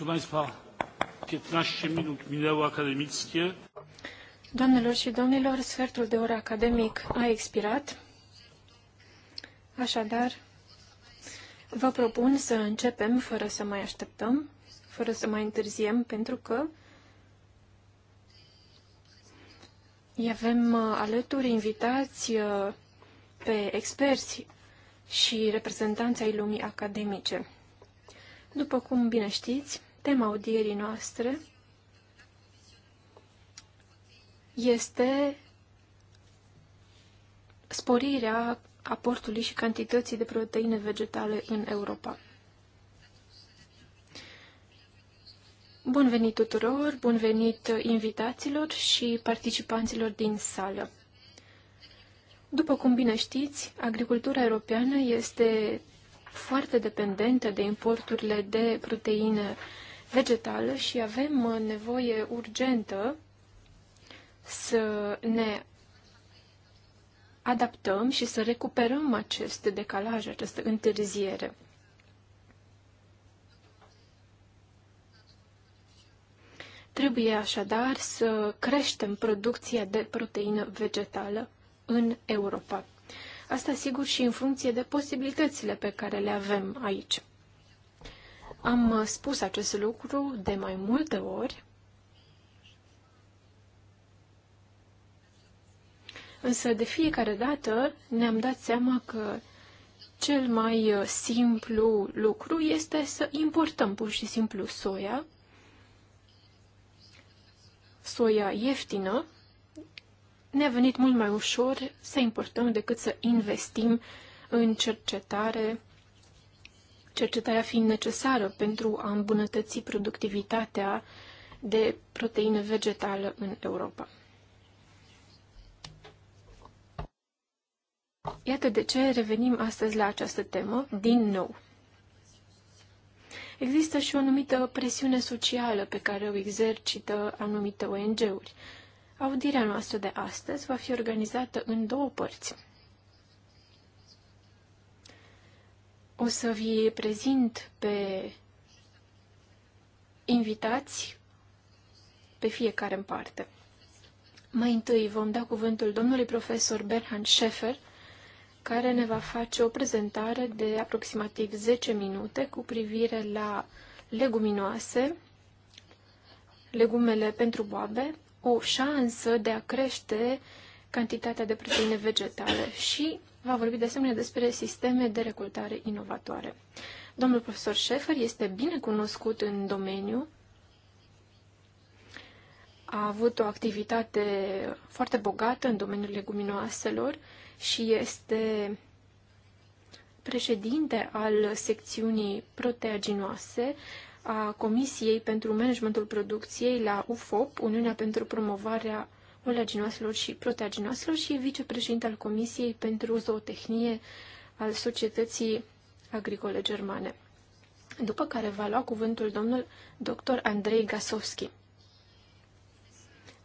Proszę Państwa, 15 minut minęło akademickie. Doamnelor și domnilor, sfertul de oră academic a expirat. Așadar, vă propun să începem fără să mai așteptăm, fără să mai întârziem, pentru că avem uh, alături invitați uh, pe experți și reprezentanți ai lumii academice. După cum bine știți, Tema audierii noastre este sporirea aportului și cantității de proteine vegetale în Europa. Bun venit tuturor, bun venit invitaților și participanților din sală. După cum bine știți, agricultura europeană este foarte dependentă de importurile de proteine vegetală și avem uh, nevoie urgentă să ne adaptăm și să recuperăm acest decalaj, această întârziere. Trebuie așadar să creștem producția de proteină vegetală în Europa. Asta sigur și în funcție de posibilitățile pe care le avem aici. Am uh, spus acest lucru de mai multe ori, însă de fiecare dată ne-am dat seama că cel mai uh, simplu lucru este să importăm pur și simplu soia, soia ieftină, ne-a venit mult mai ușor să importăm decât să investim în cercetare cercetarea fiind necesară pentru a îmbunătăți productivitatea de proteine vegetală în Europa. Iată de ce revenim astăzi la această temă din nou. Există și o anumită presiune socială pe care o exercită anumite ONG-uri. Audirea noastră de astăzi va fi organizată în două părți. O să vi prezint pe invitați pe fiecare în parte. Mai întâi vom da cuvântul domnului profesor Berhan Scheffer, care ne va face o prezentare de aproximativ 10 minute cu privire la leguminoase, legumele pentru boabe, o șansă de a crește cantitatea de proteine vegetale și va vorbi de asemenea despre sisteme de recoltare inovatoare. Domnul profesor Șefer este bine cunoscut în domeniu, a avut o activitate foarte bogată în domeniul leguminoaselor și este președinte al secțiunii proteaginoase a Comisiei pentru Managementul Producției la UFOP, Uniunea pentru Promovarea oleaginoaselor și proteaginoaselor și vicepreședinte al Comisiei pentru Zootehnie al Societății Agricole Germane. După care va lua cuvântul domnul dr. Andrei Gasovski.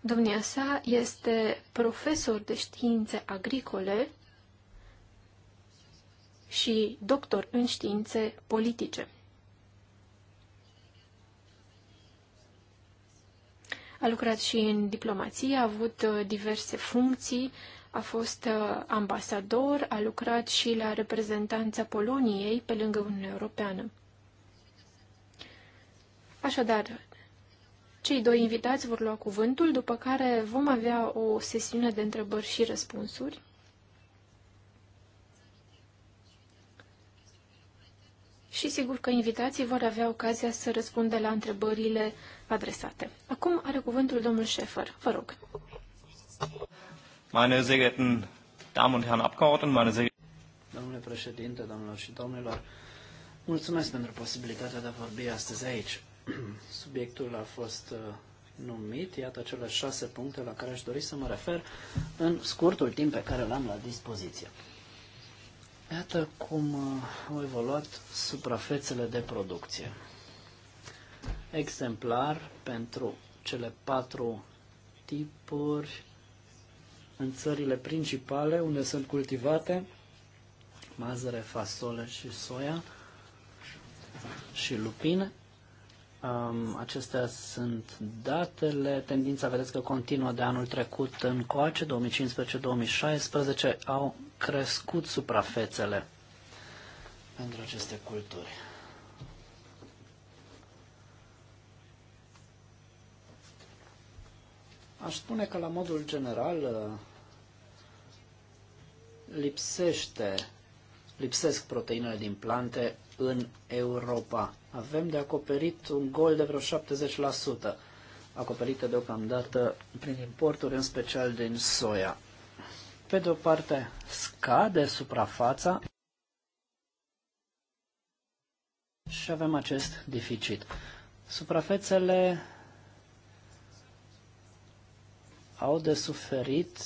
Domnia sa este profesor de științe agricole și doctor în științe politice. a lucrat și în diplomație, a avut uh, diverse funcții, a fost uh, ambasador, a lucrat și la reprezentanța Poloniei pe lângă Uniunea Europeană. Așadar, cei doi invitați vor lua cuvântul, după care vom avea o sesiune de întrebări și răspunsuri. Și sigur că invitații vor avea ocazia să răspundă la întrebările adresate. Acum are cuvântul domnul Șefer. Vă rog. Meine sehr geehrten Damen und Herren Abgeordneten, meine sehr Domnule președinte, domnilor și domnilor, mulțumesc pentru posibilitatea de a vorbi astăzi aici. Subiectul a fost uh, numit, iată cele șase puncte la care aș dori să mă refer în scurtul timp pe care l-am la dispoziție. Iată cum uh, au evoluat suprafețele de producție exemplar pentru cele patru tipuri în țările principale unde sunt cultivate mazăre, fasole și soia și lupine. Um, acestea sunt datele. Tendința, vedeți că continuă de anul trecut în coace, 2015-2016, au crescut suprafețele pentru aceste culturi. Aș spune că la modul general uh, lipsește, lipsesc proteinele din plante în Europa. Avem de acoperit un gol de vreo 70%, acoperite deocamdată prin importuri, în special din soia. Pe de o parte scade suprafața și avem acest deficit. Suprafețele au de suferit,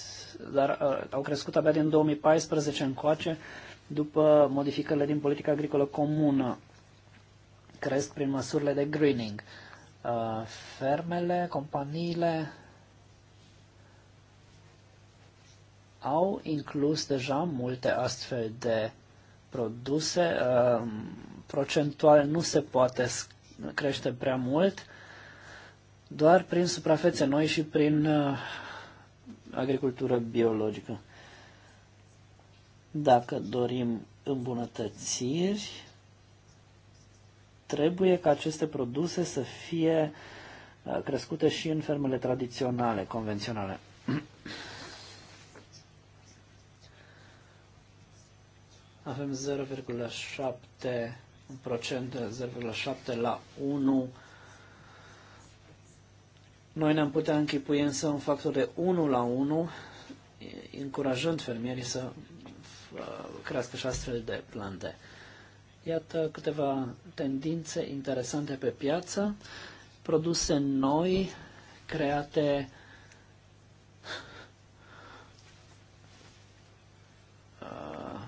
dar uh, au crescut abia din 2014 încoace, după modificările din politica agricolă comună. Cresc prin măsurile de greening. Uh, fermele, companiile au inclus deja multe astfel de produse. Uh, procentual nu se poate crește prea mult, doar prin suprafețe noi și prin uh, agricultură biologică. Dacă dorim îmbunătățiri, trebuie ca aceste produse să fie uh, crescute și în fermele tradiționale, convenționale. Avem 0,7% 0,7 la 1 noi ne-am putea închipui însă un factor de 1 la 1, încurajând fermierii să uh, crească și astfel de plante. Iată câteva tendințe interesante pe piață, produse noi, create uh,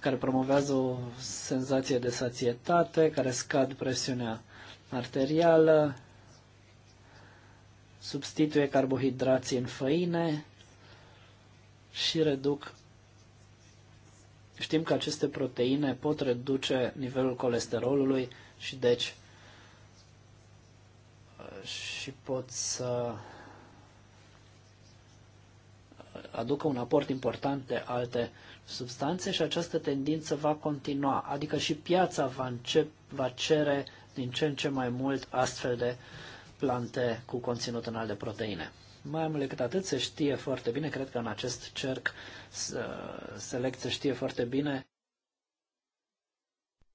care promovează o senzație de sațietate, care scad presiunea arterială, substituie carbohidrații în făine și reduc Știm că aceste proteine pot reduce nivelul colesterolului și deci și pot să aducă un aport important de alte substanțe și această tendință va continua, adică și piața va, încep, va cere din ce în ce mai mult astfel de uh, plante cu conținut înalt de proteine. Mai mult decât atât, se știe foarte bine, cred că în acest cerc select se știe foarte bine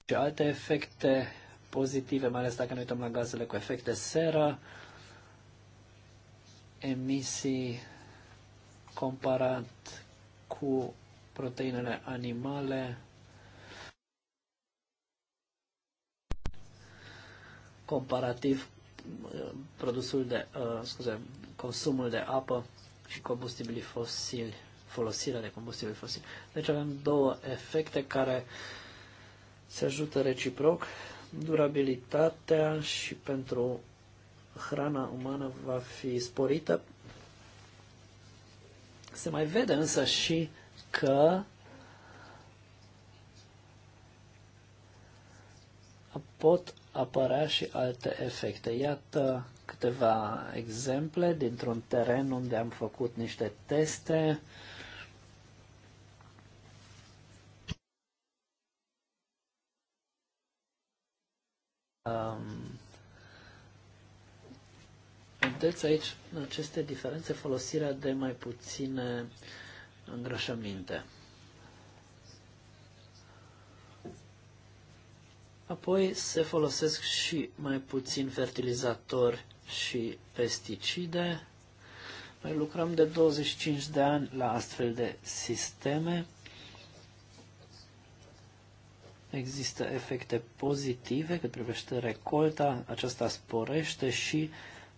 și alte efecte pozitive, mai ales dacă ne uităm la gazele cu efecte seră, emisii comparat cu proteinele animale, comparativ produsul de, uh, scuze, consumul de apă și combustibilii fosili, folosirea de combustibili fosili. Deci avem două efecte care se ajută reciproc. Durabilitatea și pentru hrana umană va fi sporită. Se mai vede însă și că pot apărea și alte efecte. Iată câteva exemple dintr-un teren unde am făcut niște teste. vedeți aici, în aceste diferențe, folosirea de mai puține îngrășăminte. Apoi se folosesc și mai puțin fertilizatori și pesticide. Noi lucrăm de 25 de ani la astfel de sisteme. Există efecte pozitive cât privește recolta, aceasta sporește și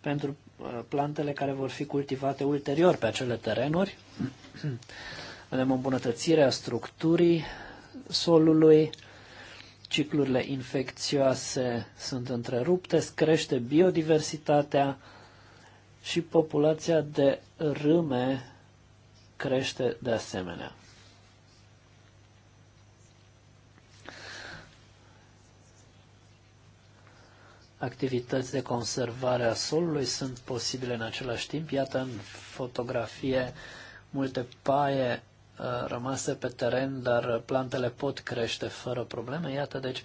pentru uh, plantele care vor fi cultivate ulterior pe acele terenuri. Avem o îmbunătățire a structurii solului, ciclurile infecțioase sunt întrerupte, crește biodiversitatea și populația de râme crește de asemenea. Activități de conservare a solului sunt posibile în același timp. Iată în fotografie multe paie Uh, rămase pe teren, dar plantele pot crește fără probleme. Iată, deci,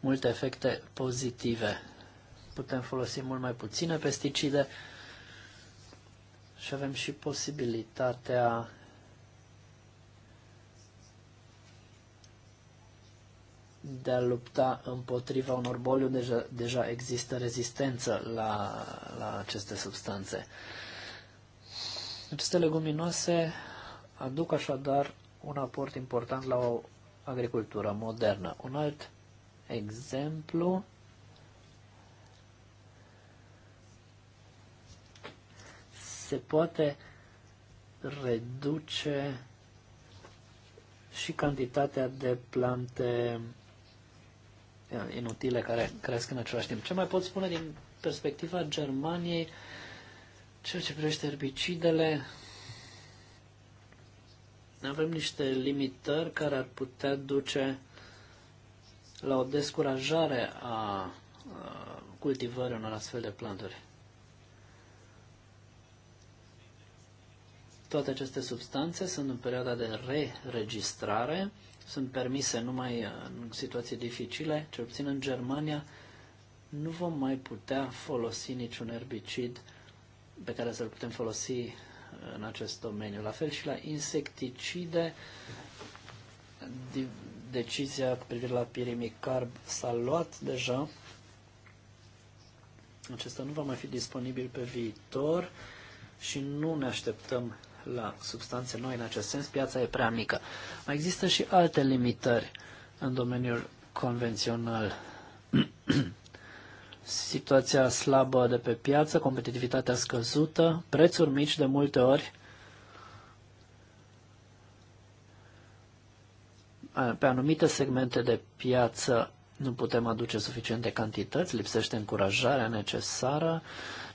multe efecte pozitive. Putem folosi mult mai puține pesticide și avem și posibilitatea de a lupta împotriva unor boli unde deja, deja există rezistență la, la aceste substanțe. Aceste leguminoase Aduc așadar un aport important la o agricultură modernă. Un alt exemplu se poate reduce și cantitatea de plante uh, inutile care cresc în același timp. Ce mai pot spune din perspectiva Germaniei, ceea ce privește erbicidele, avem niște limitări care ar putea duce la o descurajare a cultivării unor astfel de planturi. Toate aceste substanțe sunt în perioada de re-registrare, sunt permise numai uh, în situații dificile, cel puțin în Germania nu vom mai putea folosi niciun erbicid pe care să-l putem folosi în acest domeniu. La fel și la insecticide, decizia cu privire la pirimicarb s-a luat deja. Acesta nu va mai fi disponibil pe viitor și nu ne așteptăm la substanțe noi în acest sens, piața e prea mică. Mai există și alte limitări în domeniul convențional. situația slabă de pe piață, competitivitatea scăzută, prețuri mici de multe ori, pe anumite segmente de piață nu putem aduce suficiente cantități, lipsește încurajarea necesară,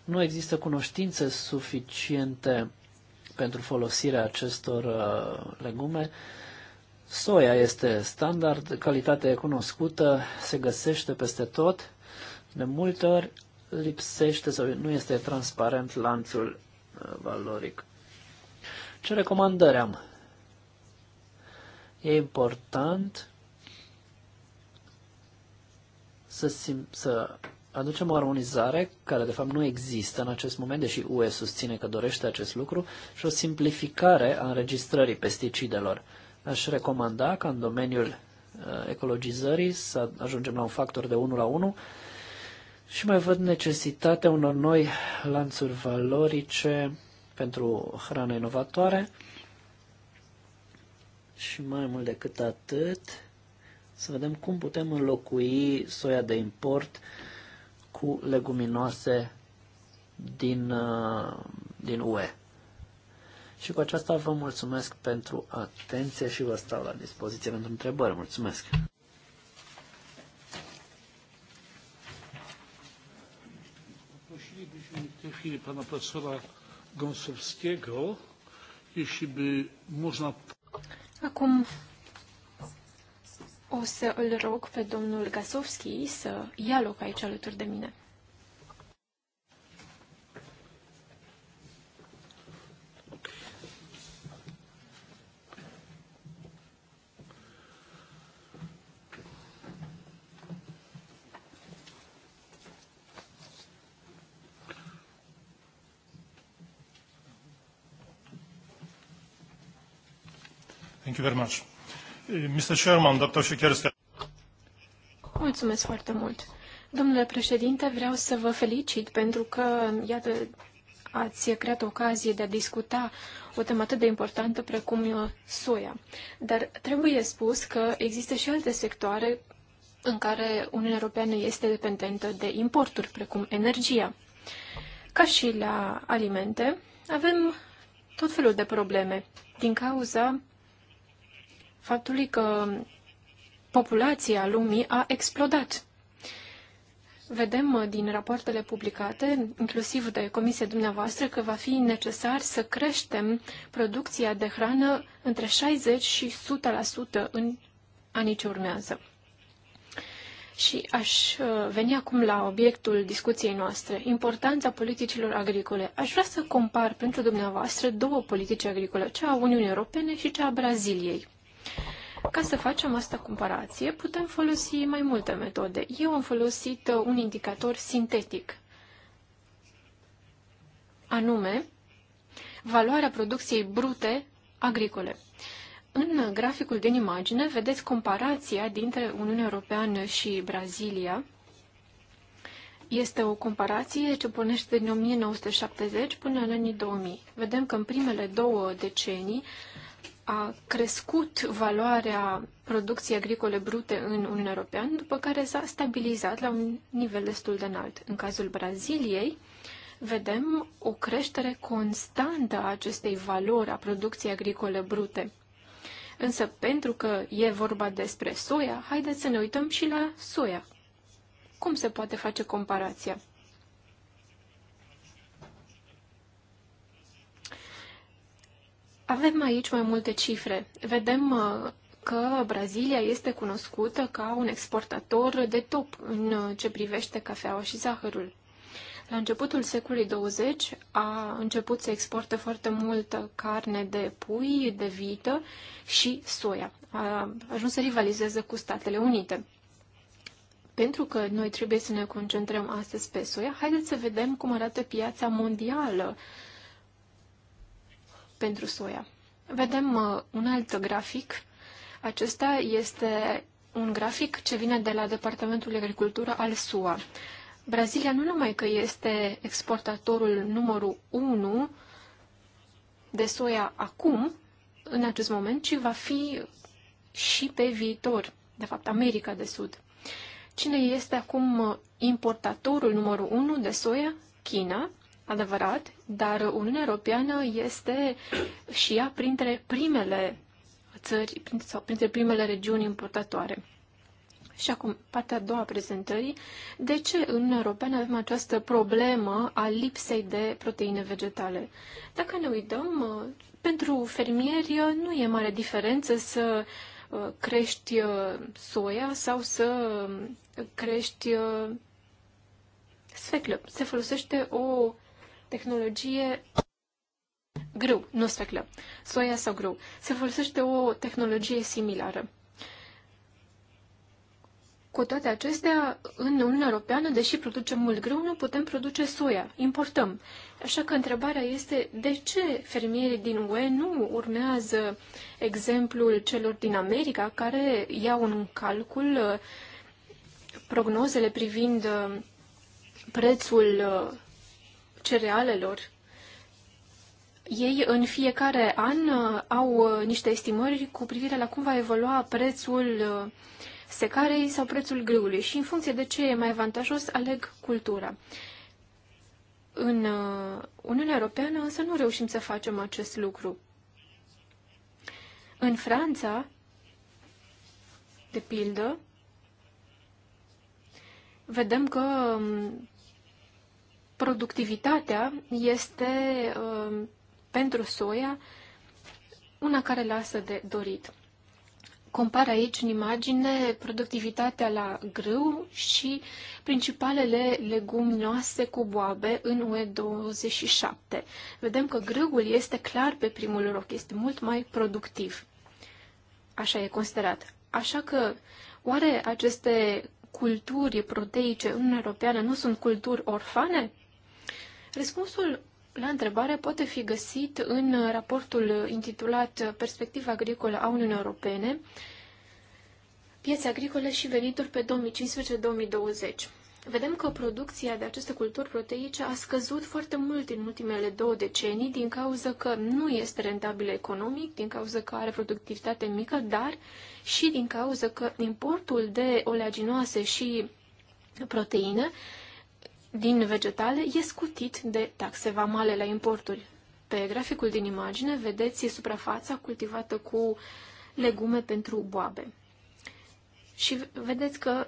nu există cunoștințe suficiente pentru folosirea acestor uh, legume. Soia este standard, calitatea e cunoscută, se găsește peste tot de multe ori lipsește sau nu este transparent lanțul uh, valoric. Ce recomandări am? E important să, sim- să aducem o armonizare care de fapt nu există în acest moment, deși UE susține că dorește acest lucru, și o simplificare a înregistrării pesticidelor. Aș recomanda ca în domeniul uh, ecologizării să ajungem la un factor de 1 la 1 și mai văd necesitatea unor noi lanțuri valorice pentru hrană inovatoare și mai mult decât atât să vedem cum putem înlocui soia de import cu leguminoase din, uh, din UE. Și cu aceasta vă mulțumesc pentru atenție și vă stau la dispoziție pentru întrebări. Mulțumesc! chwili pana profesora Gąsowskiego, jeśli by można... Acum o să îl rog pe domnul Gasovski să ia loc aici alături de mine. you very much. Mr. Dr. Mulțumesc foarte mult. Domnule președinte, vreau să vă felicit pentru că, iată, ați creat ocazie de a discuta o temă atât de importantă precum uh, soia. Dar trebuie spus că există și alte sectoare în care Uniunea Europeană este dependentă de importuri, precum energia. Ca și la alimente, avem tot felul de probleme din cauza faptului că populația lumii a explodat. Vedem uh, din rapoartele publicate, inclusiv de comisia dumneavoastră, că va fi necesar să creștem producția de hrană între 60 și 100% în anii ce urmează. Și aș uh, veni acum la obiectul discuției noastre, importanța politicilor agricole. Aș vrea să compar pentru dumneavoastră două politici agricole, cea a Uniunii Europene și cea a Braziliei. Ca să facem asta comparație, putem folosi mai multe metode. Eu am folosit uh, un indicator sintetic, anume valoarea producției brute agricole. În graficul din imagine vedeți comparația dintre Uniunea Europeană și Brazilia. Este o comparație ce pornește din 1970 până în anii 2000. Vedem că în primele două decenii a crescut valoarea producției agricole brute în Uniunea Europeană, după care s-a stabilizat la un nivel destul de înalt. În cazul Braziliei, vedem o creștere constantă a acestei valori a producției agricole brute. Însă, pentru că e vorba despre soia, haideți să ne uităm și la soia. Cum se poate face comparația? Avem aici mai multe cifre. Vedem uh, că Brazilia este cunoscută ca un exportator de top în uh, ce privește cafeaua și zahărul. La începutul secolului 20 a început să exporte foarte multă carne de pui, de vită și soia. A ajuns să rivalizeze cu Statele Unite. Pentru că noi trebuie să ne concentrăm astăzi pe soia, haideți să vedem cum arată piața mondială uh, pentru soia. Vedem uh, un alt grafic. Acesta este un grafic ce vine de la Departamentul Agricultură al SUA. Brazilia nu numai că este exportatorul numărul 1 de soia acum, în acest moment, ci va fi și pe viitor, de fapt America de Sud. Cine este acum uh, importatorul numărul 1 de soia? China, adevărat, dar Uniunea Europeană este și ea printre primele țări sau printre primele regiuni importatoare. Și acum, partea a doua a prezentării. De ce în Uniunea Europeană avem această problemă a lipsei de proteine vegetale? Dacă ne uităm, pentru fermieri nu e mare diferență să uh, crești uh, soia sau să uh, crești sfeclă. Se folosește o tehnologie grâu, nu sfeclă, soia sau grâu. Se folosește o tehnologie similară. Cu toate acestea, în Uniunea Europeană, deși producem mult grâu, nu putem produce soia, importăm. Așa că întrebarea este de ce fermierii din UE nu urmează exemplul celor din America care iau în calcul uh, prognozele privind uh, prețul uh, cerealelor. Ei în fiecare an uh, au uh, niște estimări cu privire la cum va evolua prețul uh, secarei sau prețul grâului și în funcție de ce e mai avantajos aleg cultura. În Uniunea Europeană însă nu reușim să facem acest lucru. În Franța, de pildă, vedem că um, productivitatea este um, pentru soia una care lasă de dorit. Compar aici în imagine productivitatea la grâu și principalele leguminoase cu boabe în UE27. Vedem că grâul este clar pe primul loc, este mult mai productiv. Așa e considerat. Așa că, oare aceste culturi proteice în Europeană nu sunt culturi orfane? Răspunsul la întrebare poate fi găsit în raportul intitulat Perspectiva agricolă a Uniunii Europene, piețe agricole și venituri pe 2015-2020. Vedem că producția de aceste culturi proteice a scăzut foarte mult în ultimele două decenii din cauza că nu este rentabilă economic, din cauza că are productivitate mică, dar și din cauza că importul de oleaginoase și proteine din vegetale e scutit de taxe vamale la importuri. Pe graficul din imagine vedeți suprafața cultivată cu legume pentru boabe. Și vedeți că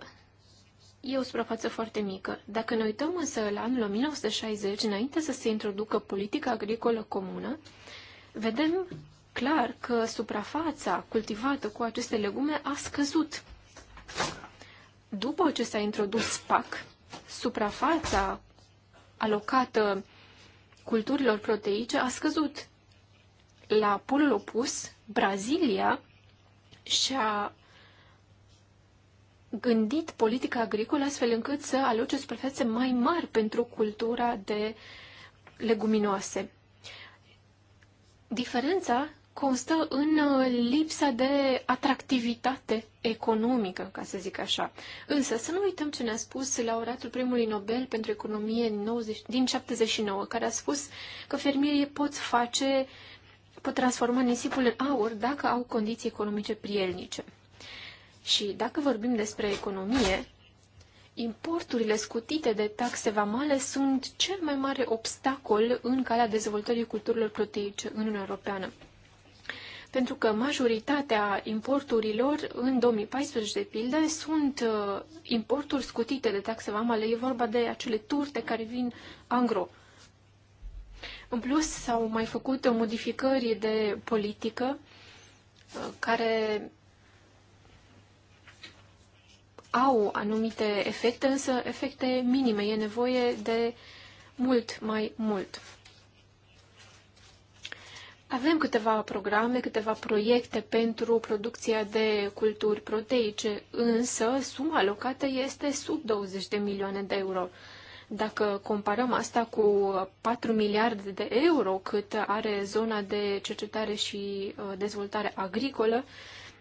e o suprafață foarte mică. Dacă ne uităm însă la anul 1960, înainte să se introducă politica agricolă comună, vedem clar că suprafața cultivată cu aceste legume a scăzut. După ce s-a introdus PAC, suprafața alocată culturilor proteice a scăzut. La polul opus, Brazilia și-a gândit politica agricolă astfel încât să aloce suprafețe mai mari pentru cultura de leguminoase. Diferența constă în uh, lipsa de atractivitate economică, ca să zic așa. Însă, să nu uităm ce ne-a spus laureatul primului Nobel pentru economie 90, din 79, care a spus că fermierii pot face, pot transforma nisipul în aur dacă au condiții economice prielnice. Și dacă vorbim despre economie, importurile scutite de taxe vamale sunt cel mai mare obstacol în calea dezvoltării culturilor proteice în Uniunea Europeană pentru că majoritatea importurilor în 2014, de pildă, sunt uh, importuri scutite de taxe vamale. E vorba de acele turte care vin angro. În plus, s-au mai făcut modificări de politică uh, care au anumite efecte, însă efecte minime. E nevoie de mult mai mult. Avem câteva programe, câteva proiecte pentru producția de culturi proteice, însă suma alocată este sub 20 de milioane de euro. Dacă comparăm asta cu 4 miliarde de euro cât are zona de cercetare și uh, dezvoltare agricolă,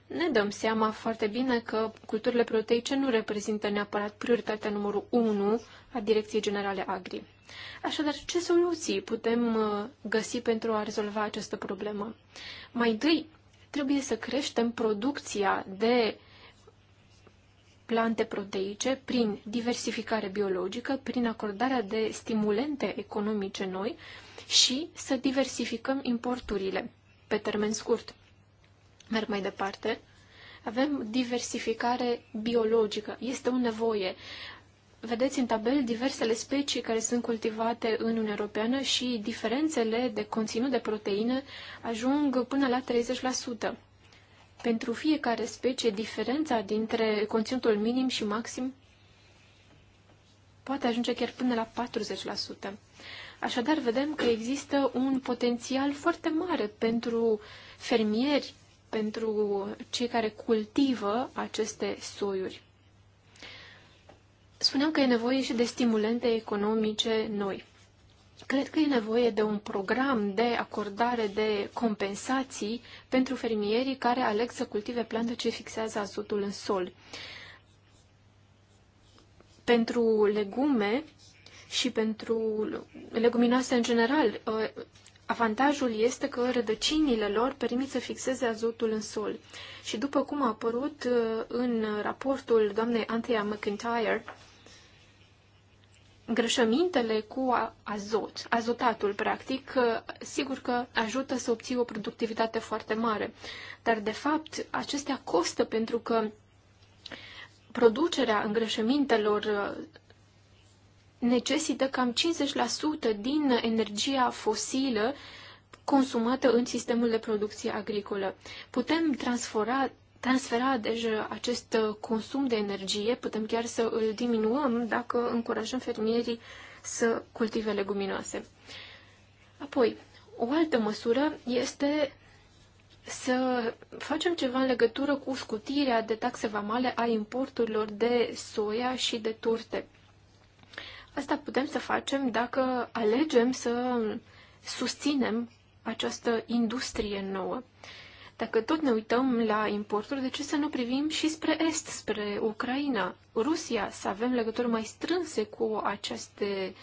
ne dăm seama foarte bine că culturile proteice nu reprezintă neapărat prioritatea numărul 1 a Direcției Generale Agri. Așadar, ce soluții putem uh, găsi pentru a rezolva această problemă? Mai întâi, trebuie să creștem producția de plante proteice prin diversificare biologică, prin acordarea de stimulente economice noi și să diversificăm importurile pe termen scurt. Merg mai departe. Avem diversificare biologică. Este o nevoie vedeți în tabel diversele specii care sunt cultivate în Uniunea Europeană și diferențele de conținut de proteine ajung până la 30%. Pentru fiecare specie, diferența dintre conținutul minim și maxim poate ajunge chiar până la 40%. Așadar, vedem că există un potențial foarte mare pentru fermieri, pentru cei care cultivă aceste soiuri. Spuneam că e nevoie și de stimulente economice noi. Cred că e nevoie de un program de acordare de compensații pentru fermierii care aleg să cultive plante ce fixează azotul în sol. Pentru legume și pentru leguminoase în general, ă, avantajul este că rădăcinile lor permit să fixeze azotul în sol. Și după cum a apărut ă, în raportul doamnei Anthea McIntyre, îngrășămintele cu azot, azotatul practic, sigur că ajută să obții o productivitate foarte mare. Dar, de fapt, acestea costă pentru că producerea îngrășămintelor uh, necesită cam 50% din energia fosilă consumată în sistemul de producție agricolă. Putem transfera, transfera deja deci, acest consum de energie, putem chiar să îl diminuăm dacă încurajăm fermierii să cultive leguminoase. Apoi, o altă măsură este să facem ceva în legătură cu scutirea de taxe vamale a importurilor de soia și de turte. Asta putem să facem dacă alegem să susținem această industrie nouă. Uh, dacă tot ne uităm la importuri, de ce să nu privim și spre Est, spre Ucraina, Rusia, să avem legături mai strânse cu aceste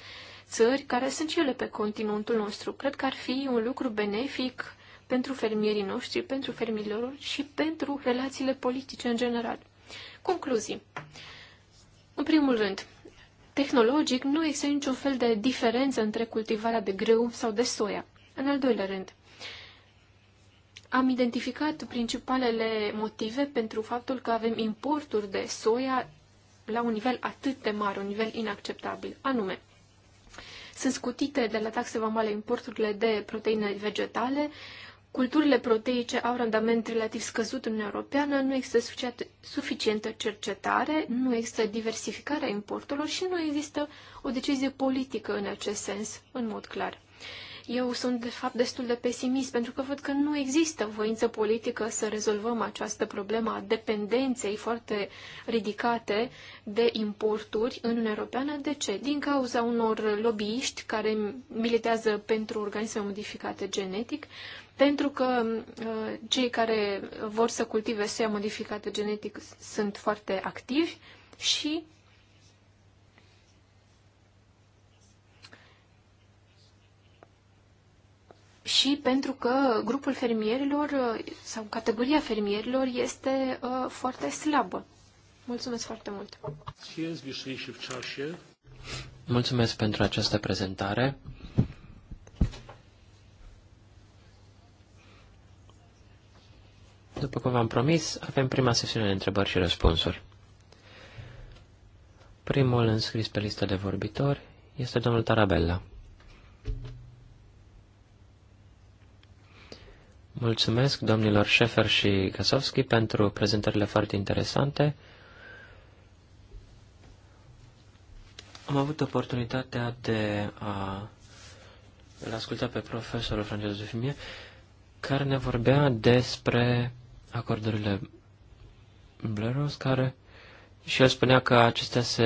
țări care sunt cele pe continentul nostru? Cred că ar fi un lucru benefic pentru fermierii noștri, pentru fermierilor și pentru relațiile politice în general. Concluzii. În primul rând, tehnologic nu există niciun fel de diferență între cultivarea de grâu sau de soia. În al doilea rând, am identificat principalele motive pentru faptul că avem importuri de soia la un nivel atât de mare, un nivel inacceptabil, anume sunt scutite de la taxe vamale importurile de proteine vegetale, culturile proteice au randament relativ scăzut în Uniunea Europeană, nu există suficientă cercetare, nu există diversificarea importurilor și nu există o decizie politică în acest sens, în mod clar. Eu sunt, de fapt, destul de pesimist, pentru că văd că nu există voință politică să rezolvăm această problemă a dependenței foarte ridicate de importuri în Uniunea Europeană. De ce? Din cauza unor lobbyiști care militează pentru organisme modificate genetic, pentru că uh, cei care vor să cultive soia modificată genetic sunt foarte activi și și pentru că grupul fermierilor uh, sau categoria fermierilor este uh, foarte slabă. Mulțumesc foarte mult! Mulțumesc pentru această prezentare. După cum v-am promis, avem prima sesiune de întrebări și răspunsuri. Primul înscris pe lista de vorbitori este domnul Tarabella. Mulțumesc domnilor Șefer și Gasovski pentru prezentările foarte interesante. Am avut oportunitatea de a îl asculta pe profesorul francez Dufimie, care ne vorbea despre acordurile Bleros, care și el spunea că acestea, se,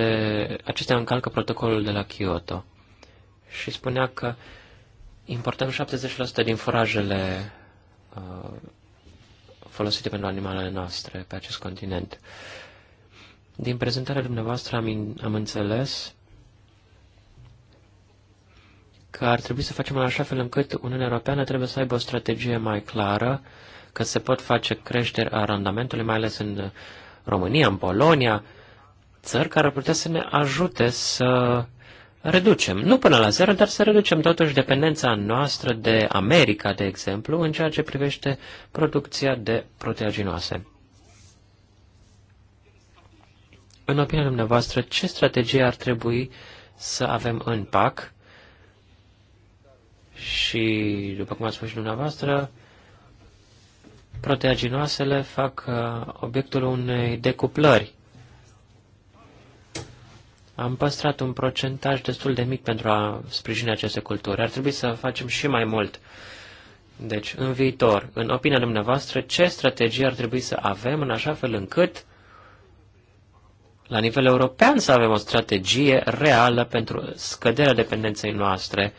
acestea încalcă protocolul de la Kyoto. Și spunea că importăm 70% din furajele Uh, folosite pentru animalele noastre pe acest continent. Din prezentarea dumneavoastră am, in, am înțeles că ar trebui să facem în așa fel încât Uniunea Europeană trebuie să aibă o strategie mai clară, că se pot face creșteri a randamentului, mai ales în România, în Polonia, țări care ar putea să ne ajute să reducem, nu până la zero, dar să reducem totuși dependența noastră de America, de exemplu, în ceea ce privește producția de proteaginoase. În opinia dumneavoastră, ce strategie ar trebui să avem în PAC? Și, după cum a spus și dumneavoastră, proteaginoasele fac uh, obiectul unei decuplări am păstrat un procentaj destul de mic pentru a sprijini aceste culturi. Ar trebui să facem și mai mult. Deci, în viitor, în opinia dumneavoastră, ce strategie ar trebui să avem în așa fel încât, la nivel european, să avem o strategie reală pentru scăderea dependenței noastre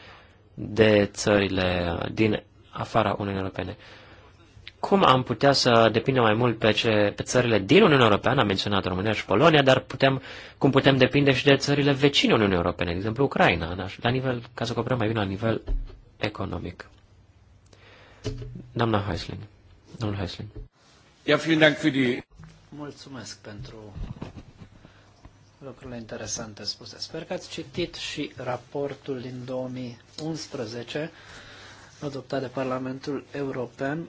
de țările din afara Uniunii Europene? cum am putea să depindem mai mult pe, ce, pe țările din Uniunea Europeană, am menționat România și Polonia, dar putem, cum putem depinde și de țările vecine Uniunii Europene, de exemplu Ucraina, da? la nivel, ca să coprăm mai bine la nivel economic. Doamna Heisling, domnul Heisling. Ja, Dank für die... Mulțumesc pentru lucrurile interesante spuse. Sper că ați citit și raportul din 2011 adoptat de Parlamentul European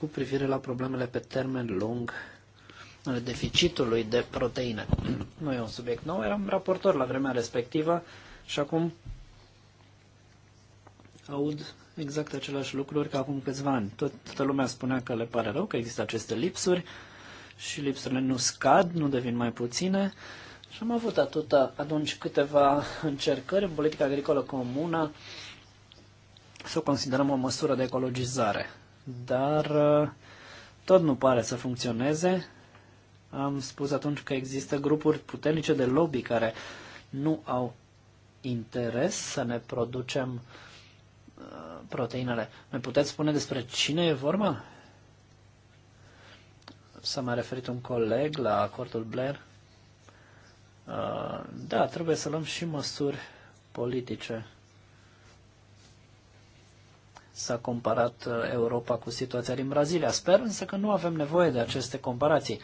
cu privire la problemele pe termen lung ale deficitului de proteine. Nu e un subiect nou, eram raportor la vremea respectivă și acum aud exact aceleași lucruri ca acum câțiva ani. Tot, toată lumea spunea că le pare rău că există aceste lipsuri și lipsurile nu scad, nu devin mai puține. Și am avut atâta, atunci câteva încercări în politica agricolă comună să o considerăm o măsură de ecologizare dar uh, tot nu pare să funcționeze. Am spus atunci că există grupuri puternice de lobby care nu au interes să ne producem uh, proteinele. Ne puteți spune despre cine e vorba? S-a mai referit un coleg la acordul Blair. Uh, da, trebuie să luăm și măsuri politice s-a comparat uh, Europa cu situația din Brazilia. Sper însă că nu avem nevoie de aceste comparații.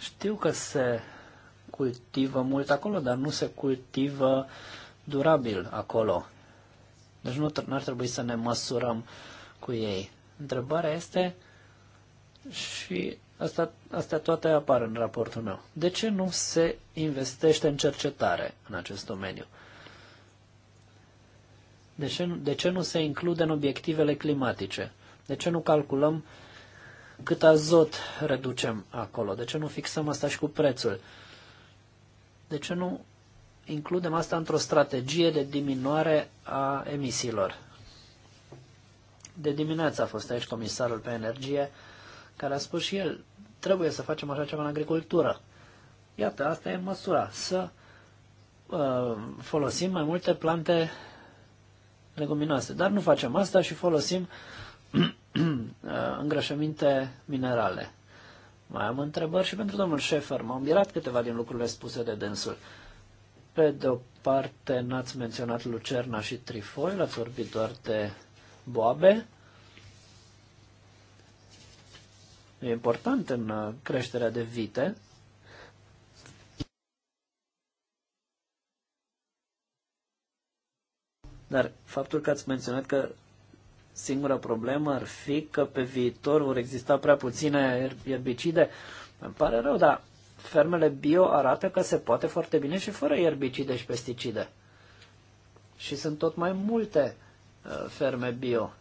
Știu că se cultivă mult acolo, dar nu se cultivă durabil acolo. Deci nu ar trebui să ne măsurăm cu ei. Întrebarea este și asta, astea toate apar în raportul meu. De ce nu se investește în cercetare în acest domeniu? De ce, de ce nu se include în obiectivele climatice? De ce nu calculăm cât azot reducem acolo? De ce nu fixăm asta și cu prețul? De ce nu includem asta într-o strategie de diminuare a emisiilor? De dimineață a fost aici comisarul pe energie, care a spus și el, trebuie să facem așa ceva în agricultură. Iată, asta e măsura, să uh, folosim mai multe plante leguminoase. Dar nu facem asta și folosim uh, îngrășăminte minerale. Mai am întrebări și pentru domnul Șefer. M-am mirat câteva din lucrurile spuse de dânsul. Pe de o parte, n-ați menționat lucerna și trifoi, ați vorbit doar de boabe. E important în uh, creșterea de vite, Dar faptul că ați menționat că singura problemă ar fi că pe viitor vor exista prea puține erbicide, îmi pare rău, dar fermele bio arată că se poate foarte bine și fără erbicide și pesticide. Și sunt tot mai multe uh, ferme bio.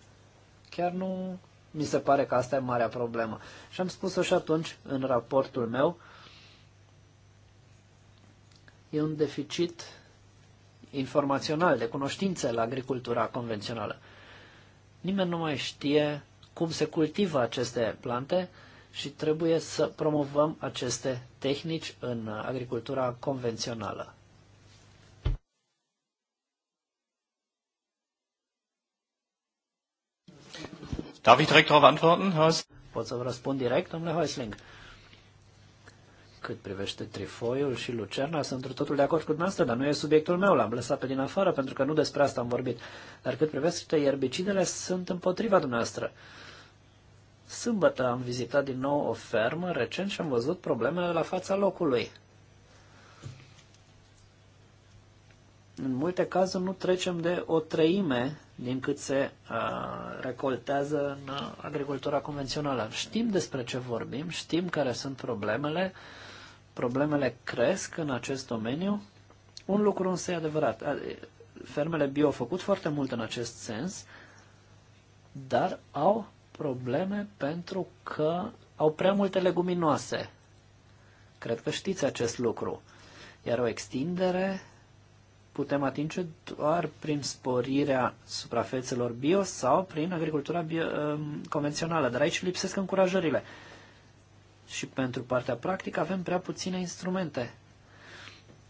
Chiar nu mi se pare că asta e marea problemă. Și am spus-o și atunci în raportul meu. E un deficit informațional, de cunoștință la agricultura convențională. Nimeni nu mai știe cum se cultivă aceste plante și trebuie să promovăm aceste tehnici în agricultura convențională. Darf ich direkt darauf antworten, Horst? Pot să vă răspund direct, domnule Häusling. Cât privește Trifoiul și Lucerna, sunt totul de acord cu dumneavoastră, dar nu e subiectul meu, l-am lăsat pe din afară pentru că nu despre asta am vorbit. Dar cât privește ierbicidele, sunt împotriva dumneavoastră. Sâmbătă am vizitat din nou o fermă recent și am văzut problemele la fața locului. În multe cazuri nu trecem de o treime din cât se uh, recoltează în agricultura convențională. Știm despre ce vorbim, știm care sunt problemele, uh, problemele cresc în acest domeniu, un lucru însă e adevărat. Fermele bio au făcut foarte mult în acest sens, dar au probleme pentru că au prea multe leguminoase. Cred că știți acest lucru. Iar o extindere putem atinge doar prin sporirea suprafețelor bio sau prin agricultura bio, um, convențională. Dar aici lipsesc încurajările și pentru partea practică avem prea puține instrumente.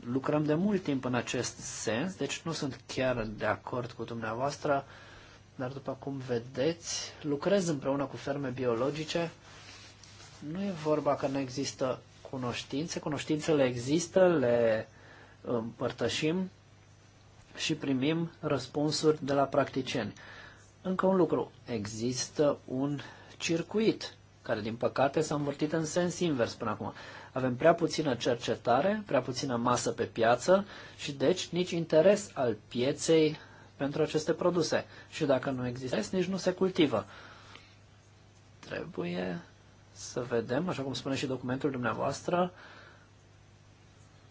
Lucrăm de mult timp în acest sens, deci nu sunt chiar de acord cu dumneavoastră, dar după cum vedeți, lucrez împreună cu ferme biologice. Nu e vorba că nu există cunoștințe, cunoștințele există, le împărtășim și primim răspunsuri de la practicieni. Încă un lucru, există un circuit care din păcate s-a învârtit în sens invers până acum. Avem prea puțină cercetare, prea puțină masă pe piață și deci nici interes al pieței pentru aceste produse. Și dacă nu există, nici nu se cultivă. Trebuie să vedem, așa cum spune și documentul dumneavoastră,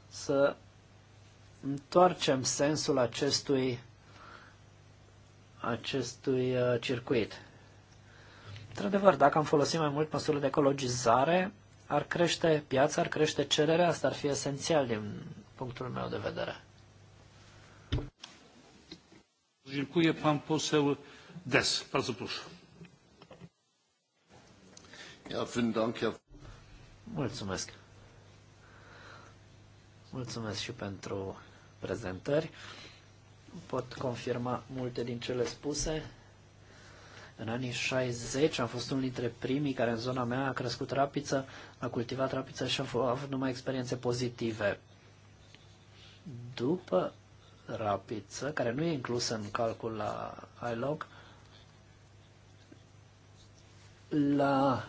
să întoarcem sensul acestui acestui uh, circuit. Într-adevăr, dacă am folosit mai mult măsurile de ecologizare, ar crește piața, ar crește cererea, asta ar fi esențial din punctul meu de vedere. Dziękuję pan poseł Des. Bardzo proszę. Ja, vielen Dank, Mulțumesc. Mulțumesc și pentru prezentări. Pot confirma multe din cele spuse. În anii 60 am fost unul dintre primii care în zona mea a crescut rapiță, a cultivat rapiță și a avut numai experiențe pozitive. După rapiță, care nu e inclusă în calcul la ilog la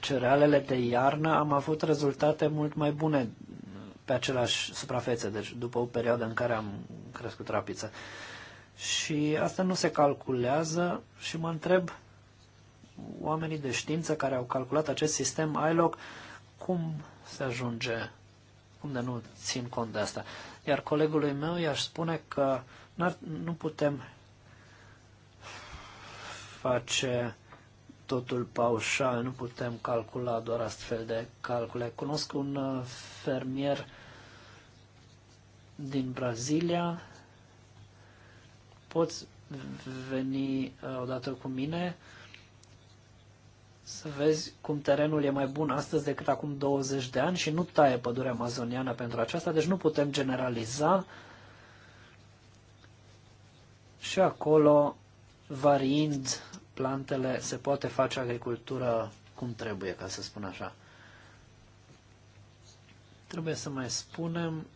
cerealele de iarnă am avut rezultate mult mai bune pe același suprafețe, deci după o perioadă în care am crescut rapiță. Și asta nu se calculează și mă întreb oamenii de știință care au calculat acest sistem ILOC cum se ajunge, cum de nu țin cont de asta. Iar colegului meu i-aș spune că nu putem face totul paușal, nu putem calcula doar astfel de calcule. Cunosc un uh, fermier din Brazilia poți veni uh, odată cu mine să vezi cum terenul e mai bun astăzi decât acum 20 de ani și nu taie pădurea amazoniană pentru aceasta, deci nu putem generaliza. Și acolo, variind plantele, se poate face agricultură cum trebuie, ca să spun așa. Trebuie să mai spunem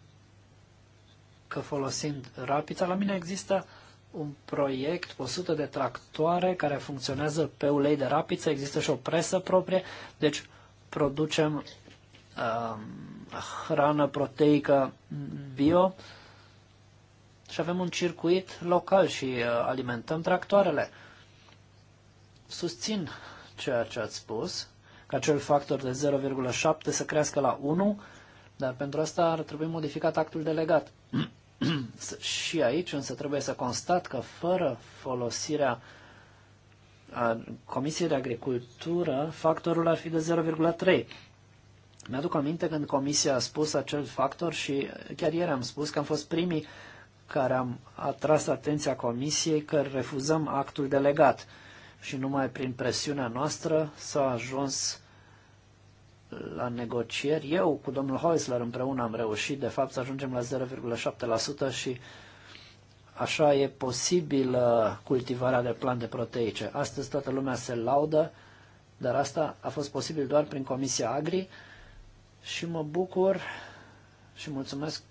că folosind rapița, la mine există un proiect cu 100 de tractoare care funcționează pe ulei de rapiță, există și o presă proprie, deci producem uh, hrană proteică bio și avem un circuit local și uh, alimentăm tractoarele. Susțin ceea ce ați spus, ca acel factor de 0,7 să crească la 1, dar pentru asta ar trebui modificat actul delegat. și aici însă trebuie să constat că fără folosirea a Comisiei de Agricultură, factorul ar fi de 0,3. Mi-aduc aminte când Comisia a spus acel factor și chiar ieri am spus că am fost primii care am atras atenția Comisiei că refuzăm actul delegat și numai prin presiunea noastră s-a ajuns la negocieri, eu cu domnul Heusler împreună am reușit, de fapt, să ajungem la 0,7% și așa e posibil cultivarea de plante proteice. Astăzi toată lumea se laudă, dar asta a fost posibil doar prin Comisia Agri și mă bucur și mulțumesc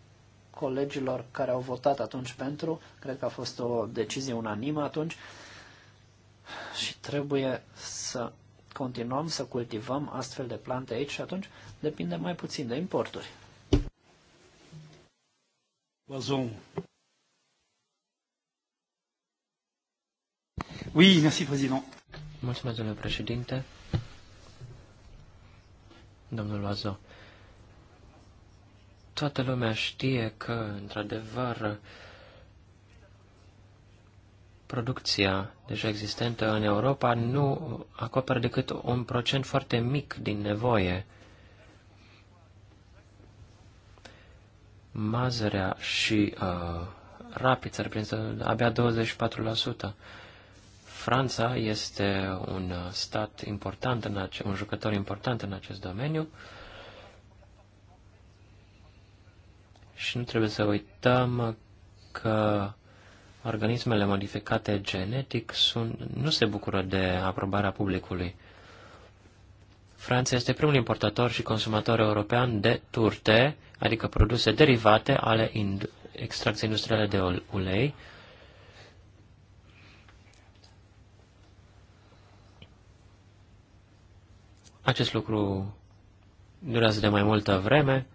colegilor care au votat atunci pentru, cred că a fost o decizie unanimă atunci și trebuie să continuăm să cultivăm astfel de plante aici și atunci depinde mai puțin de importuri. Bazon. Oui, merci, président. Mulțumesc, domnule președinte. Domnul Loazo, toată lumea știe că, într-adevăr, uh, producția deja existentă în Europa nu acoperă decât un procent foarte mic din nevoie. Mazărea și uh, rapița reprezintă abia 24%. Franța este un stat important, în ace- un jucător important în acest domeniu și nu trebuie să uităm că organismele modificate genetic sunt, nu se bucură de aprobarea publicului. Franța este primul importator și consumator european de turte, adică produse derivate ale ind- extracției industriale de ulei. Acest lucru durează de mai multă vreme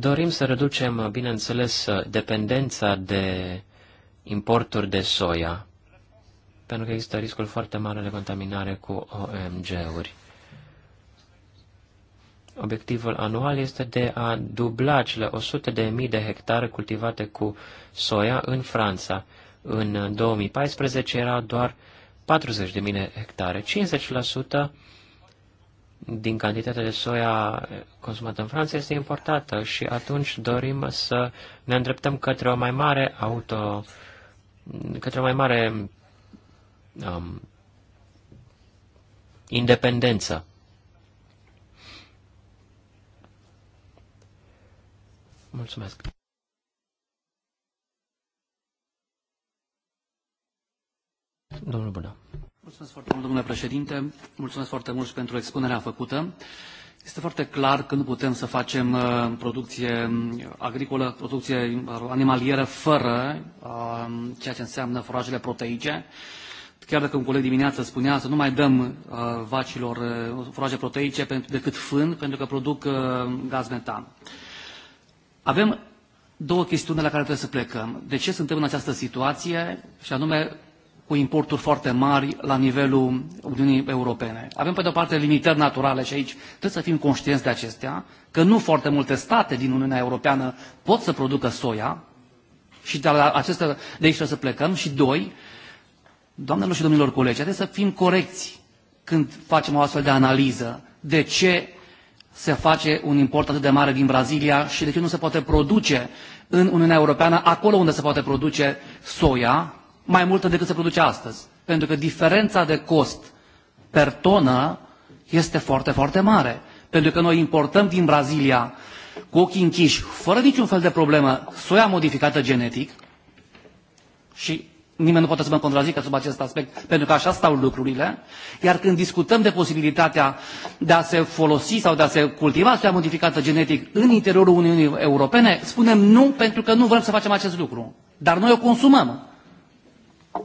Dorim să reducem, bineînțeles, dependența de importuri de soia, pentru că există riscul foarte mare de contaminare cu OMG-uri. Obiectivul anual este de a dubla cele 100.000 de hectare cultivate cu soia în Franța. În 2014 era doar 40.000 de hectare, 50% din cantitatea de soia consumată în Franța este importată și atunci dorim să ne îndreptăm către o mai mare auto, către o mai mare um, independență. Mulțumesc. Domnul Bună. Mulțumesc foarte mult, domnule președinte. Mulțumesc foarte mult și pentru expunerea făcută. Este foarte clar că nu putem să facem uh, producție uh, agricolă, producție uh, animalieră fără ceea ce înseamnă forajele proteice. Chiar dacă un coleg dimineață spunea să nu mai dăm vacilor foraje proteice decât fân, pentru că produc gaz metan. Avem două chestiuni la care trebuie să plecăm. De ce suntem în această situație? Și anume, cu importuri foarte mari la nivelul Uniunii Europene. Avem, pe de-o parte, limitări naturale și aici trebuie să fim conștienți de acestea, că nu foarte multe state din Uniunea Europeană pot să producă soia și de, la aceste, de aici trebuie să plecăm. Și doi, doamnelor și domnilor colegi, trebuie să fim corecți când facem o astfel de analiză de ce se face un import atât de mare din Brazilia și de ce nu se poate produce în Uniunea Europeană, acolo unde se poate produce soia, mai multă decât se produce astăzi. Pentru că diferența de cost per tonă este foarte, foarte mare. Pentru că noi importăm din Brazilia cu ochii închiși, fără niciun fel de problemă, soia modificată genetic și nimeni nu poate să mă contrazică sub acest aspect, pentru că așa stau lucrurile, iar când discutăm de posibilitatea de a se folosi sau de a se cultiva soia modificată genetic în interiorul Uniunii Europene, spunem nu pentru că nu vrem să facem acest lucru. Dar noi o consumăm.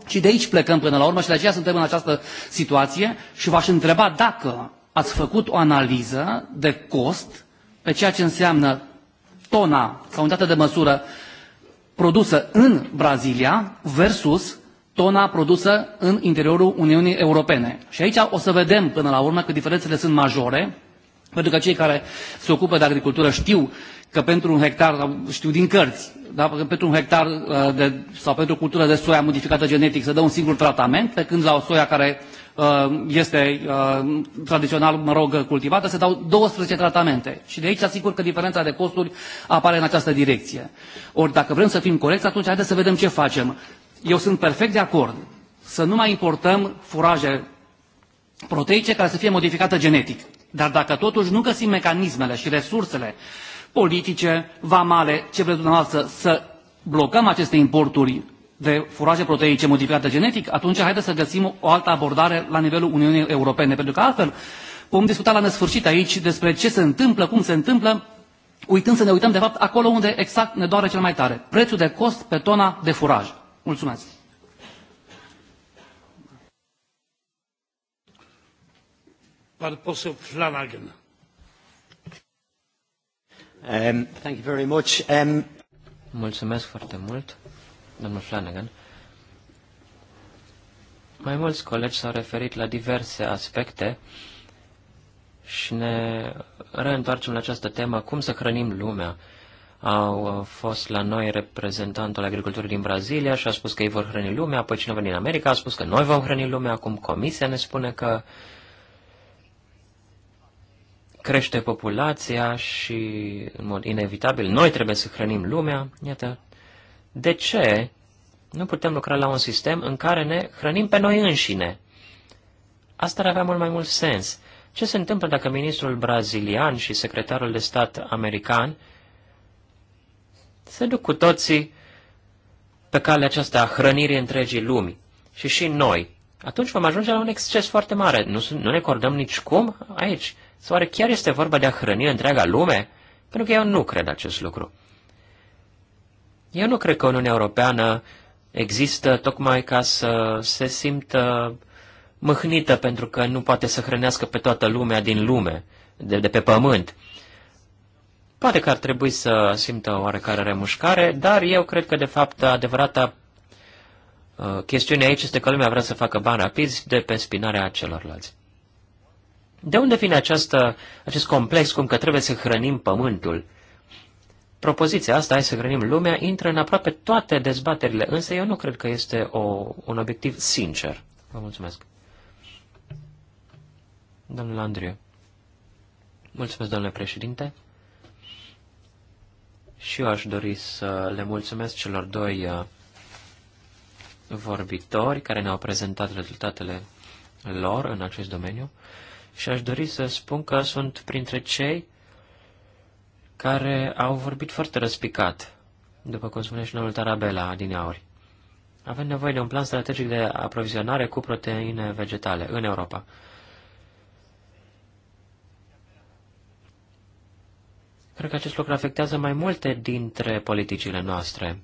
Și de aici plecăm până la urmă și de aceea suntem în această situație și v-aș întreba dacă ați făcut o analiză de cost pe ceea ce înseamnă tona sau unitate de măsură produsă în Brazilia versus tona produsă în interiorul Uniunii Europene. Și aici o să vedem până la urmă că diferențele sunt majore, pentru că cei care se ocupă de agricultură știu că pentru un hectar, știu din cărți, da? că pentru un hectar uh, de, sau pentru o cultură de soia modificată genetic se dă un singur tratament, pe când la o soia care uh, este uh, tradițional, mă rog, cultivată, se dau 12 tratamente. Și de aici asigur că diferența de costuri apare în această direcție. Ori dacă vrem să fim corecți, atunci haideți să vedem ce facem. Eu sunt perfect de acord să nu mai importăm furaje proteice care să fie modificată genetic. Dar dacă totuși nu găsim mecanismele și resursele politice, vamale, ce vreți dumneavoastră, să blocăm aceste importuri de furaje proteice modificate genetic, atunci haideți să găsim o altă abordare la nivelul Uniunii Europene, pentru că altfel vom discuta la nesfârșit aici despre ce se întâmplă, cum se întâmplă, uitând să ne uităm, de fapt, acolo unde exact ne doare cel mai tare. Prețul de cost pe tona de furaj. Mulțumesc! Pan poseł Flanagan. Um, um, Mulțumesc foarte mult, domnul Flanagan. Mai mulți colegi s-au referit la diverse aspecte și ne reîntoarcem la această temă, cum să hrănim lumea. Au fost la noi reprezentantul agriculturii din Brazilia și a spus că ei vor hrăni lumea, apoi cineva din în America a spus că noi vom hrăni lumea, acum comisia ne spune că uh, crește populația și, în mod inevitabil, noi trebuie să hrănim lumea. Iată, de ce nu putem lucra la un sistem în care ne hrănim pe noi înșine? Asta ar avea mult mai mult sens. Ce se întâmplă dacă ministrul brazilian și secretarul de stat american se duc cu toții pe calea aceasta a hrănirii întregii lumi și și noi? Atunci vom ajunge la un exces foarte mare. Nu, nu ne acordăm nici cum aici. Sau oare chiar este vorba de a hrăni întreaga lume? Pentru că eu nu cred acest lucru. Eu nu cred că Uniunea Europeană există tocmai ca să se simtă mâhnită pentru că nu poate să hrănească pe toată lumea din lume, de, de pe pământ. Poate că ar trebui să simtă oarecare remușcare, dar eu cred că, de fapt, adevărata uh, chestiune aici este că lumea vrea să facă bani rapizi de pe spinarea celorlalți. De unde vine această, acest complex cum că trebuie să hrănim pământul? Propoziția asta, hai să hrănim lumea, intră în aproape toate dezbaterile, însă eu nu cred că este o, un obiectiv sincer. Vă mulțumesc. Domnul Andriu. Mulțumesc, domnule președinte. Și eu aș dori să le mulțumesc celor doi uh, vorbitori care ne-au prezentat rezultatele lor în acest domeniu și aș dori să spun că sunt printre cei care au vorbit foarte răspicat, după cum spune și noul Tarabela din auri. Avem nevoie de un plan strategic de aprovizionare cu proteine vegetale în Europa. Cred că acest lucru afectează mai multe dintre politicile noastre.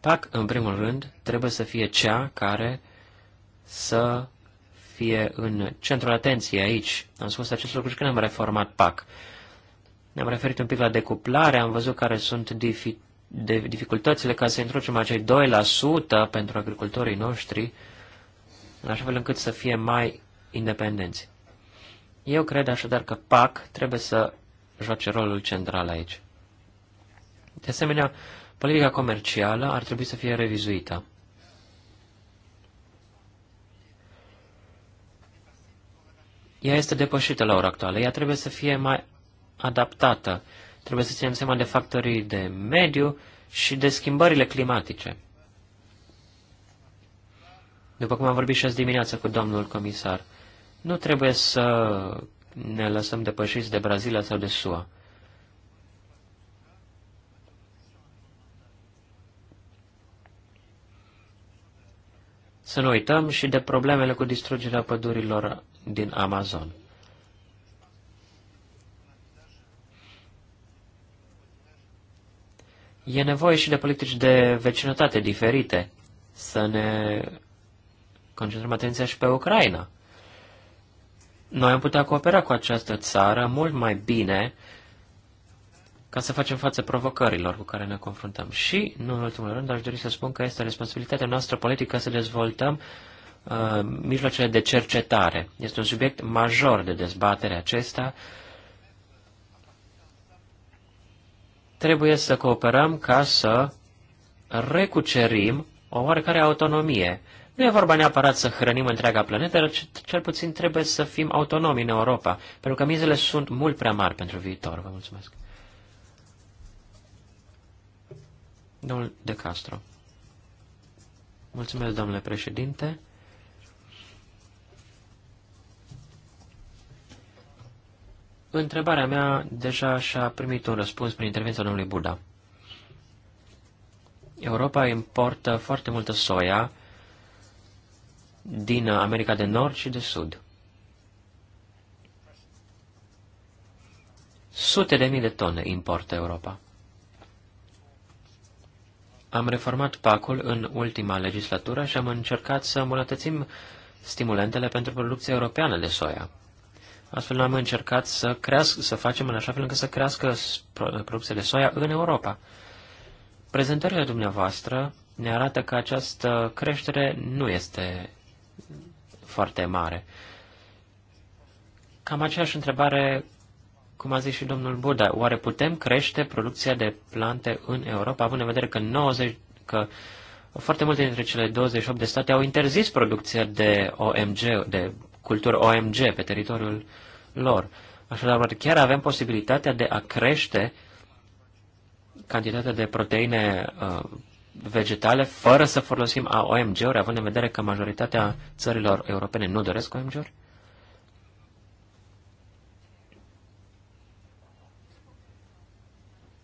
PAC, în primul rând, trebuie să fie cea care să fie în centrul atenției aici. Am spus acest lucru și când am reformat PAC. Ne-am referit un pic la decuplare, am văzut care sunt difi- de dificultățile ca să introducem acei 2% pentru agricultorii noștri, în așa fel încât să fie mai independenți. Eu cred așadar că PAC trebuie să joace rolul central aici. De asemenea, politica comercială ar trebui să fie revizuită. ea este depășită la ora actuală. Ea trebuie să fie mai adaptată. Trebuie să ținem seama de factorii de mediu și de schimbările climatice. După cum am vorbit și azi dimineață cu domnul comisar, nu trebuie să ne lăsăm depășiți de Brazilia sau de SUA. Să nu uităm și de problemele cu distrugerea pădurilor din Amazon. E nevoie și de politici de vecinătate diferite. Să ne concentrăm atenția și pe Ucraina. Noi am putea coopera cu această țară mult mai bine ca să facem față provocărilor cu care ne confruntăm. Și, nu în ultimul rând, aș dori să spun că este responsabilitatea noastră politică să dezvoltăm uh, mijloacele de cercetare. Este un subiect major de dezbatere acesta. Trebuie să cooperăm ca să recucerim o oarecare autonomie. Nu e vorba neapărat să hrănim întreaga planetă, dar cel puțin trebuie să fim autonomi în Europa, pentru că mizele sunt mult prea mari pentru viitor. Vă mulțumesc. Domnul De Castro. Mulțumesc, domnule președinte. Întrebarea mea deja și-a primit un răspuns prin intervenția domnului Buda. Europa importă foarte multă soia din America de Nord și de Sud. Sute de mii de tone importă Europa. Am reformat pacul în ultima legislatură și am încercat să îmbunătățim stimulentele pentru producția europeană de soia. Astfel am încercat să, crească, să facem în așa fel încât să crească producția de soia în Europa. Prezentările dumneavoastră ne arată că această creștere nu este foarte mare. Cam aceeași întrebare cum a zis și domnul Buda, oare putem crește producția de plante în Europa, având în vedere că 90, că foarte multe dintre cele 28 de state au interzis producția de OMG, de cultură OMG pe teritoriul lor. Așadar, chiar avem posibilitatea de a crește cantitatea de proteine uh, vegetale fără să folosim OMG-uri, având în vedere că majoritatea țărilor europene nu doresc OMG-uri?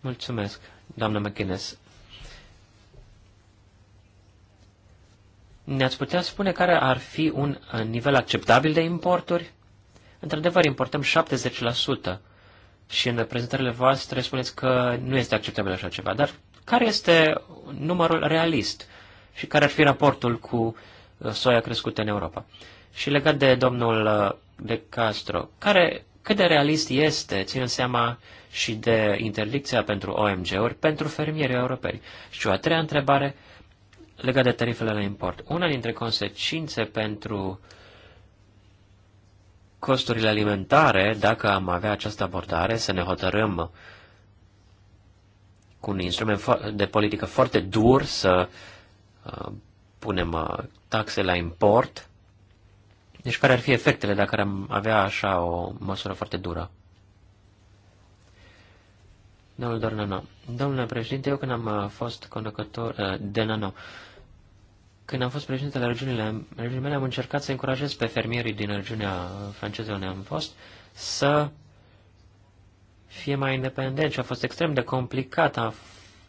Mulțumesc, doamnă McInnes. Ne-ați putea spune care ar fi un uh, nivel acceptabil de importuri? Într-adevăr, importăm 70% și în prezentările voastre spuneți că nu este acceptabil așa ceva, dar care este numărul realist și care ar fi raportul cu uh, soia crescută în Europa? Și legat de domnul uh, De Castro, care cât de realist este, ținând seama și de interdicția pentru OMG-uri, pentru fermierii europeni? Și o a treia întrebare legată de tarifele la import. Una dintre consecințe pentru costurile alimentare, dacă am avea această abordare, să ne hotărâm cu un instrument de politică foarte dur să uh, punem uh, taxe la import, deci care ar fi efectele dacă am avea așa o măsură foarte dură? Domnul Dornano, domnule președinte, eu când am uh, fost conducător uh, de Nano, când am fost președinte la regiunile, regiunile mele, am încercat să încurajez pe fermierii din regiunea uh, franceză unde am fost să fie mai independent și a fost extrem de complicat. A,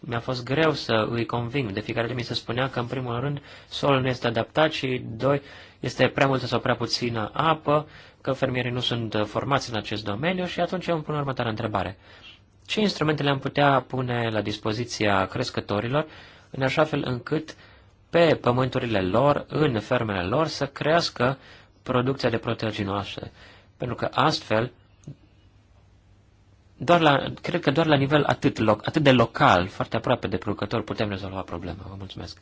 mi-a fost greu să îi conving. De fiecare dată mi se spunea că, în primul rând, solul nu este adaptat și, doi, este prea multă sau prea puțină apă, că fermierii nu sunt formați în acest domeniu și atunci eu îmi pun următoarea întrebare. Ce instrumente le-am putea pune la dispoziția crescătorilor în așa fel încât pe pământurile lor, în fermele lor, să crească producția de proteaginoase? Pentru că astfel, doar la, cred că doar la nivel atât, loc, atât de local, foarte aproape de producător, putem rezolva problema. Vă mulțumesc!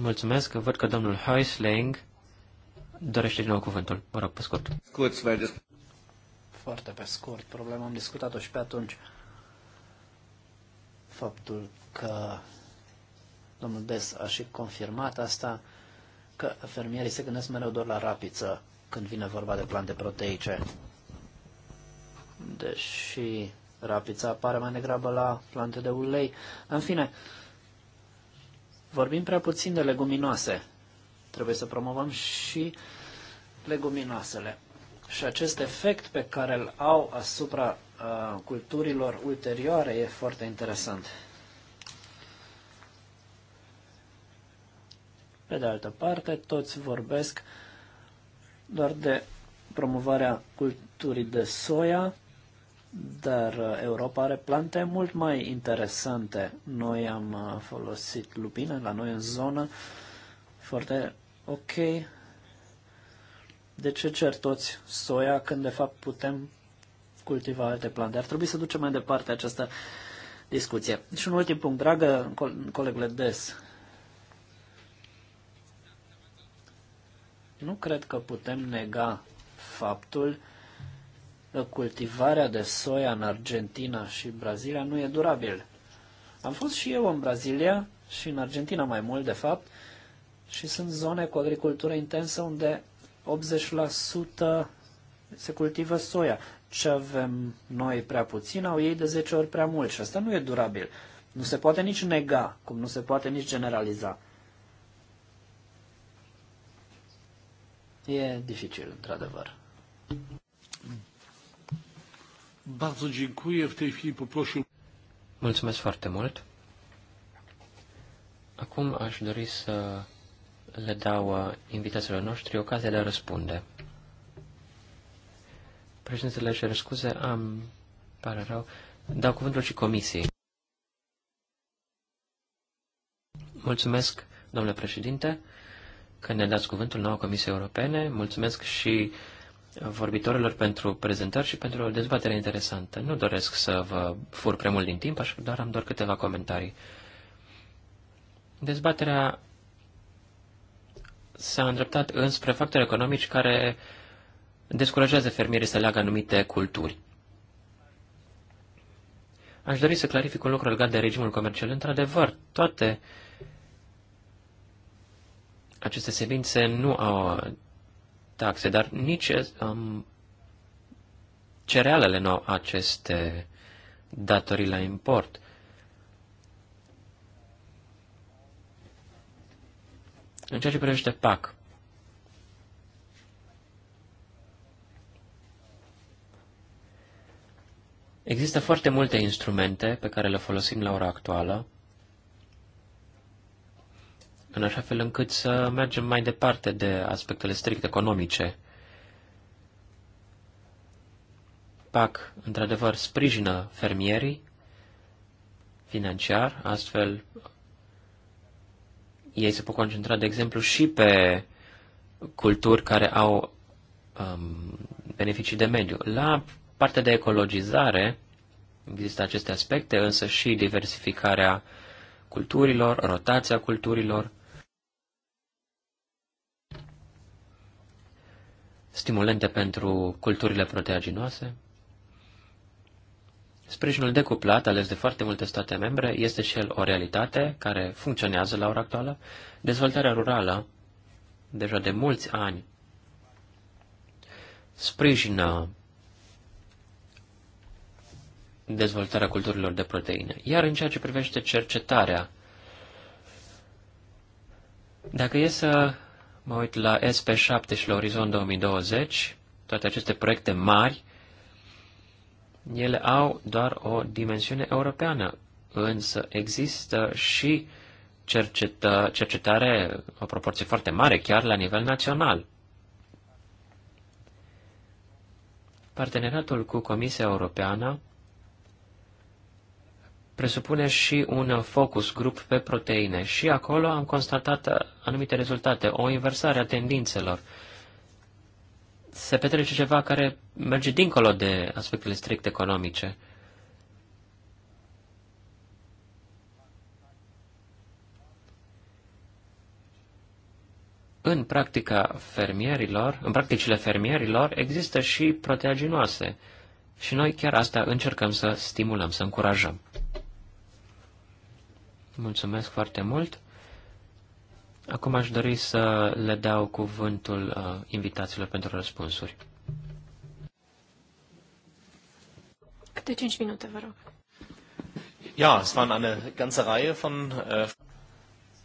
Mulțumesc, văd că domnul Heisling dorește din nou cuvântul. Vă rog, pe scurt. Foarte pe scurt. Problema am discutat-o și pe atunci. Faptul că domnul Des a și confirmat asta, că fermierii se gândesc mereu doar la rapiță când vine vorba de plante proteice. Deși rapița apare mai degrabă la plante de ulei. În fine, Vorbim prea puțin de leguminoase. Trebuie să promovăm și leguminoasele. Și acest efect pe care îl au asupra uh, culturilor ulterioare e foarte interesant. Pe de altă parte, toți vorbesc doar de promovarea culturii de soia, dar uh, Europa are plante mult mai interesante. Noi am uh, folosit lupine la noi în zonă, foarte ok. De ce cer toți soia când de fapt putem cultiva alte plante? Ar trebui să ducem mai departe această discuție. Și un ultim punct, dragă colegule Des, nu cred că putem nega faptul cultivarea de soia în Argentina și Brazilia nu e durabil. Am fost și eu în Brazilia și în Argentina mai mult, de fapt, și sunt zone cu agricultură intensă unde 80% se cultivă soia. Ce avem noi prea puțin, au ei de 10 ori prea mult și asta nu e durabil. Nu se poate nici nega, cum nu se poate nici generaliza. E dificil, într-adevăr. Bardzo dziękuję. W tej chwili poprosił... Mulțumesc foarte mult. Acum aș dori să le dau uh, invitațiilor noștri ocazia de a răspunde. Președintele cer scuze, am, pare rău, dau cuvântul și comisiei. Mulțumesc, domnule președinte, că ne dați cuvântul nouă Comisiei Europene, mulțumesc și uh, vorbitorilor pentru prezentări și pentru o dezbatere interesantă. Nu doresc să vă fur prea mult din timp, așa doar am doar câteva comentarii. Dezbaterea s-a îndreptat înspre factori economici care descurajează fermierii să leagă anumite culturi. Aș dori să clarific un lucru legat de regimul comercial. Într-adevăr, toate aceste semințe nu au taxe, dar nici um, cerealele nu au aceste datorii la import. În ceea ce privește PAC, există foarte multe instrumente pe care le folosim la ora actuală în așa fel încât să mergem mai departe de aspectele strict economice. PAC, într-adevăr, sprijină fermierii financiar, astfel ei se pot concentra, de exemplu, și pe culturi care au um, beneficii de mediu. La partea de ecologizare există aceste aspecte, însă și diversificarea culturilor, rotația culturilor. stimulente pentru culturile proteaginoase. Sprijinul decuplat, ales de foarte multe state membre, este și el o realitate care funcționează la ora actuală. Dezvoltarea rurală, deja de mulți ani, sprijină dezvoltarea culturilor de proteine. Iar în ceea ce privește cercetarea, dacă e să Mă uit la SP7 și la Orizont 2020, toate aceste proiecte mari, ele au doar o dimensiune europeană, însă există și cercetă, cercetare, o proporție foarte mare, chiar la nivel național. Parteneriatul cu Comisia Europeană presupune și un focus grup pe proteine și acolo am constatat anumite rezultate, o inversare a tendințelor. Se petrece ceva care merge dincolo de aspectele strict economice. În practica fermierilor, în practicile fermierilor, există și proteaginoase. Și noi chiar asta încercăm să stimulăm, să încurajăm. Mulțumesc foarte mult. Acum aș dori să le dau cuvântul uh, invitațiilor pentru răspunsuri. Câte 5 minute, vă rog. Ja, es waren eine ganze Reihe von... Uh...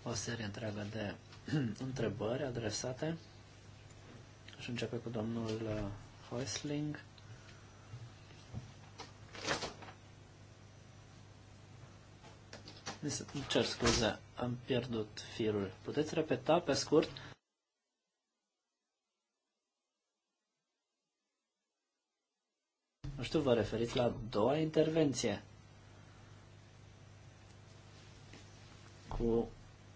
O serie întreagă de întrebări adresate. Și începe cu domnul uh, Häusling. Îmi cer scuze, am pierdut firul. Puteți repeta pe scurt? Nu știu, vă referiți la a doua intervenție cu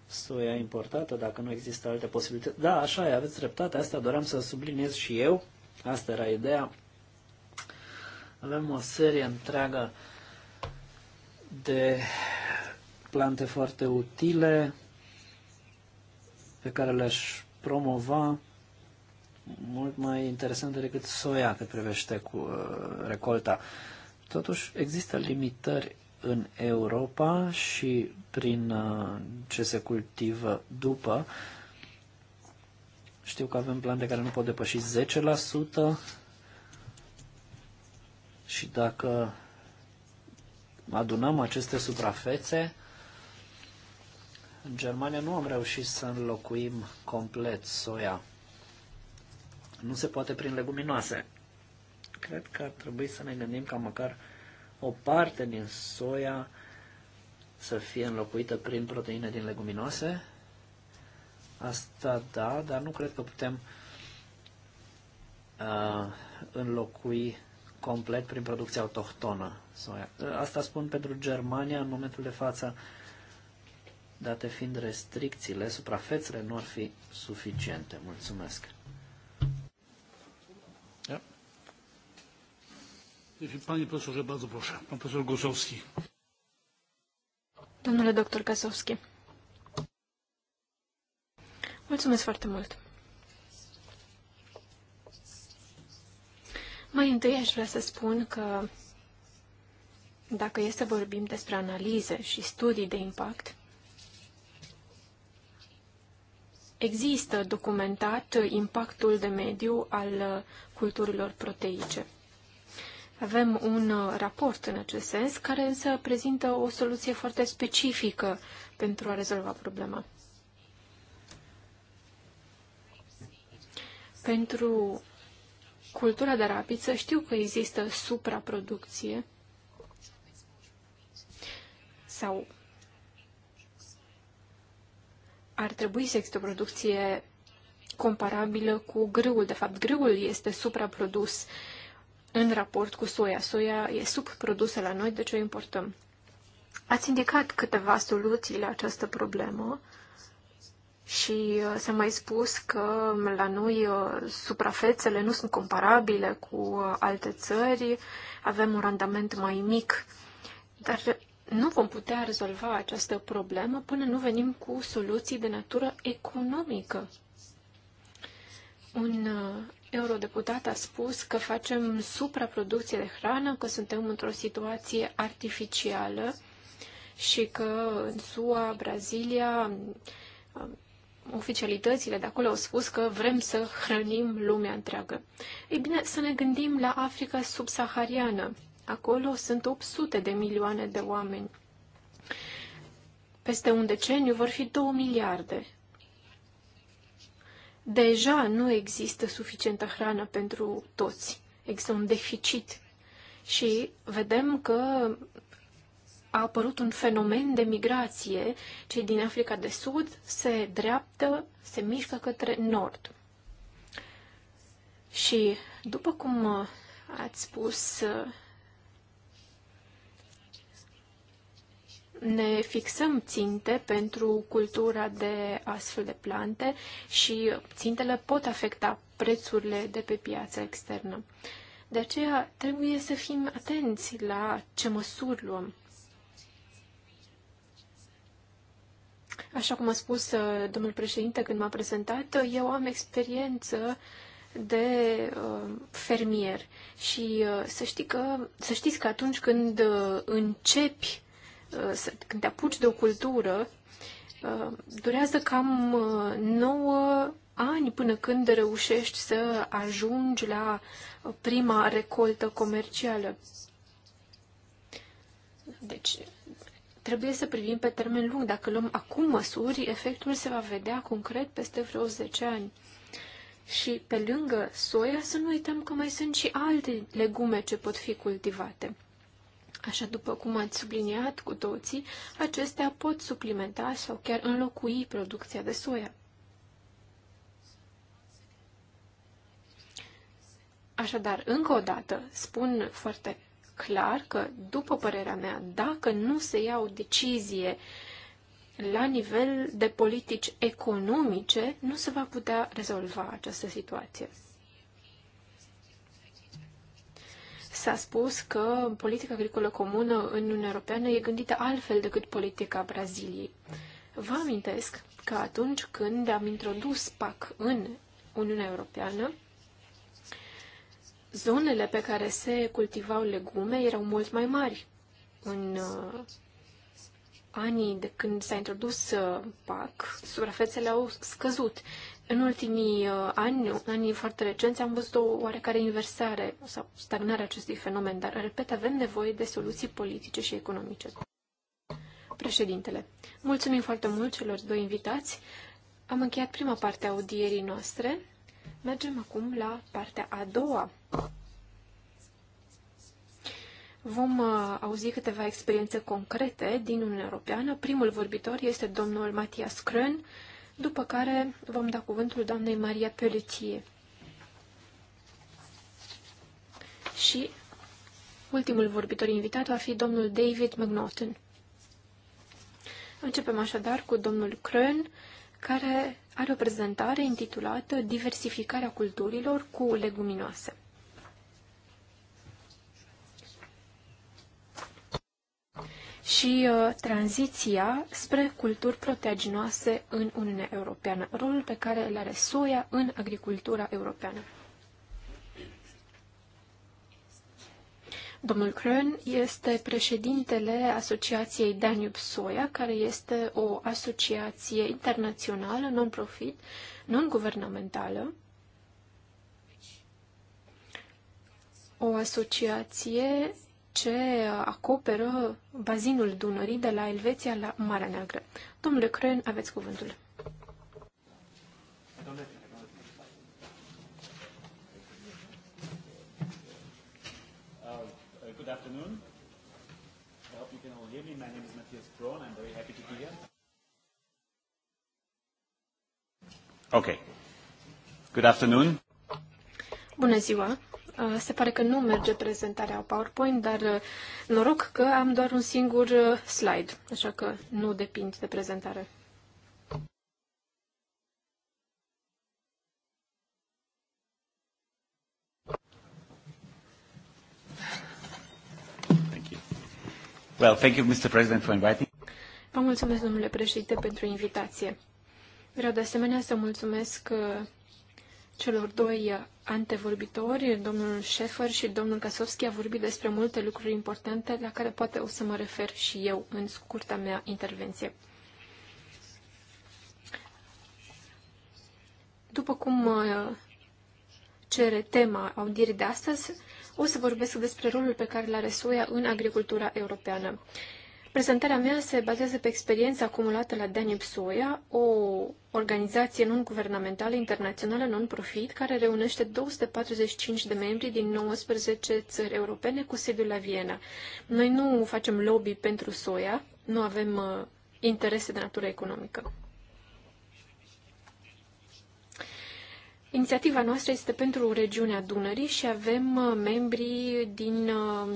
soia importată, dacă nu există alte posibilități. Da, așa e, aveți dreptate, asta doream să subliniez și eu, asta era ideea. Avem o serie întreagă de plante foarte utile pe care le-aș promova mult mai interesante decât soia că privește cu uh, recolta. Totuși există limitări în Europa și prin uh, ce se cultivă după. Știu că avem plante care nu pot depăși 10% și dacă adunăm aceste suprafețe, în Germania nu am reușit să înlocuim complet soia. Nu se poate prin leguminoase. Cred că ar trebui să ne gândim ca măcar o parte din soia să fie înlocuită prin proteine din leguminoase. Asta da, dar nu cred că putem uh, înlocui complet prin producția autohtonă soia. Asta spun pentru Germania în momentul de față date fiind restricțiile, suprafețele nu ar fi suficiente. Mulțumesc. Ja. Panie profesorze, bardzo proszę. Pan profesor Gosowski. Domnule doctor Gosowski. Mulțumesc foarte mult. Mai întâi aș vrea să spun că dacă este vorbim despre analize și studii de impact, Există documentat impactul de mediu al culturilor proteice. Avem un raport în acest sens, care însă prezintă o soluție foarte specifică pentru a rezolva problema. Pentru cultura de rapiță știu că există supraproducție sau ar trebui să existe o producție comparabilă cu grâul. De fapt, grâul este supraprodus în raport cu soia. Soia e subprodusă la noi, deci o importăm. Ați indicat câteva soluții la această problemă și uh, s-a mai spus că la noi uh, suprafețele nu sunt comparabile cu uh, alte țări, avem un randament mai mic. Dar nu vom putea rezolva această problemă până nu venim cu soluții de natură economică. Un uh, eurodeputat a spus că facem supraproducție de hrană, că suntem într-o situație artificială și că în SUA, Brazilia, um, oficialitățile de acolo au spus că vrem să hrănim lumea întreagă. Ei bine, să ne gândim la Africa subsahariană. Acolo sunt 800 de milioane de oameni. Peste un deceniu vor fi 2 miliarde. Deja nu există suficientă hrană pentru toți. Există un deficit. Și vedem că a apărut un fenomen de migrație. Cei din Africa de Sud se dreaptă, se mișcă către nord. Și, după cum ați spus, ne fixăm ținte pentru cultura de astfel de plante și țintele pot afecta prețurile de pe piața externă. De aceea trebuie să fim atenți la ce măsuri luăm. Așa cum a spus uh, domnul președinte când m-a prezentat, uh, eu am experiență de uh, fermier și uh, să, știi că, să știți că atunci când uh, începi Uh, când te apuci de o cultură, uh, durează cam 9 uh, ani până când reușești să ajungi la prima recoltă comercială. Deci, trebuie să privim pe termen lung. Dacă luăm acum măsuri, efectul se va vedea concret peste vreo 10 ani. Și pe lângă soia, să nu uităm că mai sunt și alte legume ce pot fi cultivate. Așa după cum ați subliniat cu toții, acestea pot suplimenta sau chiar înlocui producția de soia. Așadar, încă o dată, spun foarte clar că, după părerea mea, dacă nu se ia o decizie la nivel de politici economice, nu se va putea rezolva această situație. s-a spus că politica agricolă comună în Uniunea Europeană e gândită altfel decât politica Braziliei. Vă amintesc că atunci când am introdus PAC în Uniunea Europeană, zonele pe care se cultivau legume erau mult mai mari. În uh, anii de când s-a introdus uh, PAC, suprafețele au scăzut, în ultimii uh, ani, anii foarte recenți, am văzut o oarecare inversare sau stagnare acestui fenomen, dar, repet, avem nevoie de soluții politice și economice. Președintele, mulțumim foarte mult celor doi invitați. Am încheiat prima parte a audierii noastre. Mergem acum la partea a doua. Vom uh, auzi câteva experiențe concrete din Uniunea Europeană. Primul vorbitor este domnul Matias Krön, după care vom da cuvântul doamnei Maria Pelletier. Și ultimul vorbitor invitat va fi domnul David McNaughton. Începem așadar cu domnul Krön, care are o prezentare intitulată Diversificarea culturilor cu leguminoase. și uh, tranziția spre culturi proteaginoase în Uniunea Europeană, rolul pe care îl are soia în agricultura europeană. Domnul Krön este președintele Asociației Danube Soia, care este o asociație internațională, non-profit, non-guvernamentală, o asociație ce acoperă bazinul Dunării de la Elveția la Marea Neagră. Domnule Cren, aveți cuvântul. Uh, good afternoon. I hope you can all hear me. My name is Matthias I'm very happy to be here. Okay. Good afternoon. Bună ziua. Uh, se pare că nu merge prezentarea PowerPoint, dar uh, noroc că am doar un singur uh, slide, așa că nu depind de prezentare. Thank you. Well, thank you, Mr. President, for inviting. Vă mulțumesc, domnule președinte, pentru invitație. Vreau de asemenea să mulțumesc celor doi antevorbitori, domnul Șefer și domnul Kasovski, a vorbit despre multe lucruri importante la care poate o să mă refer și eu în scurta mea intervenție. După cum uh, cere tema audierii de astăzi, o să vorbesc despre rolul pe care l-are soia în agricultura europeană. Prezentarea mea se bazează pe experiența acumulată la Danube Soia, o organizație non-guvernamentală internațională non-profit care reunește 245 de membri din 19 țări europene cu sediul la Viena. Noi nu facem lobby pentru soia, nu avem uh, interese de natură economică. Inițiativa noastră este pentru regiunea Dunării și avem uh, membri din uh,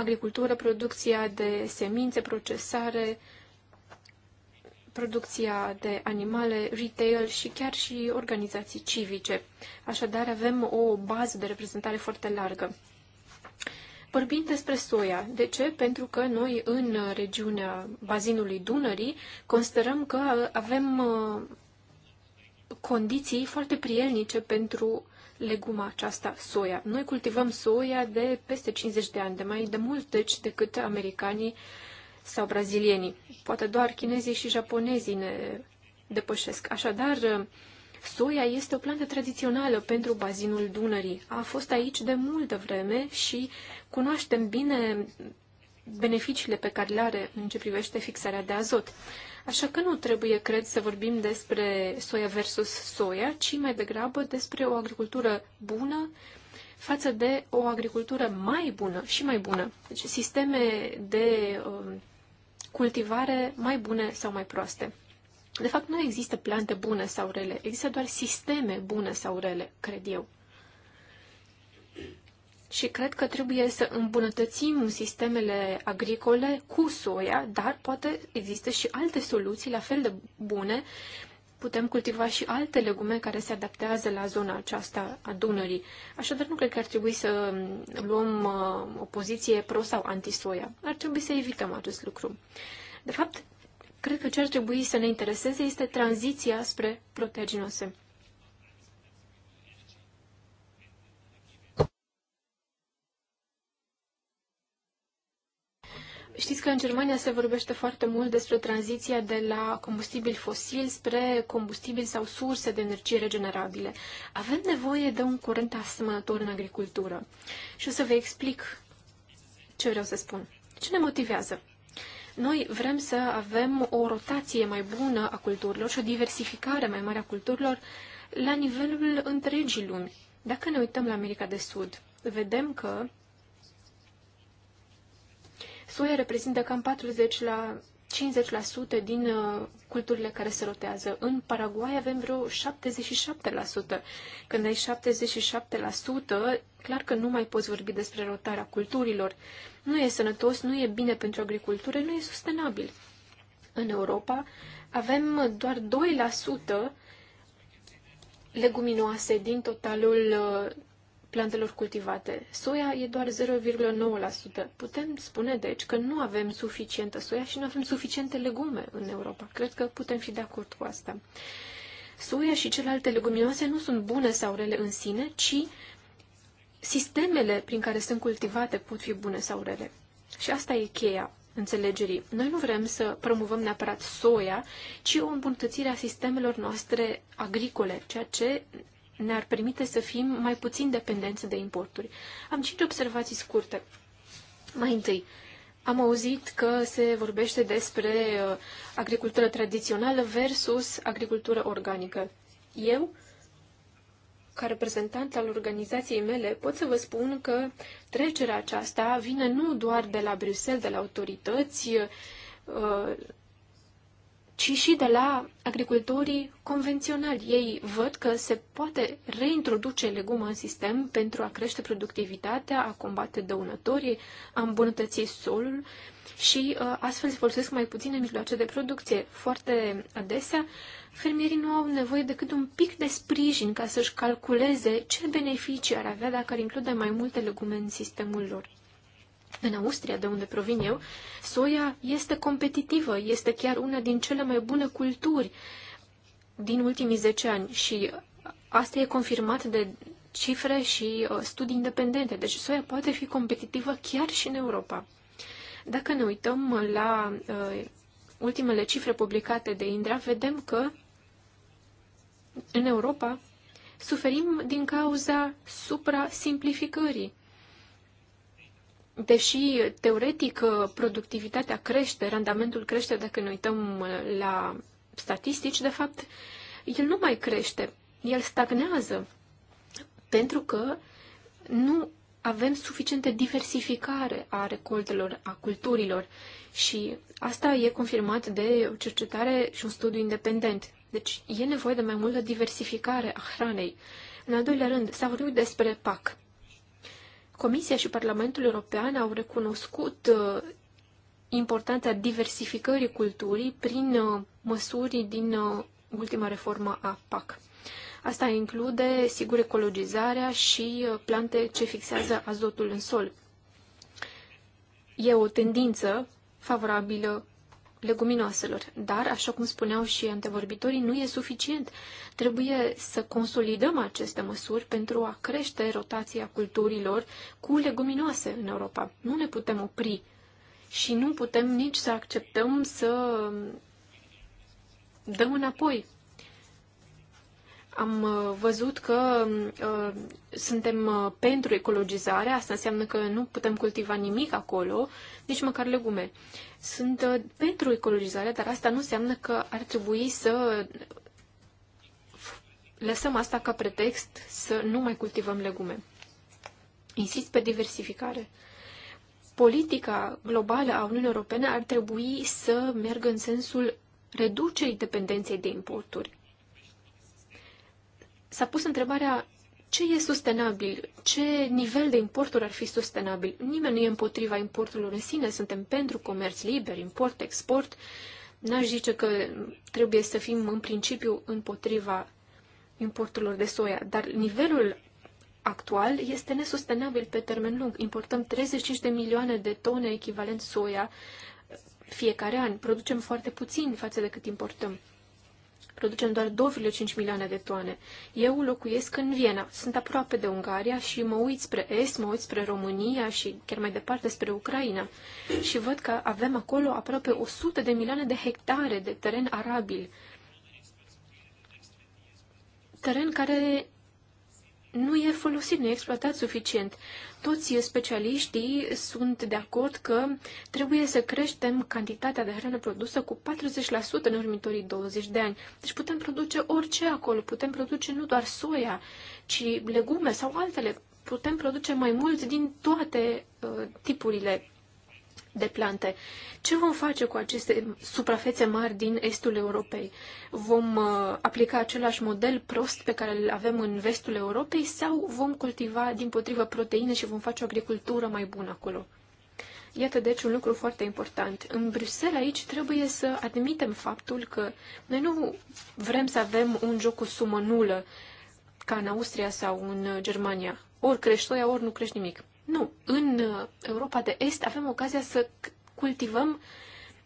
agricultură, producția de semințe, procesare, producția de animale, retail și chiar și organizații civice. Așadar, avem o bază de reprezentare foarte largă. Vorbim despre soia. De ce? Pentru că noi în regiunea bazinului Dunării considerăm că avem uh, condiții foarte prielnice pentru leguma aceasta, soia. Noi cultivăm soia de peste 50 de ani, de mai de mult deci decât americanii sau brazilienii. Poate doar chinezii și japonezii ne depășesc. Așadar, soia este o plantă tradițională pentru bazinul Dunării. A fost aici de multă vreme și cunoaștem bine beneficiile pe care le are în ce privește fixarea de azot. Așa că nu trebuie, cred, să vorbim despre soia versus soia, ci mai degrabă despre o agricultură bună față de o agricultură mai bună și mai bună. Deci sisteme de um, cultivare mai bune sau mai proaste. De fapt, nu există plante bune sau rele, există doar sisteme bune sau rele, cred eu și cred că trebuie să îmbunătățim sistemele agricole cu soia, dar poate există și alte soluții la fel de bune. Putem cultiva și alte legume care se adaptează la zona aceasta a Dunării. Așadar, nu cred că ar trebui să luăm uh, o poziție pro sau anti-soia. Ar trebui să evităm acest lucru. De fapt, cred că ce ar trebui să ne intereseze este tranziția spre proteginose. Știți că în Germania se vorbește foarte mult despre tranziția de la combustibil fosil spre combustibil sau surse de energie regenerabile. Avem nevoie de un curent asemănător în agricultură. Și o să vă explic ce vreau să spun. Ce ne motivează? Noi vrem să avem o rotație mai bună a culturilor și o diversificare mai mare a culturilor la nivelul întregii lumi. Dacă ne uităm la America de Sud, vedem că SUE reprezintă cam 40 la 50% din uh, culturile care se rotează. În Paraguay avem vreo 77%. Când ai 77%, clar că nu mai poți vorbi despre rotarea culturilor. Nu e sănătos, nu e bine pentru agricultură, nu e sustenabil. În Europa avem doar 2% leguminoase din totalul uh, plantelor cultivate. Soia e doar 0,9%. Putem spune, deci, că nu avem suficientă soia și nu avem suficiente legume în Europa. Cred că putem fi de acord cu asta. Soia și celelalte leguminoase nu sunt bune sau rele în sine, ci sistemele prin care sunt cultivate pot fi bune sau rele. Și asta e cheia înțelegerii. Noi nu vrem să promovăm neapărat soia, ci o îmbunătățire a sistemelor noastre agricole, ceea ce ne-ar permite să fim mai puțin dependenți de importuri. Am cinci observații scurte. Mai întâi, am auzit că se vorbește despre uh, agricultură tradițională versus agricultură organică. Eu, ca reprezentant al organizației mele, pot să vă spun că trecerea aceasta vine nu doar de la Bruxelles, de la autorități, uh, ci și de la agricultorii convenționali. Ei văd că se poate reintroduce legumă în sistem pentru a crește productivitatea, a combate dăunătorii, a îmbunătăți solul și uh, astfel se folosesc mai puține mijloace de producție. Foarte adesea, fermierii nu au nevoie decât de un pic de sprijin ca să-și calculeze ce beneficii ar avea dacă ar include mai multe legume în sistemul lor. În Austria, de unde provin eu, soia este competitivă, este chiar una din cele mai bune culturi din ultimii 10 ani și asta e confirmat de cifre și uh, studii independente. Deci soia poate fi competitivă chiar și în Europa. Dacă ne uităm la uh, ultimele cifre publicate de Indra, vedem că în Europa suferim din cauza supra-simplificării deși teoretic productivitatea crește, randamentul crește dacă ne uităm uh, la statistici, de fapt, el nu mai crește, el stagnează, pentru că nu avem suficientă diversificare a recoltelor, a culturilor și asta e confirmat de o cercetare și un studiu independent. Deci e nevoie de mai multă diversificare a hranei. În al doilea rând, s-a vorbit despre PAC. Comisia și Parlamentul European au recunoscut uh, importanța diversificării culturii prin uh, măsuri din uh, ultima reformă a PAC. Asta include, sigur, ecologizarea și plante ce fixează azotul în sol. E o tendință favorabilă leguminoaselor. Dar, așa cum spuneau și antevorbitorii, nu e suficient. Trebuie să consolidăm aceste măsuri pentru a crește rotația culturilor cu leguminoase în Europa. Nu ne putem opri și nu putem nici să acceptăm să dăm înapoi. Am uh, văzut că uh, suntem uh, pentru ecologizare, asta înseamnă că nu putem cultiva nimic acolo, nici măcar legume. Uh, sunt uh, pentru ecologizare, dar asta nu înseamnă că ar trebui să lăsăm asta ca pretext să nu mai cultivăm legume. Insist pe diversificare. Politica globală a Uniunii Europene ar trebui să meargă în sensul reducerii dependenței de importuri. S-a pus întrebarea ce e sustenabil, ce nivel de importuri ar fi sustenabil. Nimeni nu e împotriva importurilor în sine, suntem pentru comerț liber, import, export. N-aș zice că trebuie să fim în principiu împotriva importurilor de soia, dar nivelul actual este nesustenabil pe termen lung. Importăm 35 de milioane de tone echivalent soia fiecare an. Producem foarte puțin față de cât importăm producem doar 2,5 milioane de tone. Eu locuiesc în Viena, sunt aproape de Ungaria și mă uit spre Est, mă uit spre România și chiar mai departe spre Ucraina și văd că avem acolo aproape 100 de milioane de hectare de teren arabil. Teren care nu e folosit, nu e exploatat suficient. Toți specialiștii sunt de acord că trebuie să creștem cantitatea de hrană produsă cu 40% în următorii 20 de ani. Deci putem produce orice acolo, putem produce nu doar soia, ci legume sau altele. Putem produce mai mulți din toate uh, tipurile de plante. Ce vom face cu aceste suprafețe mari din estul Europei? Vom uh, aplica același model prost pe care îl avem în vestul Europei sau vom cultiva din potrivă proteine și vom face o agricultură mai bună acolo? Iată deci un lucru foarte important. În Bruxelles aici trebuie să admitem faptul că noi nu vrem să avem un joc cu sumă nulă ca în Austria sau în Germania. Ori crești soia, ori nu crești nimic. Nu, în uh, Europa de Est avem ocazia să cultivăm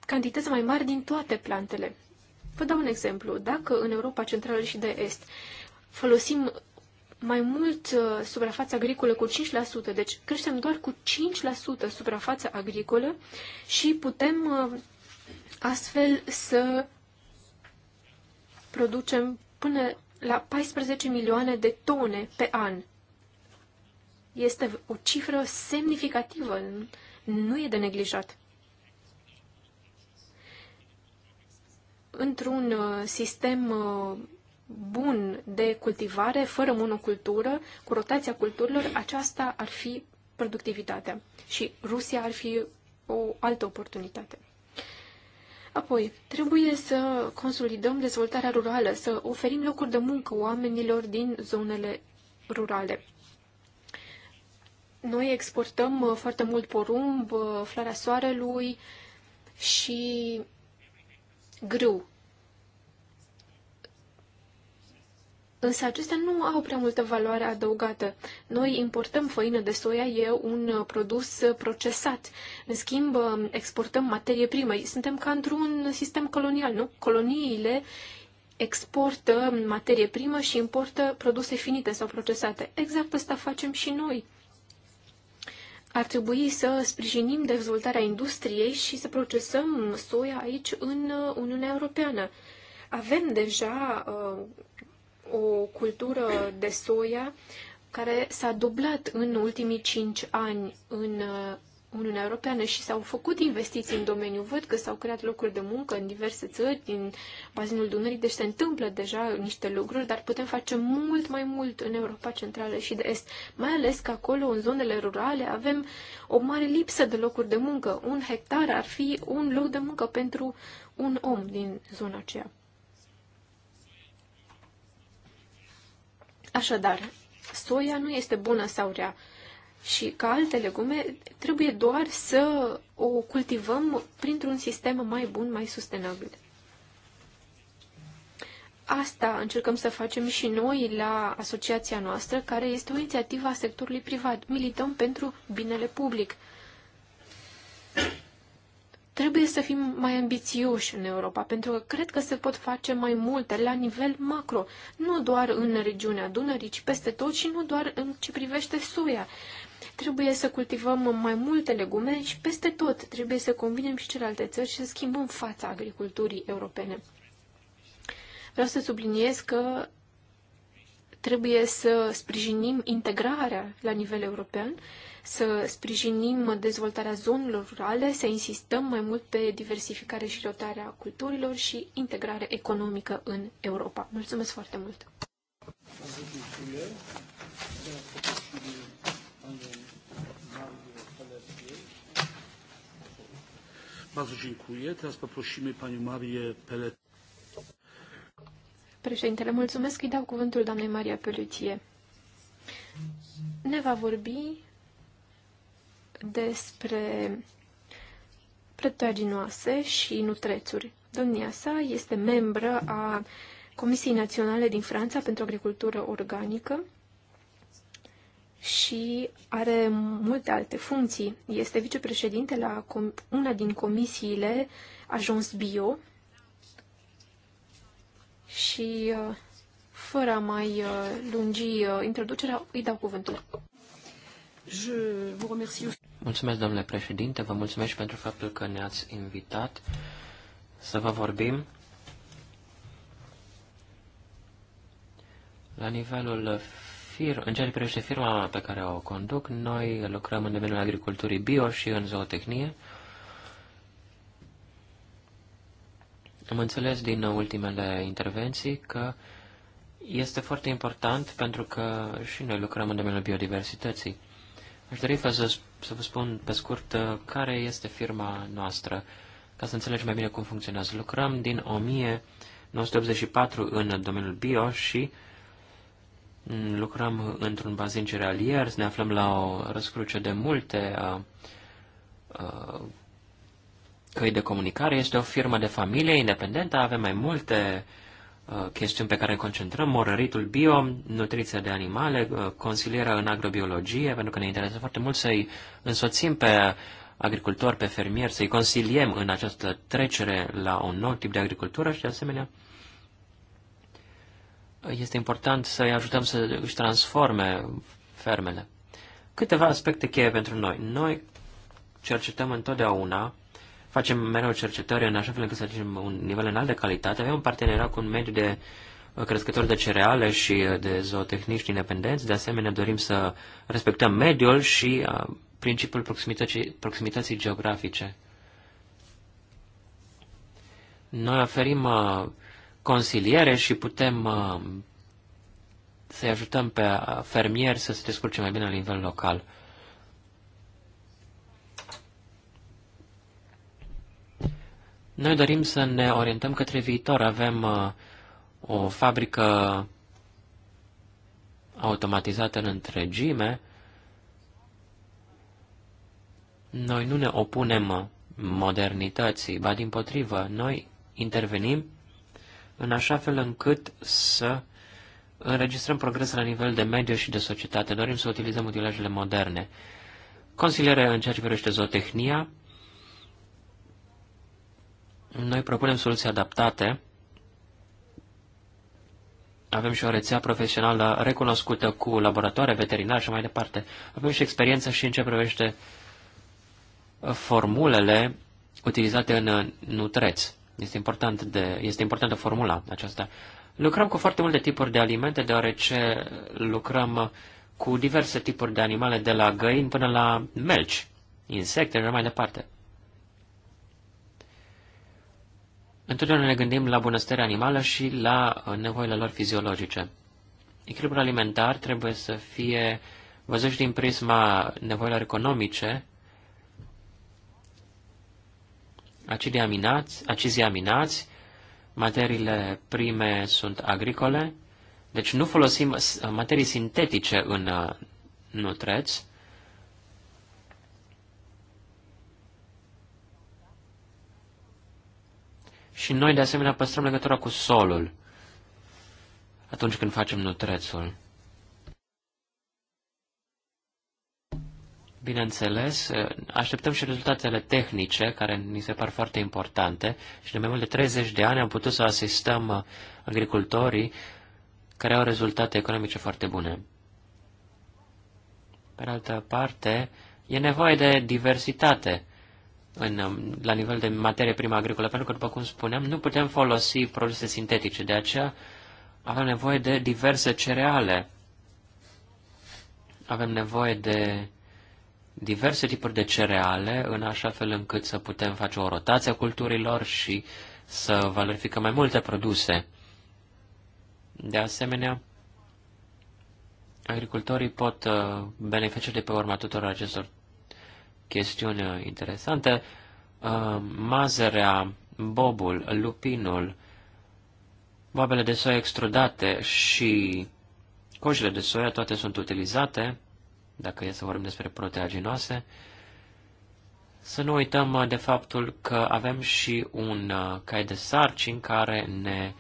cantități mai mari din toate plantele. Vă dau un exemplu. Dacă în Europa Centrală și de Est folosim mai mult uh, suprafața agricolă cu 5%, deci creștem doar cu 5% suprafața agricolă și putem uh, astfel să producem până la 14 milioane de tone pe an. Este o cifră semnificativă, nu e de neglijat. Într-un uh, sistem uh, bun de cultivare, fără monocultură, cu rotația culturilor, aceasta ar fi productivitatea și Rusia ar fi o altă oportunitate. Apoi, trebuie să consolidăm dezvoltarea rurală, să oferim locuri de muncă oamenilor din zonele rurale. Noi exportăm uh, foarte mult porumb, uh, floarea soarelui și grâu. Însă acestea nu au prea multă valoare adăugată. Noi importăm făină de soia, e un uh, produs procesat. În schimb, exportăm materie primă. Suntem ca într-un sistem colonial, nu? Coloniile exportă materie primă și importă produse finite sau procesate. Exact asta facem și noi ar trebui să sprijinim dezvoltarea industriei și să procesăm soia aici în uh, Uniunea Europeană. Avem deja uh, o cultură de soia care s-a dublat în ultimii cinci ani în uh, Uniunea Europeană și s-au făcut investiții în domeniu. Văd că s-au creat locuri de muncă în diverse țări din bazinul Dunării, deci se întâmplă deja niște lucruri, dar putem face mult mai mult în Europa Centrală și de Est, mai ales că acolo, în zonele rurale, avem o mare lipsă de locuri de muncă. Un hectar ar fi un loc de muncă pentru un om din zona aceea. Așadar, soia nu este bună sau rea și ca alte legume trebuie doar să o cultivăm printr-un sistem mai bun, mai sustenabil. Asta încercăm să facem și noi la asociația noastră, care este o inițiativă a sectorului privat. Milităm pentru binele public. Trebuie să fim mai ambițioși în Europa, pentru că cred că se pot face mai multe la nivel macro, nu doar în regiunea Dunării, ci peste tot și nu doar în ce privește soia. Trebuie să cultivăm mai multe legume și peste tot trebuie să convinem și celelalte țări și să schimbăm fața agriculturii europene. Vreau să subliniez că trebuie să sprijinim integrarea la nivel european, să sprijinim dezvoltarea zonelor rurale, să insistăm mai mult pe diversificare și rotarea culturilor și integrare economică în Europa. Mulțumesc foarte mult! Bardzo dziękuję. Teraz poprosimy panią Marię Pelet. Președintele, mulțumesc. Îi dau cuvântul doamnei Maria Pelutie. Ne va vorbi despre prătoaginoase și nutrețuri. Domnia sa este membră a Comisiei Naționale din Franța pentru Agricultură Organică și are multe alte funcții. Este vicepreședinte la una din comisiile Ajuns Bio și uh, fără a mai uh, lungi uh, introducerea, îi dau cuvântul. Mulțumesc, domnule președinte, vă mulțumesc și pentru faptul că ne-ați invitat să vă vorbim la nivelul fir, în ceea ce privește firma pe care o conduc, noi lucrăm în domeniul agriculturii bio și în zootehnie. Am înțeles din ultimele intervenții că este foarte important pentru că și noi lucrăm în domeniul biodiversității. Aș dori să, vă spun pe scurt uh, care este firma noastră, ca să înțelegi mai bine cum funcționează. Lucrăm din 1984 în domeniul bio și Lucram într-un bazin cerealier, ne aflăm la o răscruce de multe a, uh, a, uh, căi de comunicare. Este o firmă de familie independentă, avem mai multe a, uh, chestiuni pe care ne concentrăm, morăritul bio, nutriția de animale, consilierea în agrobiologie, pentru că ne interesează foarte mult să-i însoțim pe agricultori, pe fermieri, să-i consiliem în această trecere la un nou tip de agricultură și, de asemenea, este important să-i ajutăm să își transforme fermele. Câteva aspecte cheie pentru noi. Noi cercetăm întotdeauna, facem mereu cercetări în așa fel încât să atingem un nivel înalt de calitate. Avem un parteneriat cu un mediu de uh, crescători de cereale și uh, de zootehnici independenți. De asemenea, dorim să respectăm mediul și uh, principiul proximității, proximității geografice. Noi oferim consiliere și putem uh, să-i ajutăm pe fermieri să se descurce mai bine la nivel local. Noi dorim să ne orientăm către viitor. Avem uh, o fabrică automatizată în întregime. Noi nu ne opunem modernității, ba din potrivă, noi intervenim în așa fel încât să înregistrăm progres la nivel de mediu și de societate. Dorim să utilizăm utilajele moderne. Consiliere în ceea ce privește zootehnia, noi propunem soluții adaptate. Avem și o rețea profesională recunoscută cu laboratoare, veterinari și mai departe. Avem și experiență și în ce privește formulele utilizate în nutreți. Este, important de, este importantă formula aceasta. Lucrăm cu foarte multe tipuri de alimente, deoarece lucrăm cu diverse tipuri de animale, de la găini până la melci, insecte și mai departe. Întotdeauna ne gândim la bunăstarea animală și la nevoile lor fiziologice. Echilibrul alimentar trebuie să fie văzut și din prisma nevoilor economice acidii aminați, acizii aminați, materiile prime sunt agricole, deci nu folosim materii sintetice în uh, nutreți, Și noi, de asemenea, păstrăm legătura cu solul atunci când facem nutrețul. Bineînțeles, ă, așteptăm și rezultatele tehnice, care ni se par foarte importante, și de mai mult de 30 de ani am putut să asistăm ă, agricultorii care au rezultate economice foarte bune. Pe altă parte, e nevoie de diversitate în, ă, la nivel de materie primă agricolă, pentru că, după cum spuneam, nu putem folosi produse sintetice, de aceea avem nevoie de diverse cereale, avem nevoie de diverse tipuri de cereale, în așa fel încât să putem face o rotație a culturilor și să valorificăm mai multe produse. De asemenea, agricultorii pot uh, beneficia de pe urma tuturor acestor chestiuni uh, interesante. Uh, mazărea, bobul, lupinul, boabele de soia extrudate și cojile de soia, toate sunt utilizate dacă e să vorbim despre proteaginoase, să nu uităm uh, de faptul că avem și un uh, cai de sarcini care ne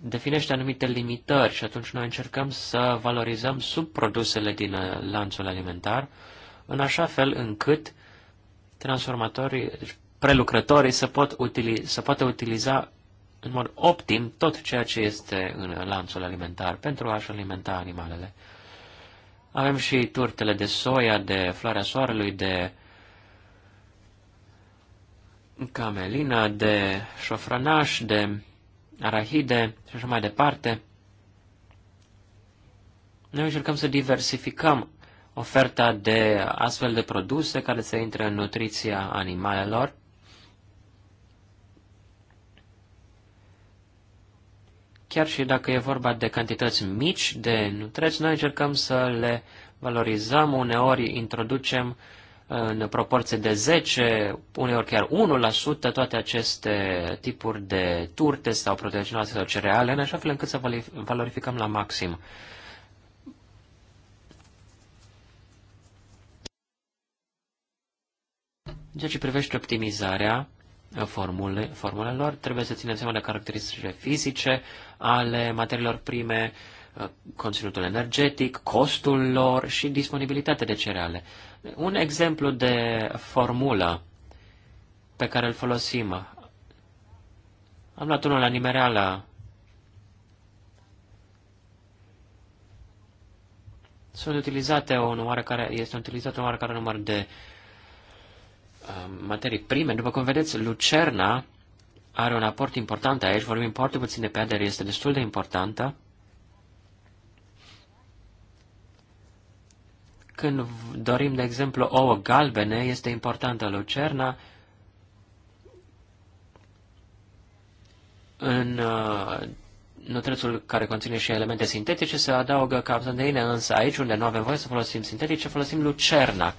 definește anumite limitări și atunci noi încercăm să valorizăm subprodusele din uh, lanțul alimentar, în așa fel încât transformatorii, deci prelucrătorii să, pot utili, să poată utiliza în mod optim tot ceea ce este în lanțul alimentar pentru a-și alimenta animalele. Avem și turtele de soia, de floarea soarelui, de camelina, de șofranaș, de arahide și așa mai departe. Noi încercăm să diversificăm oferta de astfel de produse care să intre în nutriția animalelor chiar și dacă e vorba de cantități mici de nutreți, noi încercăm să le valorizăm, uneori introducem uh, în proporție de 10, uneori chiar 1% toate aceste tipuri de turte sau proteinoase sau cereale, în așa fel încât să valorificăm la maxim. În ceea ce privește optimizarea, formule, formulelor. Trebuie să ținem seama de caracteristicile fizice ale materiilor prime, uh, conținutul energetic, costul lor și disponibilitatea de cereale. Un exemplu de formulă pe care îl folosim. Am luat unul la nimereală. Sunt utilizate un oarecare, este utilizat un oarecare număr de uh, Um, materii prime. După cum vedeți, lucerna are un aport important aici, vorbim foarte puțin de pierdere, este destul de importantă. Când dorim, de exemplu, ouă galbene, este importantă lucerna. În uh, nutrețul care conține și elemente sintetice se adaugă capsandeine, însă aici unde nu avem voie să folosim sintetice, folosim lucerna. Uh,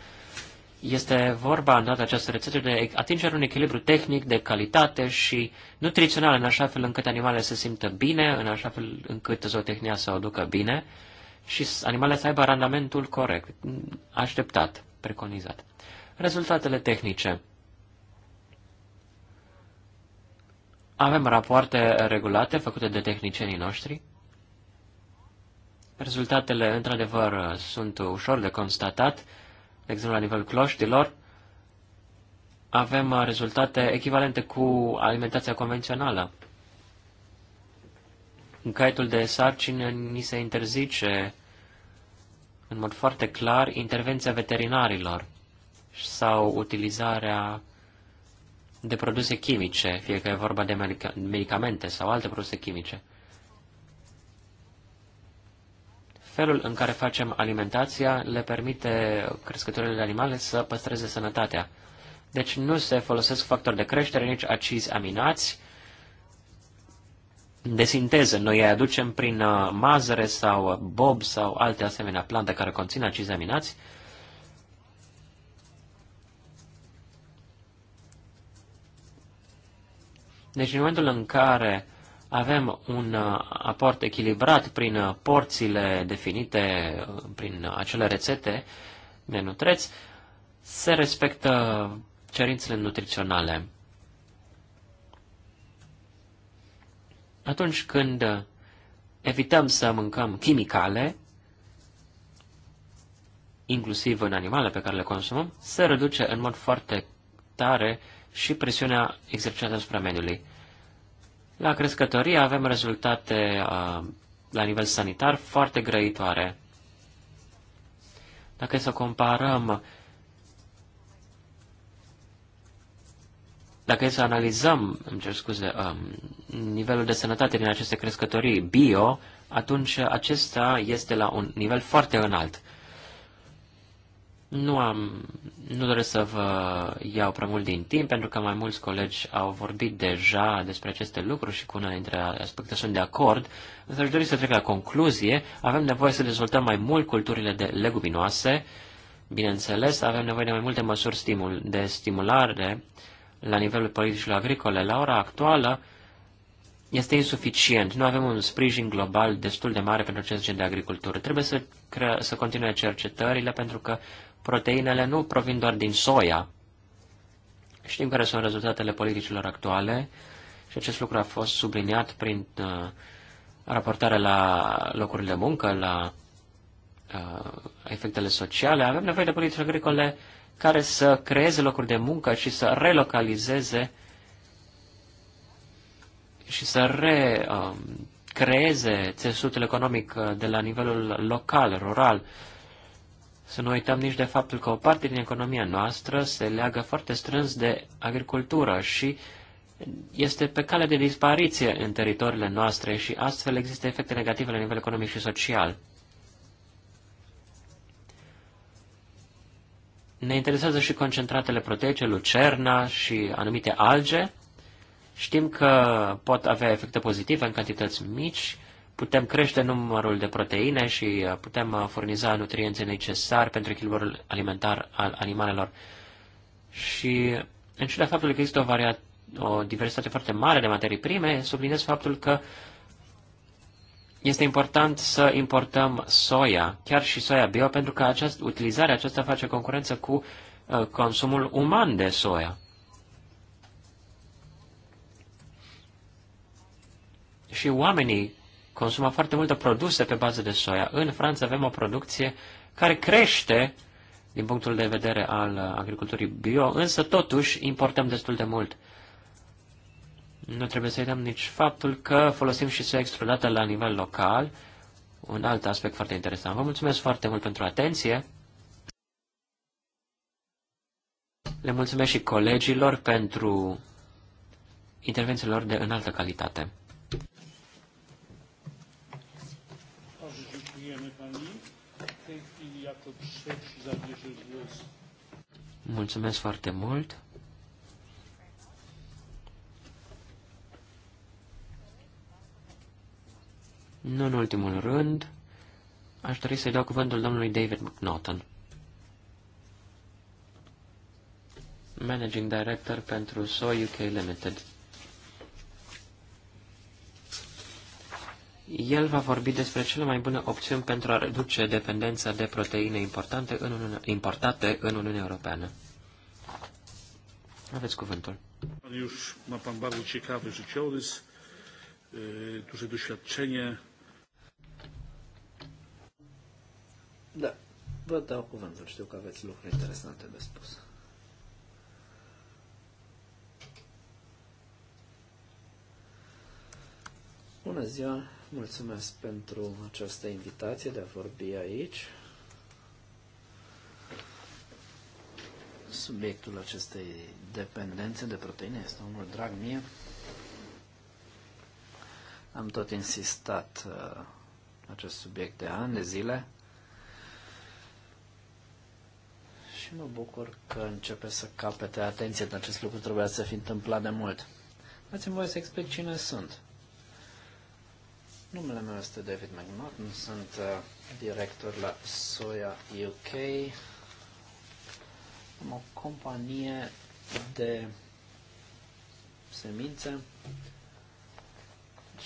este vorba în toată această rețetă de atingerea un echilibru tehnic, de calitate și nutrițional, în așa fel încât animalele se simtă bine, în așa fel încât zootehnia să o ducă bine și animalele să aibă randamentul corect, așteptat, preconizat. Rezultatele tehnice. Avem rapoarte regulate făcute de tehnicienii noștri. Rezultatele, într-adevăr, sunt ușor de constatat de exemplu la nivelul cloștilor, avem uh, rezultate echivalente cu alimentația convențională. În caietul de sarcini ni se interzice în mod foarte clar intervenția veterinarilor sau utilizarea de produse chimice, fie că e vorba de medicamente sau alte produse chimice. felul în care facem alimentația le permite crescătorilor de animale să păstreze sănătatea. Deci nu se folosesc factori de creștere, nici acizi aminați de sinteză. Noi îi aducem prin uh, mazăre sau bob sau alte asemenea plante care conțin acizi aminați. Deci în momentul în care avem un uh, aport echilibrat prin uh, porțile definite, uh, prin acele rețete de nutreți, se respectă cerințele nutriționale. Atunci când evităm să mâncăm chimicale, inclusiv în animale pe care le consumăm, se reduce în mod foarte tare și presiunea exercitată asupra mediului. La crescătorie avem rezultate la nivel sanitar foarte grăitoare. Dacă să comparăm, dacă să analizăm, îmi cer scuze, nivelul de sănătate din aceste crescătorii bio, atunci acesta este la un nivel foarte înalt. Nu, am, nu doresc să vă iau prea mult din timp, pentru că mai mulți colegi au vorbit deja despre aceste lucruri și cu unele dintre aspecte sunt de acord, însă aș dori să trec la concluzie. Avem nevoie să dezvoltăm mai mult culturile de leguminoase, bineînțeles, avem nevoie de mai multe măsuri stimul, de stimulare la nivelul politicilor agricole. La ora actuală, este insuficient. Nu avem un sprijin global destul de mare pentru acest gen de agricultură. Trebuie să, cre- să continue cercetările pentru că proteinele nu provin doar din soia. Știm care sunt rezultatele politicilor actuale și acest lucru a fost subliniat prin uh, raportare la locurile de muncă, la uh, efectele sociale. Avem nevoie de politici agricole care să creeze locuri de muncă și să relocalizeze uh, și să recreeze um, țesutul economic uh, de la nivelul local, rural. Să nu uităm nici de faptul că o parte din economia noastră se leagă foarte strâns de agricultură și este pe cale de dispariție în teritoriile noastre și astfel există efecte negative la nivel economic și social. Ne interesează și concentratele proteice, lucerna și anumite alge. Știm că pot avea efecte pozitive în cantități mici, putem crește numărul de proteine și uh, putem uh, furniza nutrienții necesari pentru echilibrul alimentar al animalelor. Și în ciuda faptului că există o, varia- o diversitate foarte mare de materii prime, subliniez faptul că este important să importăm soia, chiar și soia bio, pentru că această utilizarea aceasta face concurență cu uh, consumul uman de soia. și oamenii consumă foarte multe produse pe bază de soia. În Franța avem o producție care crește din punctul de vedere al agriculturii bio, însă totuși importăm destul de mult. Nu trebuie să uităm nici faptul că folosim și soia extrudată la nivel local, un alt aspect foarte interesant. Vă mulțumesc foarte mult pentru atenție. Le mulțumesc și colegilor pentru intervențiile lor de înaltă calitate. Mulțumesc foarte mult. Nu în ultimul rând, aș dori să-i dau cuvântul domnului David McNaughton, Managing Director pentru SO UK Limited. El va vorbi despre cele mai bune opțiuni pentru a reduce dependența de proteine importante în Uniunea, importate în Uniunea Europeană. Aveți cuvântul. Mariusz ma pan bardzo ciekawy życiorys, duże doświadczenie. Da, vă dau cuvântul. Știu că aveți lucruri interesante de spus. Bună ziua, mulțumesc pentru această invitație de a vorbi aici. Subiectul acestei dependențe de proteine este unul drag mie. Am tot insistat uh, acest subiect de ani, de zile. Și mă bucur că începe să capete atenție, dar acest lucru trebuia să fi întâmplat de mult. Dați-mi voie să explic cine sunt. Numele meu este David McNaughton, sunt uh, director la Soya UK. Am o companie de semințe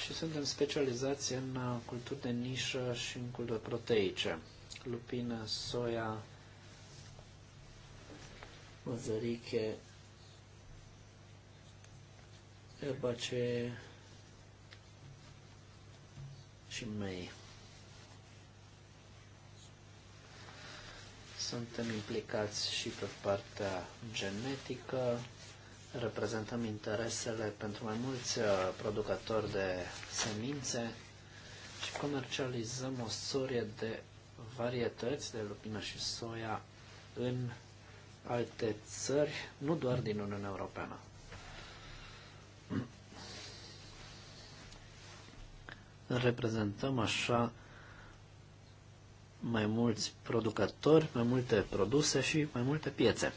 și suntem specializați în uh, culturi de nișă și în culturi proteice. Lupină, soia, măzăriche, erbacee, și mei. Suntem implicați și pe partea genetică, reprezentăm interesele pentru mai mulți uh, producători de semințe și comercializăm o sorie de varietăți de lupină și soia în alte țări, nu doar din Uniunea Europeană. reprezentăm așa mai mulți producători, mai multe produse și mai multe piețe.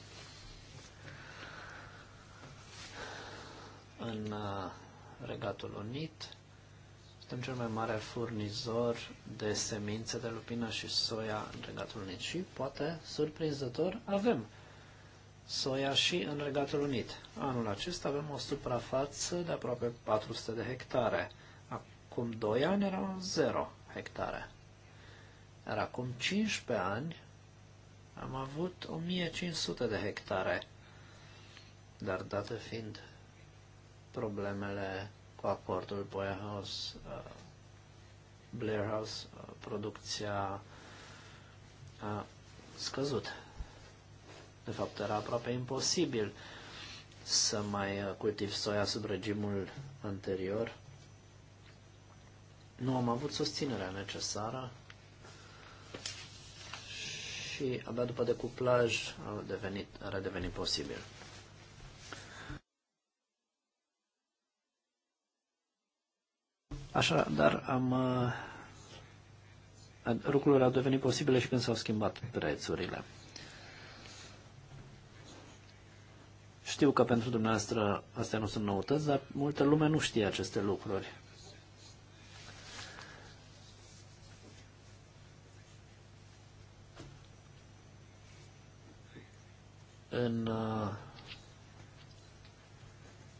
În uh, Regatul Unit suntem cel mai mare furnizor de semințe de lupină și soia în Regatul Unit și, poate, surprinzător, avem soia și în Regatul Unit. Anul acesta avem o suprafață de aproape 400 de hectare acum 2 ani erau 0 hectare. Iar acum 15 ani am avut 1500 de hectare. Dar dată fiind problemele cu acordul Boyhouse, House, uh, Blair House, uh, producția a scăzut. De fapt, era aproape imposibil să mai uh, cultiv soia sub regimul anterior nu am avut susținerea necesară și abia după decuplaj a devenit, a redevenit posibil. Așa, dar am, lucrurile au devenit posibile și când s-au schimbat prețurile. Știu că pentru dumneavoastră astea nu sunt noutăți, dar multă lume nu știe aceste lucruri. În uh,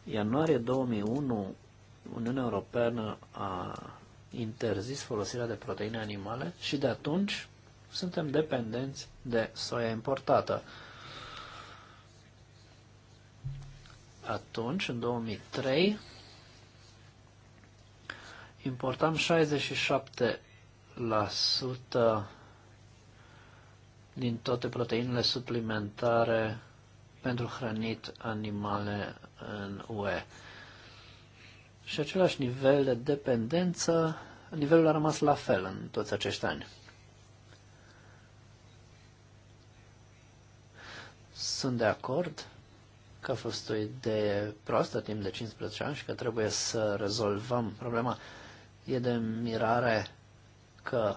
ianuarie 2001, Uniunea Europeană a interzis folosirea de proteine animale și de atunci suntem dependenți de soia importată. Atunci, în 2003, importam 67% din toate proteinele suplimentare pentru hrănit animale în UE. Și același nivel de dependență, nivelul a rămas la fel în toți acești ani. Sunt de acord că a fost o idee proastă timp de 15 ani și că trebuie să rezolvăm problema. E de mirare că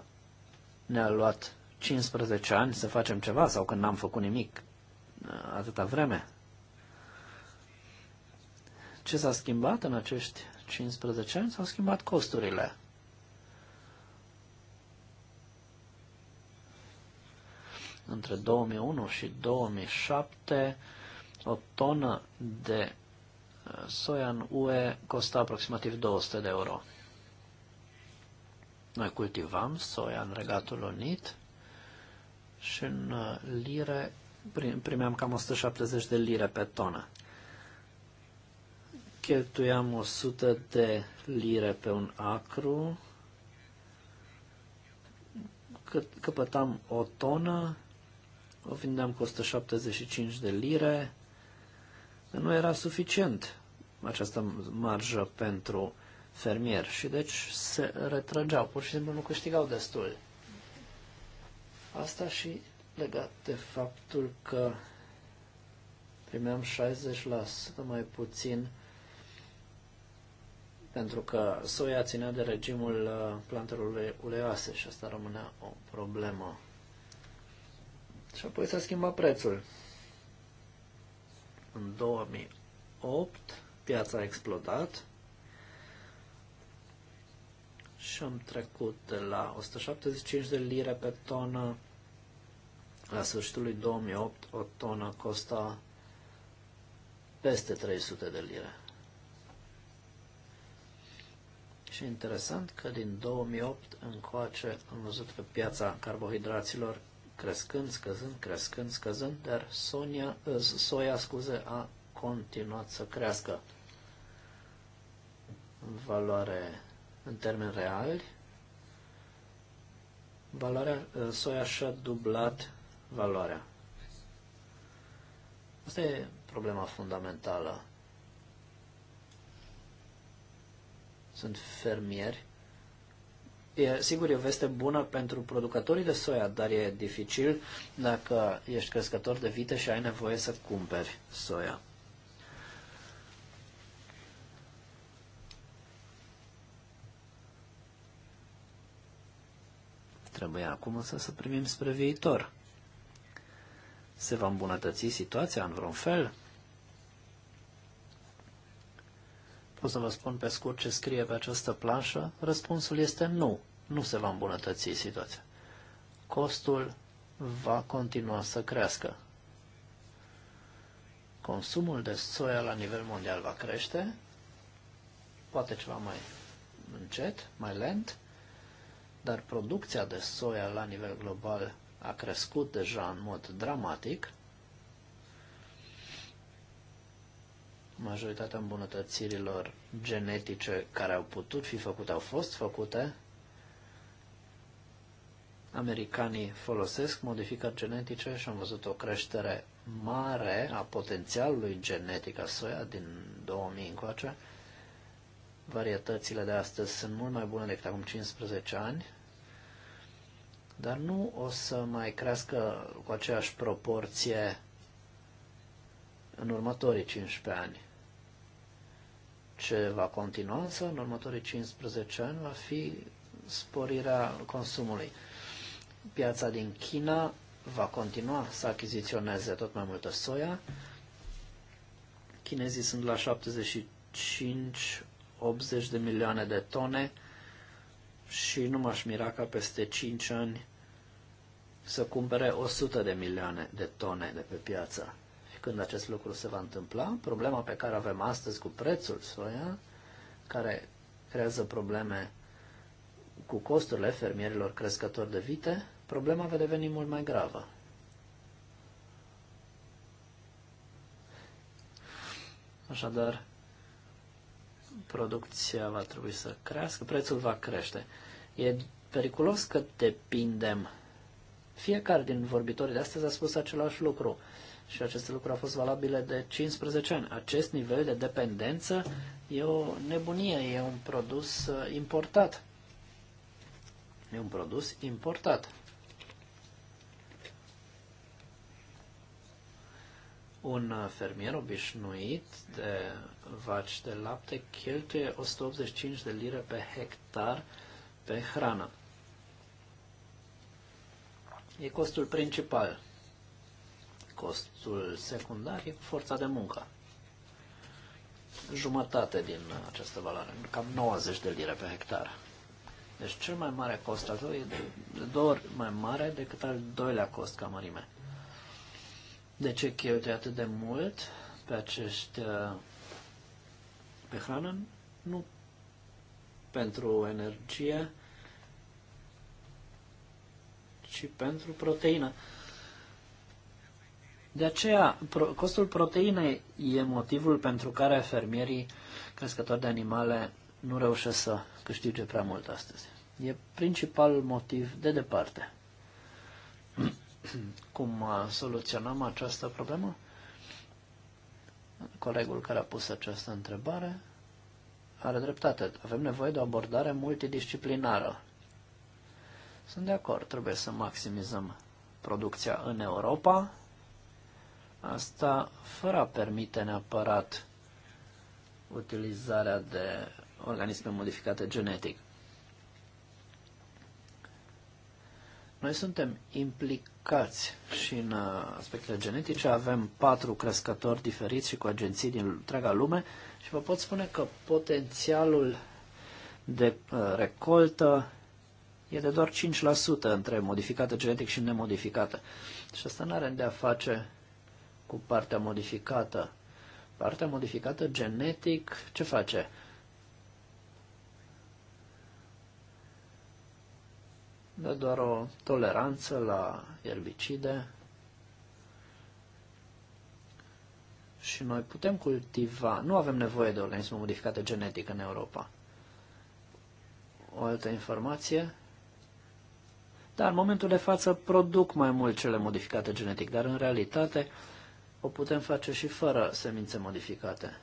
ne-a luat 15 ani să facem ceva sau că n-am făcut nimic atâta vreme. Ce s-a schimbat în acești 15 ani? S-au schimbat costurile. Între 2001 și 2007, o tonă de uh, soia în UE costa aproximativ 200 de euro. Noi cultivam soia în Regatul Unit și în uh, lire primeam cam 170 de lire pe tonă. Cheltuiam 100 de lire pe un acru, căpătam o tonă, o vindeam cu 175 de lire, nu era suficient această marjă pentru fermier și deci se retrăgeau, pur și simplu nu câștigau destul. Asta și legat de faptul că primeam 60% mai puțin pentru că soia ținea de regimul uh, plantelor uleoase și asta rămânea o problemă. Și apoi s-a schimbat prețul. În 2008 piața a explodat și am trecut de la 175 de lire pe tonă la sfârșitul lui 2008, o tonă costa peste 300 de lire. Și interesant că din 2008 încoace am văzut că piața carbohidraților crescând, scăzând, crescând, scăzând, dar sonia, eh, soia scuze, a continuat să crească în valoare în termeni reali. Valoarea eh, soia și-a dublat valoarea. Asta e problema fundamentală. Sunt fermieri. E, sigur, e o veste bună pentru producătorii de soia, dar e dificil dacă ești crescător de vite și ai nevoie să cumperi soia. Trebuie acum însă să primim spre viitor. Se va îmbunătăți situația în vreun fel? Pot să vă spun pe scurt ce scrie pe această planșă? Răspunsul este nu. Nu se va îmbunătăți situația. Costul va continua să crească. Consumul de soia la nivel mondial va crește, poate ceva mai încet, mai lent, dar producția de soia la nivel global a crescut deja în mod dramatic. Majoritatea îmbunătățirilor genetice care au putut fi făcute au fost făcute. Americanii folosesc modificări genetice și am văzut o creștere mare a potențialului genetic a soia din 2000 încoace. Varietățile de astăzi sunt mult mai bune decât acum 15 ani dar nu o să mai crească cu aceeași proporție în următorii 15 ani. Ce va continua însă în următorii 15 ani va fi sporirea consumului. Piața din China va continua să achiziționeze tot mai multă soia. Chinezii sunt la 75-80 de milioane de tone și nu m-aș mira ca peste 5 ani să cumpere 100 de milioane de tone de pe piață. Și când acest lucru se va întâmpla, problema pe care avem astăzi cu prețul soia, care creează probleme cu costurile fermierilor crescători de vite, problema va deveni mult mai gravă. Așadar, producția va trebui să crească, prețul va crește. E periculos că depindem fiecare din vorbitorii de astăzi a spus același lucru și aceste lucruri au fost valabile de 15 ani. Acest nivel de dependență e o nebunie, e un produs uh, importat. E un produs importat. Un uh, fermier obișnuit de vaci de lapte cheltuie 185 de lire pe hectar pe hrană e costul principal. Costul secundar e forța de muncă. Jumătate din această valoare, cam 90 de lire pe hectar. Deci cel mai mare cost al tău e de, de două ori mai mare decât al doilea cost ca mărime. De ce cheltuie atât de mult pe acești uh, pe hrană? Nu pentru energie, ci pentru proteină. De aceea, costul proteinei e motivul pentru care fermierii crescători de animale nu reușesc să câștige prea mult astăzi. E principal motiv de departe. Cum uh, soluționăm această problemă? Colegul care a pus această întrebare are dreptate. Avem nevoie de o abordare multidisciplinară. Sunt de acord, trebuie să maximizăm producția în Europa, asta fără a permite neapărat utilizarea de organisme modificate genetic. Noi suntem implicați și în uh, aspectele genetice, avem patru crescători diferiți și cu agenții din întreaga lume și vă pot spune că potențialul de uh, recoltă e de doar 5% între modificată genetic și nemodificată. Și asta nu are de a face cu partea modificată. Partea modificată genetic ce face? Dă doar o toleranță la erbicide și noi putem cultiva, nu avem nevoie de organisme modificate genetic în Europa. O altă informație, da, în momentul de față produc mai mult cele modificate genetic, dar în realitate o putem face și fără semințe modificate.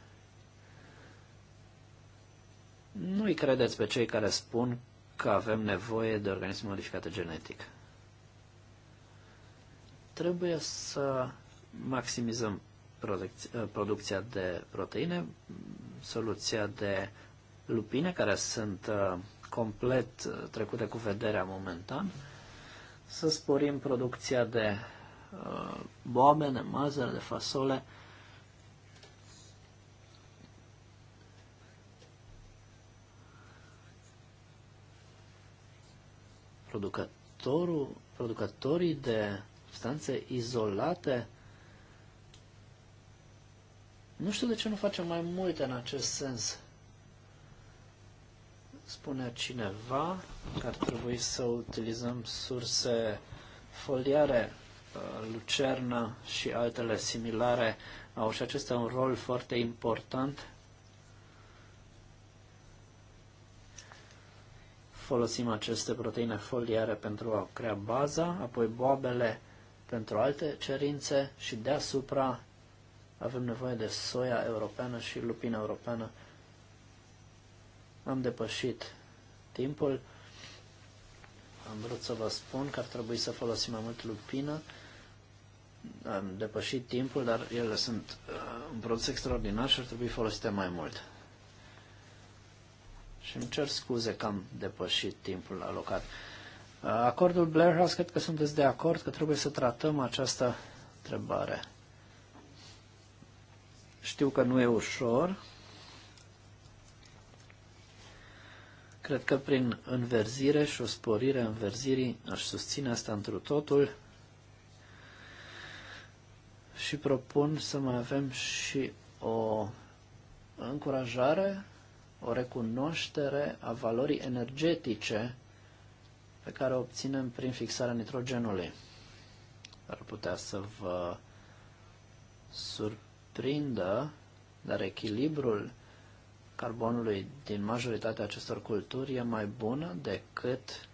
Nu-i credeți pe cei care spun că avem nevoie de organisme modificate genetic. Trebuie să maximizăm eh, producția de proteine, soluția de lupine, care sunt eh, complet eh, trecute cu vederea momentan, să sporim producția de uh, boabe, de mazăre, de fasole. Producătorul, producătorii de substanțe izolate nu știu de ce nu facem mai multe în acest sens. Spune cineva că ar trebui să utilizăm surse foliare, uh, lucerna și altele similare au și acesta un rol foarte important. Folosim aceste proteine foliare pentru a crea baza, apoi boabele pentru alte cerințe și deasupra avem nevoie de soia europeană și lupină europeană am depășit timpul. Am vrut să vă spun că ar trebui să folosim mai mult lupină. Am depășit timpul, dar ele sunt uh, un produs extraordinar și ar trebui folosite mai mult. Și îmi cer scuze că am depășit timpul alocat. Uh, acordul Blair House, cred că sunteți de acord că trebuie să tratăm această întrebare. Știu că nu e ușor, Cred că prin înverzire și o sporire a înverzirii aș susține asta întru totul și propun să mai avem și o încurajare, o recunoaștere a valorii energetice pe care o obținem prin fixarea nitrogenului. Ar putea să vă surprindă, dar echilibrul carbonului din majoritatea acestor culturi e mai bună decât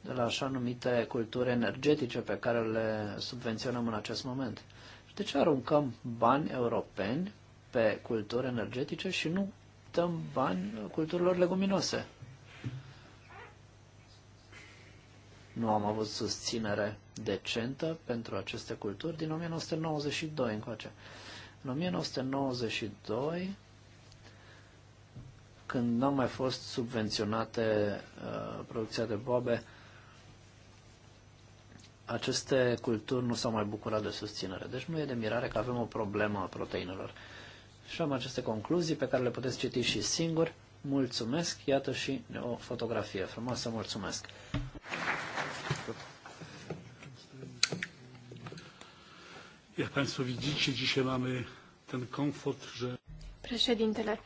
de la așa numite culturi energetice pe care le subvenționăm în acest moment. Și de ce aruncăm bani europeni pe culturi energetice și nu dăm bani culturilor leguminoase? Nu am avut susținere decentă pentru aceste culturi din 1992 încoace. În 1992 când n-au mai fost subvenționate uh, producția de boabe, aceste culturi nu s-au mai bucurat de susținere. Deci nu e de mirare că avem o problemă a proteinelor. Și am aceste concluzii pe care le puteți citi și singuri. Mulțumesc, iată și o fotografie frumoasă, mulțumesc. Jak Państwo widzicie, dzisiaj mamy ten komfort, że... Președintele,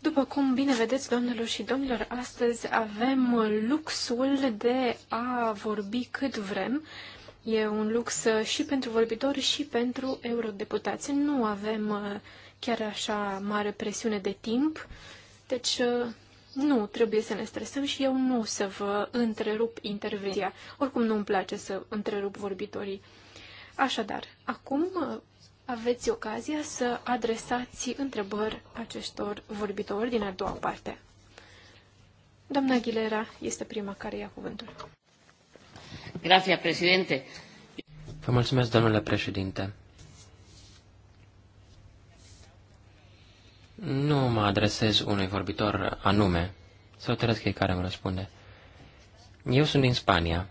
după cum bine vedeți, domnilor și domnilor, astăzi avem luxul de a vorbi cât vrem. E un lux și pentru vorbitori și pentru eurodeputați. Nu avem uh, chiar așa mare presiune de timp, deci uh, nu trebuie să ne stresăm și eu nu să vă întrerup intervenția. Oricum nu îmi place să întrerup vorbitorii. Așadar, acum uh, aveți ocazia să adresați întrebări acestor vorbitori din a doua parte. Doamna Aguilera este prima care ia cuvântul. Grazie, președinte. Vă mulțumesc, domnule președinte. Nu mă adresez unui vorbitor anume. Să o ei care îmi răspunde. Eu sunt din Spania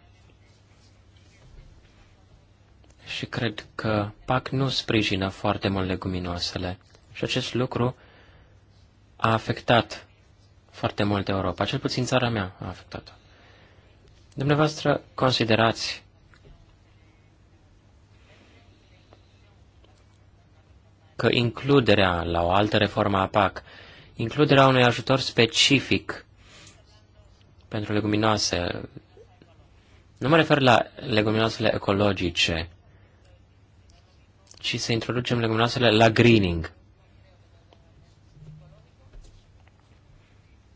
și cred că PAC nu sprijină foarte mult leguminoasele. Și acest lucru a afectat foarte mult Europa, cel puțin țara mea a afectat-o. Dumneavoastră considerați că includerea la o altă reformă a PAC, includerea unui ajutor specific pentru leguminoase, nu mă refer la leguminoasele ecologice, și să introducem leguminoasele la greening.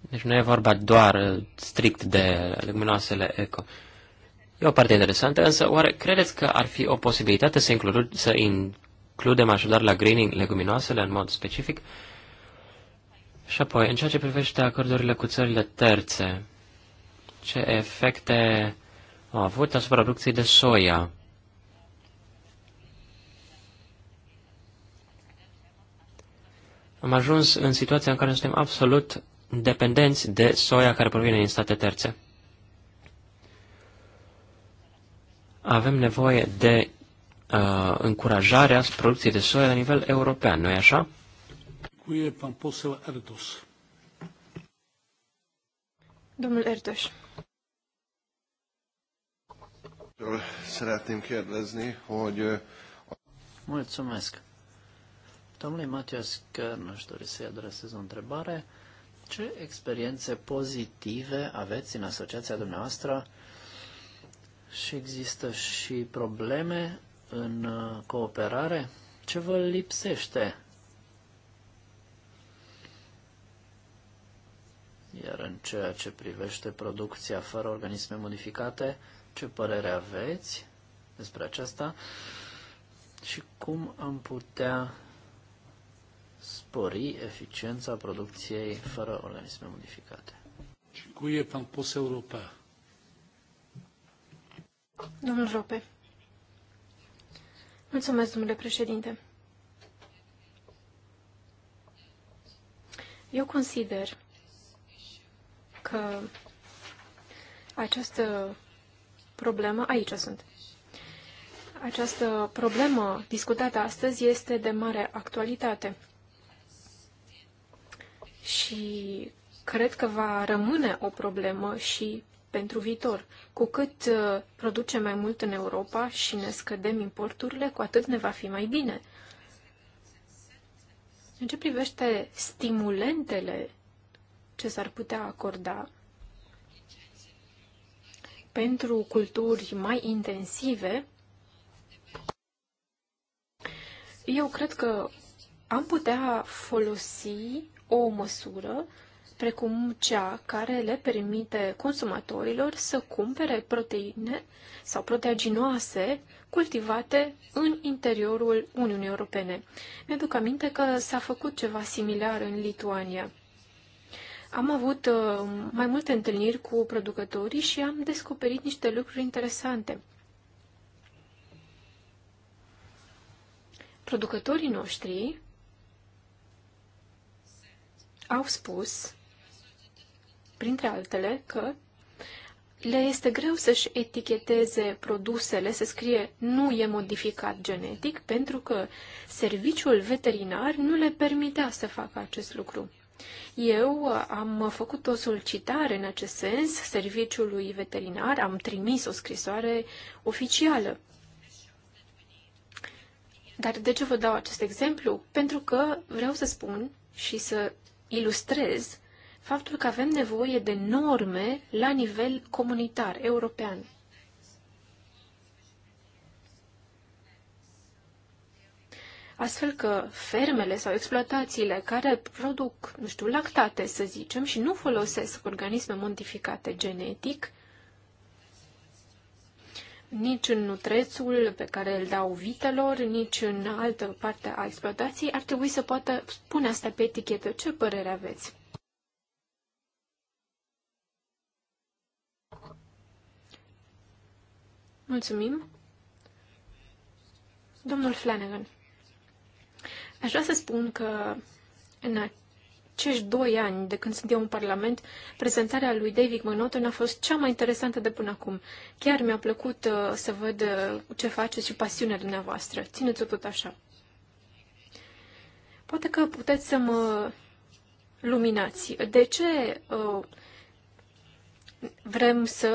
Deci nu e vorba doar uh, strict de leguminoasele eco. E o parte interesantă, însă oare credeți că ar fi o posibilitate să, includu- să includem așadar la greening leguminoasele în mod specific? Și apoi, în ceea ce privește acordurile cu țările terțe, ce efecte au avut asupra producției de soia? am ajuns în situația în care suntem absolut dependenți de soia care provine din state terțe. Avem nevoie de uh, încurajarea producției de soia la nivel european, nu-i așa? Domnul Erdos. Szeretném kérdezni, uh, Mulțumesc. Domnului Matias Kern își dori să-i adresez o întrebare. Ce experiențe pozitive aveți în asociația dumneavoastră și există și probleme în uh, cooperare? Ce vă lipsește? Iar în ceea ce privește producția fără organisme modificate, ce părere aveți despre aceasta și cum am putea spori eficiența producției fără organisme modificate. Dziękuję pan poseł Europa. Domnul Rope. Mulțumesc, domnule președinte. Eu consider că această problemă, aici sunt, această problemă discutată astăzi este de mare actualitate și cred că va rămâne o problemă și pentru viitor. Cu cât uh, producem mai mult în Europa și ne scădem importurile, cu atât ne va fi mai bine. În ce privește stimulentele ce s-ar putea acorda pentru culturi mai intensive, eu cred că am putea folosi o măsură precum cea care le permite consumatorilor să cumpere proteine sau proteaginoase cultivate în interiorul Uniunii Europene. Mi-aduc aminte că s-a făcut ceva similar în Lituania. Am avut uh, mai multe întâlniri cu producătorii și am descoperit niște lucruri interesante. Producătorii noștri au spus, printre altele, că le este greu să-și eticheteze produsele, să scrie nu e modificat genetic, pentru că serviciul veterinar nu le permitea să facă acest lucru. Eu uh, am făcut o solicitare în acest sens serviciului veterinar, am trimis o scrisoare oficială. Dar de ce vă dau acest exemplu? Pentru că vreau să spun și să ilustrez faptul că avem nevoie de norme la nivel comunitar, european. Astfel că fermele sau exploatațiile care produc, nu știu, lactate, să zicem, și nu folosesc organisme modificate genetic, nici în nutrețul pe care îl dau vitelor, nici în altă parte a exploatației, ar trebui să poată spune asta pe etichetă. Ce părere aveți? Mulțumim. Domnul Flanagan, aș vrea să spun că în acești doi ani de când sunt eu în Parlament, prezentarea lui David Monoton a fost cea mai interesantă de până acum. Chiar mi-a plăcut uh, să văd uh, ce faceți și pasiunea dumneavoastră. Țineți-o tot așa. Poate că puteți să mă luminați. De ce uh, vrem să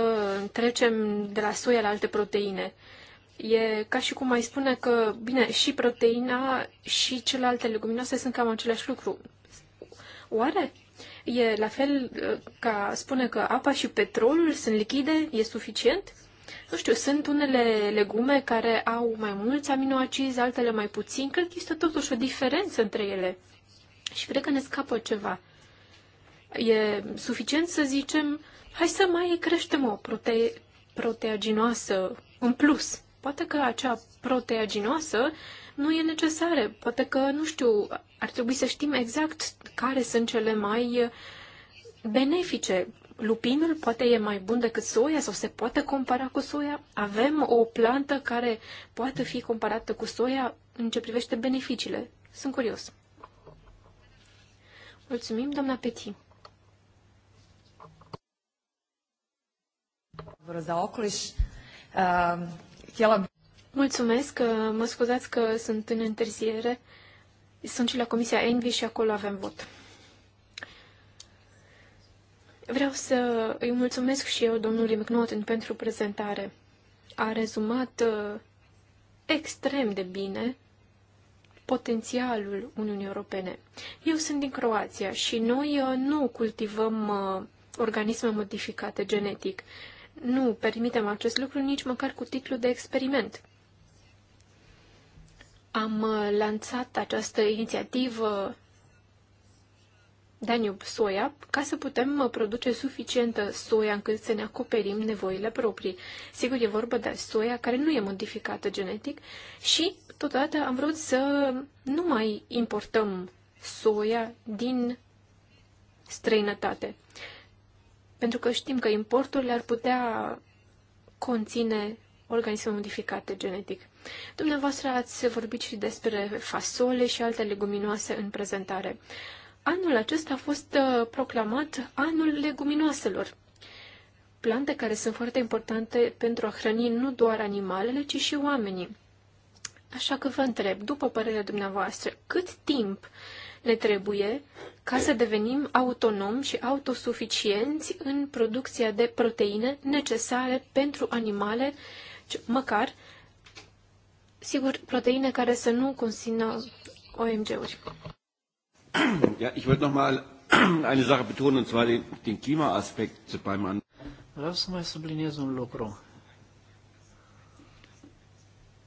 trecem de la soia la alte proteine? E ca și cum mai spune că, bine, și proteina și celelalte leguminoase sunt cam același lucru. Oare e la fel uh, ca spune că apa și petrolul sunt lichide? E suficient? Nu știu, sunt unele legume care au mai mulți aminoacizi, altele mai puțin. Cred că este totuși o diferență între ele. Și cred că ne scapă ceva. E suficient să zicem, hai să mai creștem o prote proteaginoasă în plus. Poate că acea proteaginoasă nu e necesare. Poate că, nu știu, ar trebui să știm exact care sunt cele mai benefice. Lupinul poate e mai bun decât soia sau se poate compara cu soia. Avem o plantă care poate fi comparată cu soia în ce privește beneficiile. Sunt curios. Mulțumim, doamna Peti. za okoliš. Ehm, htjela bih Mulțumesc, mă scuzați că sunt în întârziere. Sunt și la Comisia Envi și acolo avem vot. Vreau să îi mulțumesc și eu domnului McNaughton pentru prezentare. A rezumat uh, extrem de bine potențialul Uniunii Europene. Eu sunt din Croația și noi uh, nu cultivăm uh, organisme modificate genetic. Nu permitem acest lucru nici măcar cu titlu de experiment am uh, lansat această inițiativă Danube Soia ca să putem uh, produce suficientă soia încât să ne acoperim nevoile proprii. Sigur, e vorba de soia care nu e modificată genetic și totodată am vrut să nu mai importăm soia din străinătate. Pentru că știm că importurile ar putea conține organisme modificate genetic. Dumneavoastră ați vorbit și despre fasole și alte leguminoase în prezentare. Anul acesta a fost uh, proclamat anul leguminoaselor. Plante care sunt foarte importante pentru a hrăni nu doar animalele, ci și oamenii. Așa că vă întreb, după părerea dumneavoastră, cât timp ne trebuie ca să devenim autonomi și autosuficienți în producția de proteine necesare pentru animale, măcar sigur, proteine care să nu conțină OMG-uri. Ja, ich würde noch mal eine Sache betonen, und zwar den, den Klimaaspekt beim An Vreau să mai subliniez un lucru.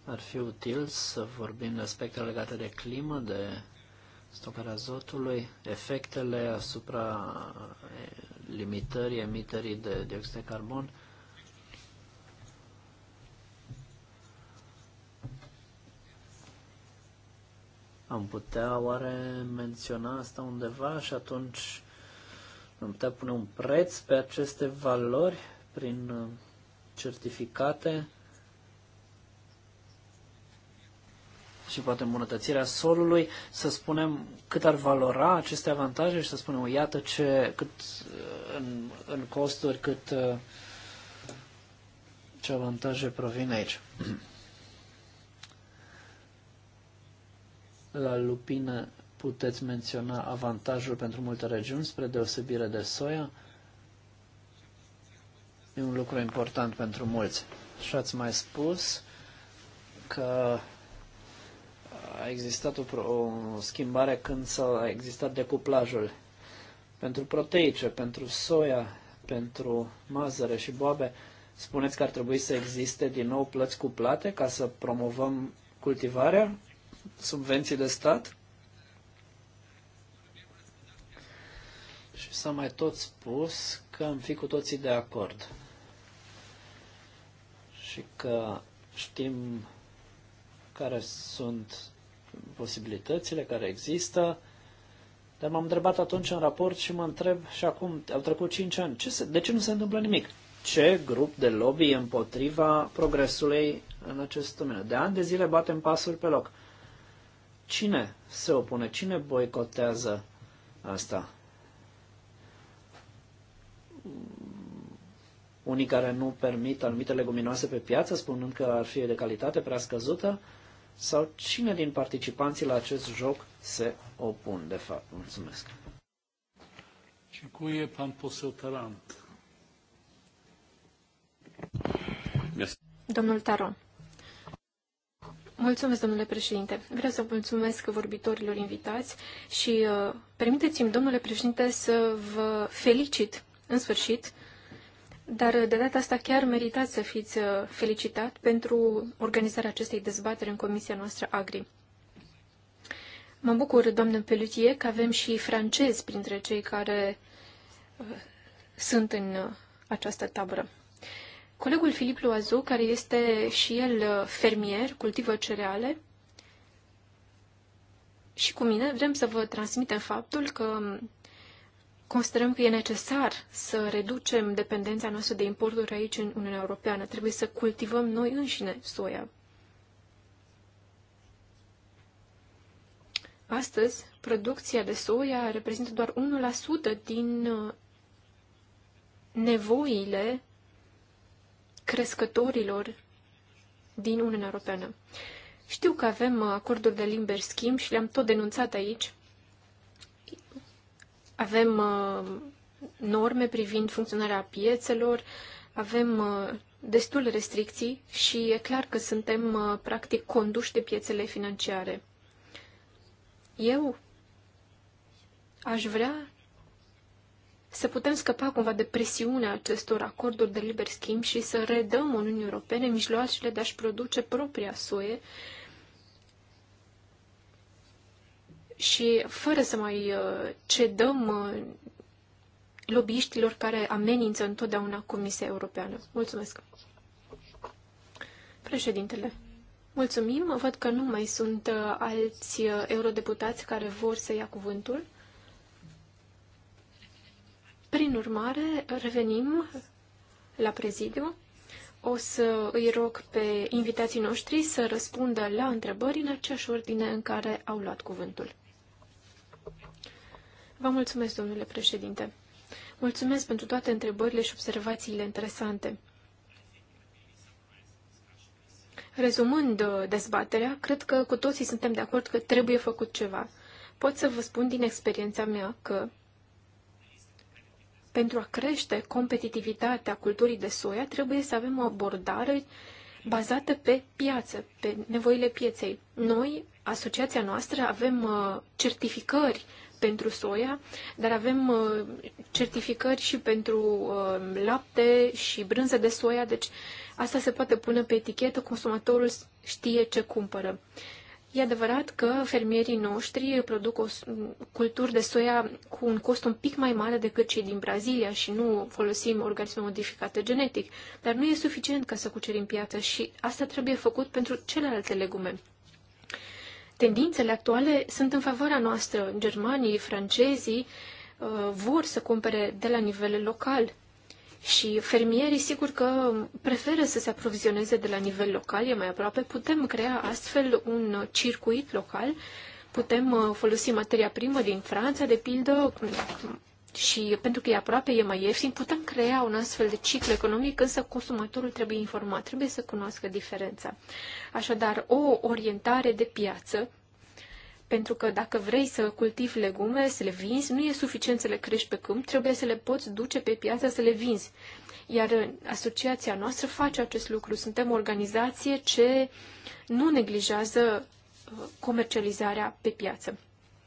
Ar fi util să vorbim de aspecte legate de climă, de stocarea azotului, efectele asupra eh, limitării emiterii de dioxid de carbon, Am putea oare menționa asta undeva și atunci am putea pune un preț pe aceste valori prin uh, certificate și poate îmbunătățirea solului, să spunem cât ar valora aceste avantaje și să spunem, iată ce, cât uh, în, în costuri, cât uh, ce avantaje provin aici. La lupină puteți menționa avantajul pentru multe regiuni, spre deosebire de soia. E un lucru important pentru mulți. Și ați mai spus că a existat o, o schimbare când s-a existat decuplajul pentru proteice, pentru soia, pentru mazăre și boabe, spuneți că ar trebui să existe din nou plăți cuplate ca să promovăm cultivarea? subvenții de stat. Și s-a mai tot spus că am fi cu toții de acord și că știm care sunt posibilitățile care există, dar m-am întrebat atunci în raport și mă întreb și acum, au trecut 5 ani, ce se, de ce nu se întâmplă nimic? Ce grup de lobby împotriva progresului în acest domeniu? De ani de zile batem pasuri pe loc. Cine se opune? Cine boicotează asta? Unii care nu permit anumite leguminoase pe piață, spunând că ar fi de calitate prea scăzută? Sau cine din participanții la acest joc se opun, de fapt? Mulțumesc. Dziękuję, pan poseł Tarant. Domnul Taron. Mulțumesc, domnule președinte. Vreau să mulțumesc vorbitorilor invitați și uh, permiteți-mi, domnule președinte, să vă felicit în sfârșit, dar uh, de data asta chiar meritați să fiți uh, felicitat pentru organizarea acestei dezbateri în comisia noastră AGRI. Mă bucur, doamnă Pelutie, că avem și francezi printre cei care uh, sunt în uh, această tabără. Colegul Filip Loazu, care este și el uh, fermier, cultivă cereale, și cu mine vrem să vă transmitem faptul că um, considerăm că e necesar să reducem dependența noastră de importuri aici în Uniunea Europeană. Trebuie să cultivăm noi înșine soia. Astăzi, producția de soia reprezintă doar 1% din uh, nevoile crescătorilor din Uniunea Europeană. Știu că avem acorduri de liber schimb și le-am tot denunțat aici. Avem uh, norme privind funcționarea piețelor, avem uh, destul restricții și e clar că suntem uh, practic conduși de piețele financiare. Eu aș vrea să putem scăpa cumva de presiunea acestor acorduri de liber schimb și să redăm Uniunii Europene mijloacele de a-și produce propria soie și fără să mai uh, cedăm uh, lobbyiștilor care amenință întotdeauna Comisia Europeană. Mulțumesc! Președintele, mulțumim. Văd că nu mai sunt uh, alți eurodeputați care vor să ia cuvântul. Prin urmare, revenim la prezidiu. O să îi rog pe invitații noștri să răspundă la întrebări în aceeași ordine în care au luat cuvântul. Vă mulțumesc, domnule președinte. Mulțumesc pentru toate întrebările și observațiile interesante. Rezumând uh, dezbaterea, cred că cu toții suntem de acord că trebuie făcut ceva. Pot să vă spun din experiența mea că pentru a crește competitivitatea culturii de soia, trebuie să avem o abordare bazată pe piață, pe nevoile pieței. Noi, asociația noastră, avem uh, certificări pentru soia, dar avem uh, certificări și pentru uh, lapte și brânză de soia, deci asta se poate pune pe etichetă, consumatorul știe ce cumpără. E adevărat că fermierii noștri produc o culturi de soia cu un cost un pic mai mare decât cei din Brazilia și nu folosim organisme modificate genetic, dar nu e suficient ca să cucerim piața și asta trebuie făcut pentru celelalte legume. Tendințele actuale sunt în favoarea noastră. Germanii, francezii uh, vor să cumpere de la nivel local și fermierii, sigur că preferă să se aprovizioneze de la nivel local, e mai aproape. Putem crea astfel un circuit local, putem uh, folosi materia primă din Franța, de pildă, și pentru că e aproape, e mai ieftin, putem crea un astfel de ciclu economic, însă consumatorul trebuie informat, trebuie să cunoască diferența. Așadar, o orientare de piață pentru că dacă vrei să cultivi legume, să le vinzi, nu e suficient să le crești pe câmp, trebuie să le poți duce pe piață să le vinzi. Iar asociația noastră face acest lucru. Suntem o organizație ce nu neglijează uh, comercializarea pe piață.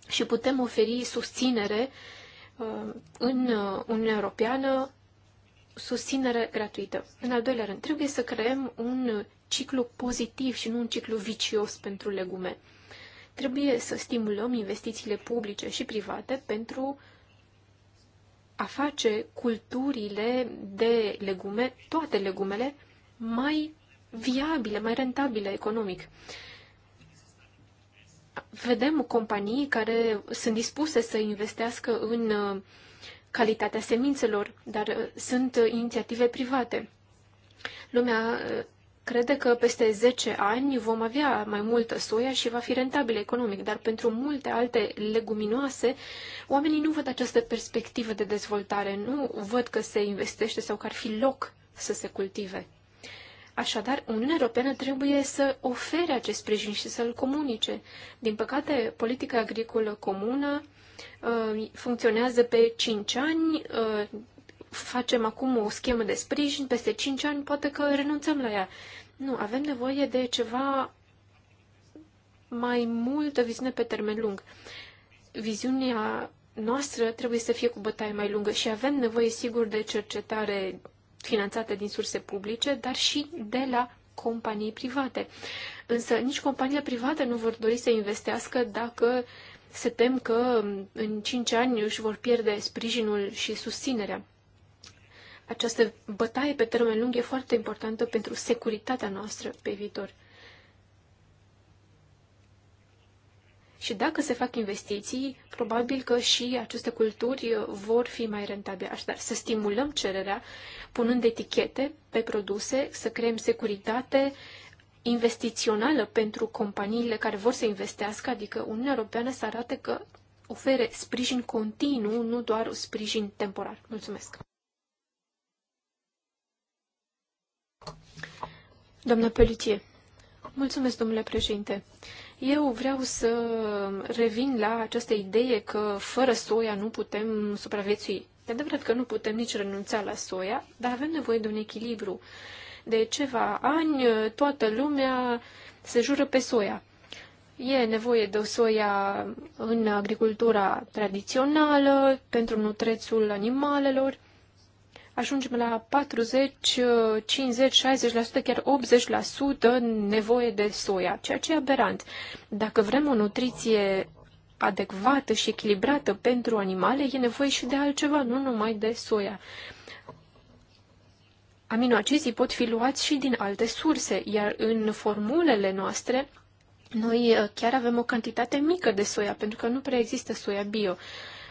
Și putem oferi susținere uh, în uh, Uniunea Europeană, susținere gratuită. În al doilea rând, trebuie să creăm un ciclu pozitiv și nu un ciclu vicios pentru legume. Trebuie să stimulăm investițiile publice și private pentru a face culturile de legume, toate legumele, mai viabile, mai rentabile economic. Vedem companii care sunt dispuse să investească în uh, calitatea semințelor, dar uh, sunt uh, inițiative private. Lumea crede că peste 10 ani vom avea mai multă soia și va fi rentabil economic, dar pentru multe alte leguminoase, oamenii nu văd această perspectivă de dezvoltare, nu văd că se investește sau că ar fi loc să se cultive. Așadar, Uniunea Europeană trebuie să ofere acest sprijin și să-l comunice. Din păcate, politica agricolă comună uh, funcționează pe 5 ani, uh, facem acum o schemă de sprijin, peste 5 ani poate că renunțăm la ea. Nu, avem nevoie de ceva mai multă viziune pe termen lung. Viziunea noastră trebuie să fie cu bătaie mai lungă și avem nevoie, sigur, de cercetare finanțată din surse publice, dar și de la companii private. Însă nici companiile private nu vor dori să investească dacă se tem că în 5 ani își vor pierde sprijinul și susținerea această bătaie pe termen lung e foarte importantă pentru securitatea noastră pe viitor. Și dacă se fac investiții, probabil că și aceste culturi vor fi mai rentabile. Așadar, să stimulăm cererea, punând etichete pe produse, să creăm securitate investițională pentru companiile care vor să investească, adică Uniunea Europeană să arate că ofere sprijin continuu, nu doar sprijin temporar. Mulțumesc! Doamna Pelitie, mulțumesc, domnule președinte. Eu vreau să revin la această idee că fără soia nu putem supraviețui. De adevărat că nu putem nici renunța la soia, dar avem nevoie de un echilibru. De ceva ani, toată lumea se jură pe soia. E nevoie de o soia în agricultura tradițională, pentru nutrețul animalelor, ajungem la 40, 50, 60%, chiar 80% nevoie de soia, ceea ce e aberant. Dacă vrem o nutriție adecvată și echilibrată pentru animale, e nevoie și de altceva, nu numai de soia. Aminoacizii pot fi luați și din alte surse, iar în formulele noastre noi uh, chiar avem o cantitate mică de soia, pentru că nu prea există soia bio.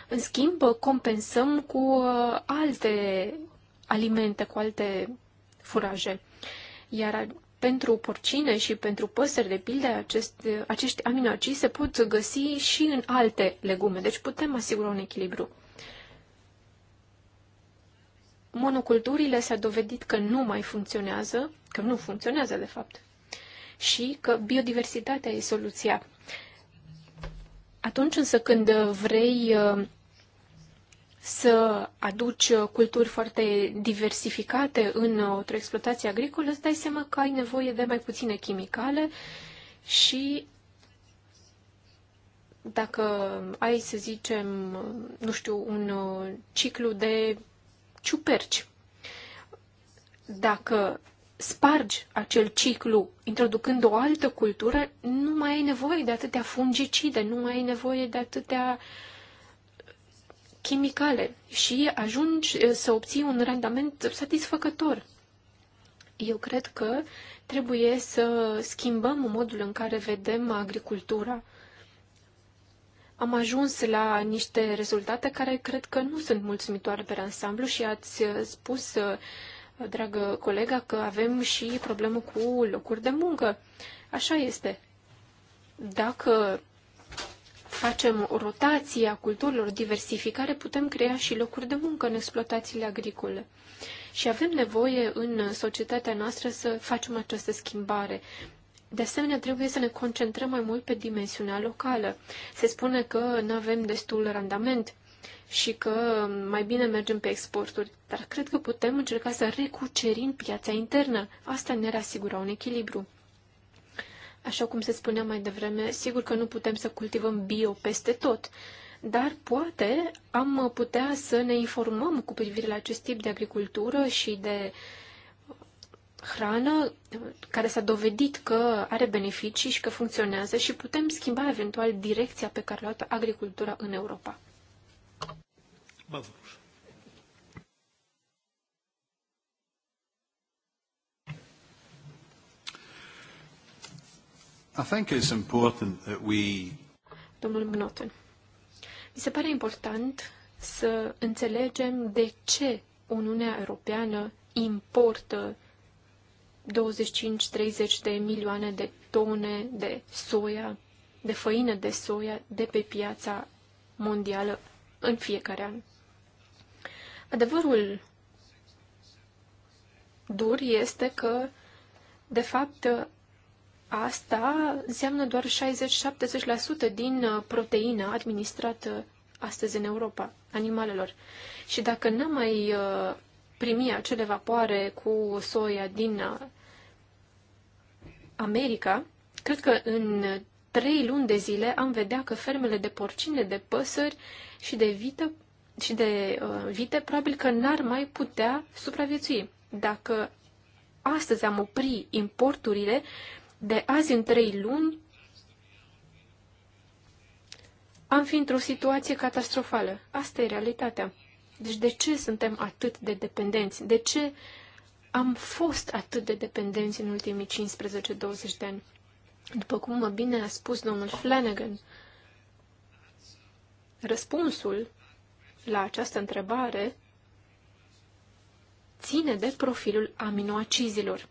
În schimb, compensăm cu uh, alte alimente, cu alte furaje. Iar pentru porcine și pentru păsări, de pildă, acest, acești aminoacizi se pot găsi și în alte legume, deci putem asigura un echilibru. Monoculturile s-a dovedit că nu mai funcționează, că nu funcționează de fapt, și că biodiversitatea e soluția. Atunci însă când vrei uh, să aduci culturi foarte diversificate în o exploatație agricolă, îți dai seama că ai nevoie de mai puține chimicale și dacă ai, să zicem, nu știu, un ciclu de ciuperci, dacă spargi acel ciclu introducând o altă cultură, nu mai ai nevoie de atâtea fungicide, nu mai ai nevoie de atâtea uh, chimicale și ajungi eh, să obții un randament satisfăcător. Eu cred că trebuie să schimbăm modul în care vedem agricultura. Am ajuns la niște rezultate care cred că nu sunt mulțumitoare pe ansamblu și ați eh, spus, eh, dragă colega, că avem și problemă cu locuri de muncă. Așa este. Dacă facem rotația culturilor, diversificare, putem crea și locuri de muncă în exploatațiile agricole. Și avem nevoie în societatea noastră să facem această schimbare. De asemenea, trebuie să ne concentrăm mai mult pe dimensiunea locală. Se spune că nu avem destul randament și că mai bine mergem pe exporturi, dar cred că putem încerca să recucerim piața internă. Asta ne asigura un echilibru. Așa cum se spunea mai devreme, sigur că nu putem să cultivăm bio peste tot, dar poate am putea să ne informăm cu privire la acest tip de agricultură și de hrană care s-a dovedit că are beneficii și că funcționează și putem schimba eventual direcția pe care a luat agricultura în Europa. Bravo. I think it's important that we... Domnul Mnoten, mi se pare important să înțelegem de ce Uniunea Europeană importă 25-30 de milioane de tone de soia, de făină de soia de pe piața mondială în fiecare an. Adevărul dur este că, de fapt, Asta înseamnă doar 60-70% din uh, proteina administrată astăzi în Europa, animalelor. Și dacă n-am mai uh, primi acele vapoare cu soia din uh, America, cred că în trei luni de zile am vedea că fermele de porcine, de păsări și de vită și de uh, vite probabil că n-ar mai putea supraviețui. Dacă astăzi am opri importurile, de azi în trei luni am fi într-o situație catastrofală. Asta e realitatea. Deci de ce suntem atât de dependenți? De ce am fost atât de dependenți în ultimii 15-20 de ani? După cum bine a spus domnul Flanagan, răspunsul la această întrebare ține de profilul aminoacizilor.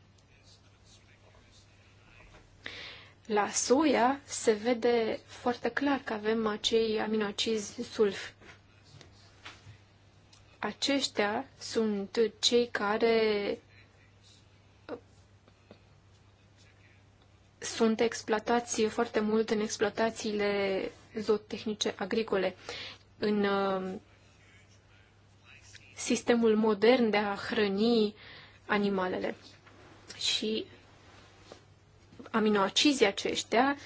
La soia se vede foarte clar că avem acei aminoacizi sulf. Aceștia sunt cei care uh, sunt exploatați foarte mult în exploatațiile zootehnice agricole. În uh, sistemul modern de a hrăni animalele. Și aminoacizii aceștia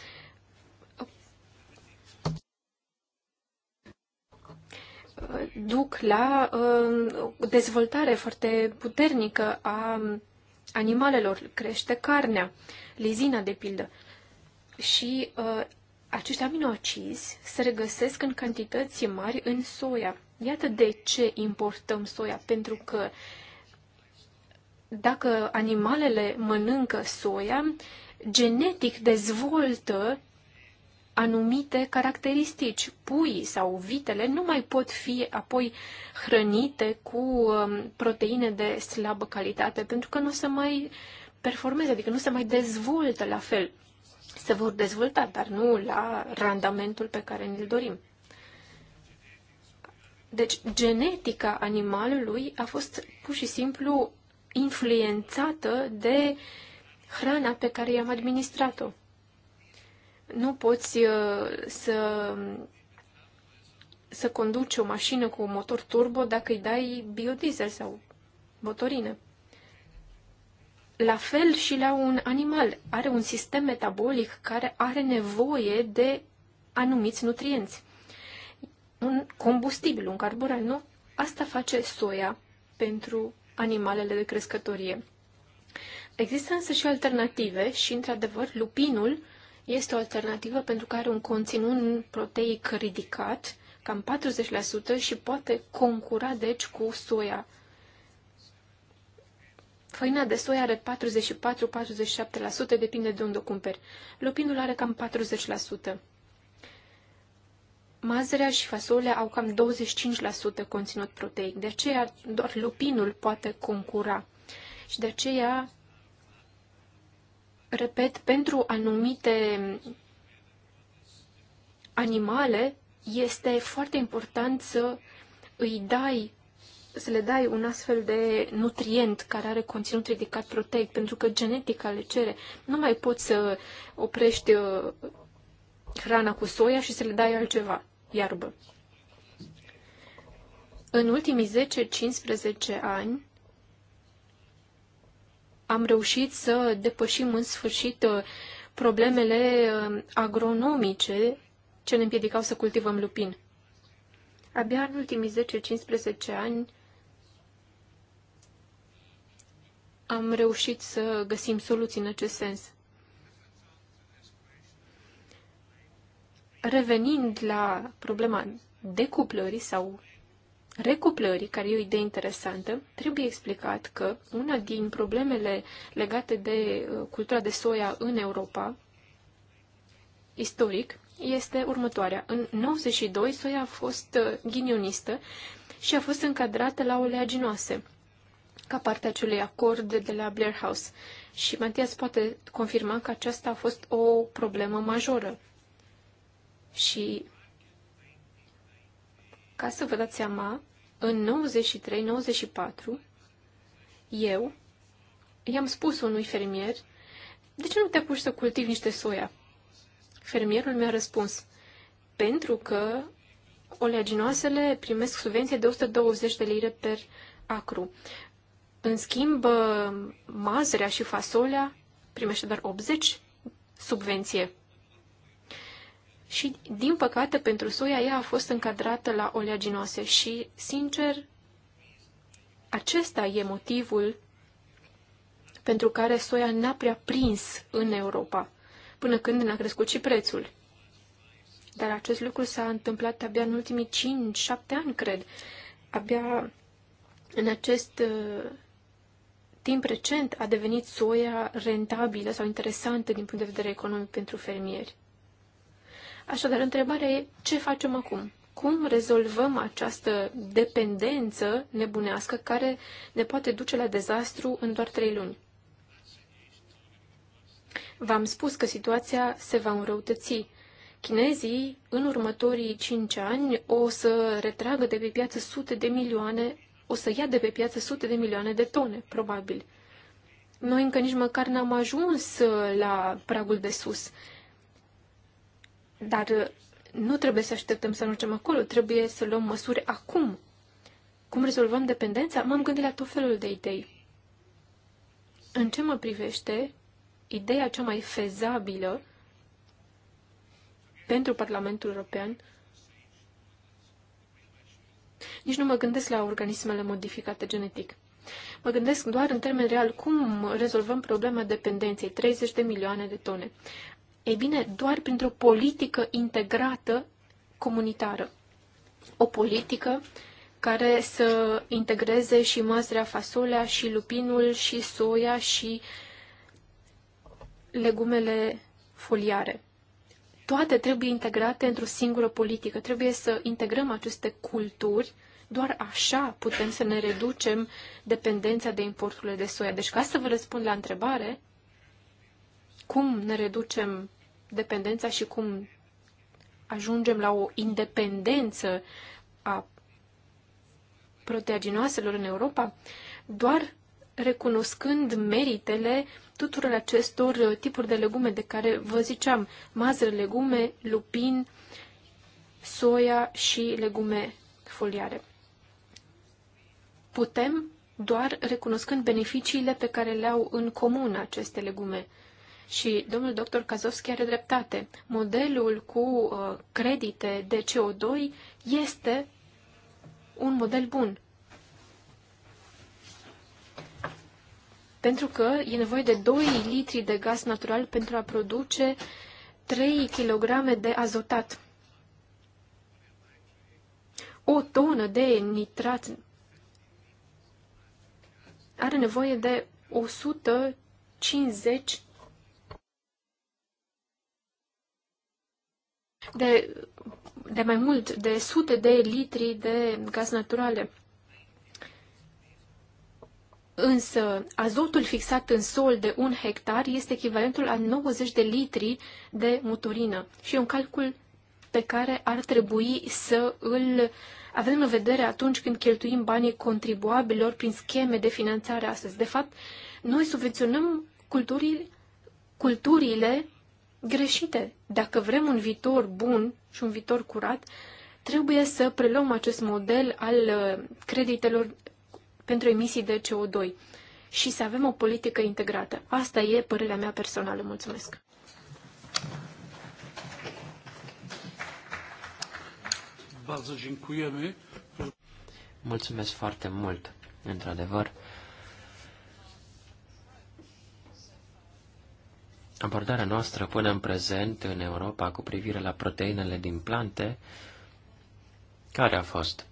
duc la uh, dezvoltare foarte puternică a animalelor. Crește carnea, lizina de pildă. Și uh, acești aminoacizi se regăsesc în cantități mari în soia. Iată de ce importăm soia, pentru că dacă animalele mănâncă soia, genetic dezvoltă anumite caracteristici. Puii sau vitele nu mai pot fi apoi hrănite cu um, proteine de slabă calitate, pentru că nu se mai performeze, adică nu se mai dezvoltă la fel. Se vor dezvolta, dar nu la randamentul pe care ne-l dorim. Deci, genetica animalului a fost pur și simplu influențată de uh, hrana pe care i-am administrat-o. Nu poți uh, să, să conduci o mașină cu un motor turbo dacă îi dai biodiesel sau motorină. La fel și la un animal. Are un sistem metabolic care are nevoie de anumiți nutrienți. Un combustibil, un carburant, nu? Asta face soia pentru animalele de crescătorie. Există însă și alternative și, într-adevăr, lupinul este o alternativă pentru că are un conținut proteic ridicat, cam 40% și poate concura, deci, cu soia. Făina de soia are 44-47%, depinde de unde o cumperi. Lupinul are cam 40%. Mazărea și fasolea au cam 25% conținut proteic, de aceea doar lupinul poate concura. Și de aceea Repet, pentru anumite animale este foarte important să îi dai să le dai un astfel de nutrient care are conținut ridicat proteic, pentru că genetica le cere. Nu mai poți să oprești uh, hrana cu soia și să le dai altceva, iarbă. În ultimii 10-15 ani, am reușit să depășim în sfârșit uh, problemele uh, agronomice ce ne împiedicau să cultivăm lupin. Abia în ultimii 10-15 ani am reușit să găsim soluții în acest sens. Revenind la problema decuplării sau recuplării, care e o idee interesantă, trebuie explicat că una din problemele legate de uh, cultura de soia în Europa, istoric, este următoarea. În 92, soia a fost uh, ghinionistă și a fost încadrată la oleaginoase, ca parte a acelui acord de la Blair House. Și Matias poate confirma că aceasta a fost o problemă majoră. Și ca să vă dați seama, în 93-94, eu i-am spus unui fermier, de ce nu te apuci să cultivi niște soia? Fermierul mi-a răspuns, pentru că oleaginoasele primesc subvenție de 120 de lire per acru. În schimb, uh, mazărea și fasolea primește doar 80 subvenție și, din păcate, pentru soia ea a fost încadrată la oleaginoase și, sincer, acesta e motivul pentru care soia n-a prea prins în Europa, până când n-a crescut și prețul. Dar acest lucru s-a întâmplat abia în ultimii 5-7 ani, cred. Abia în acest uh, timp recent a devenit soia rentabilă sau interesantă din punct de vedere economic pentru fermieri. Așadar, întrebarea e ce facem acum? Cum rezolvăm această dependență nebunească care ne poate duce la dezastru în doar trei luni? V-am spus că situația se va înrăutăți. Chinezii, în următorii cinci ani, o să retragă de pe piață sute de milioane, o să ia de pe piață sute de milioane de tone, probabil. Noi încă nici măcar n-am ajuns la pragul de sus. Dar uh, nu trebuie să așteptăm să ajungem acolo, trebuie să luăm măsuri acum. Cum rezolvăm dependența? M-am gândit la tot felul de idei. În ce mă privește, ideea cea mai fezabilă pentru Parlamentul European nici nu mă gândesc la organismele modificate genetic. Mă gândesc doar în termen real cum rezolvăm problema dependenței, 30 de milioane de tone. Ei bine, doar printr-o politică integrată comunitară. O politică care să integreze și măzrea, fasolea, și lupinul, și soia, și legumele foliare. Toate trebuie integrate într-o singură politică. Trebuie să integrăm aceste culturi. Doar așa putem să ne reducem dependența de importurile de soia. Deci, ca să vă răspund la întrebare, cum ne reducem dependența și cum ajungem la o independență a proteaginoaselor în Europa, doar recunoscând meritele tuturor acestor uh, tipuri de legume de care vă ziceam, mazăre legume, lupin, soia și legume foliare. Putem doar recunoscând beneficiile pe care le au în comun aceste legume. Și domnul doctor Kazovski are dreptate. Modelul cu uh, credite de CO2 este un model bun. Pentru că e nevoie de 2 litri de gaz natural pentru a produce 3 kg de azotat. O tonă de nitrat are nevoie de 150 de, de mai mult de sute de litri de gaz naturale. Însă, azotul fixat în sol de un hectar este echivalentul a 90 de litri de motorină și e un calcul pe care ar trebui să îl avem în vedere atunci când cheltuim banii contribuabilor prin scheme de finanțare astăzi. De fapt, noi subvenționăm culturii, culturile greșite. Dacă vrem un viitor bun și un viitor curat, trebuie să preluăm acest model al uh, creditelor pentru emisii de CO2 și să avem o politică integrată. Asta e părerea mea personală. Mulțumesc! Mulțumesc foarte mult, într-adevăr. Abordarea noastră până în prezent în Europa cu privire la proteinele din plante, care a fost?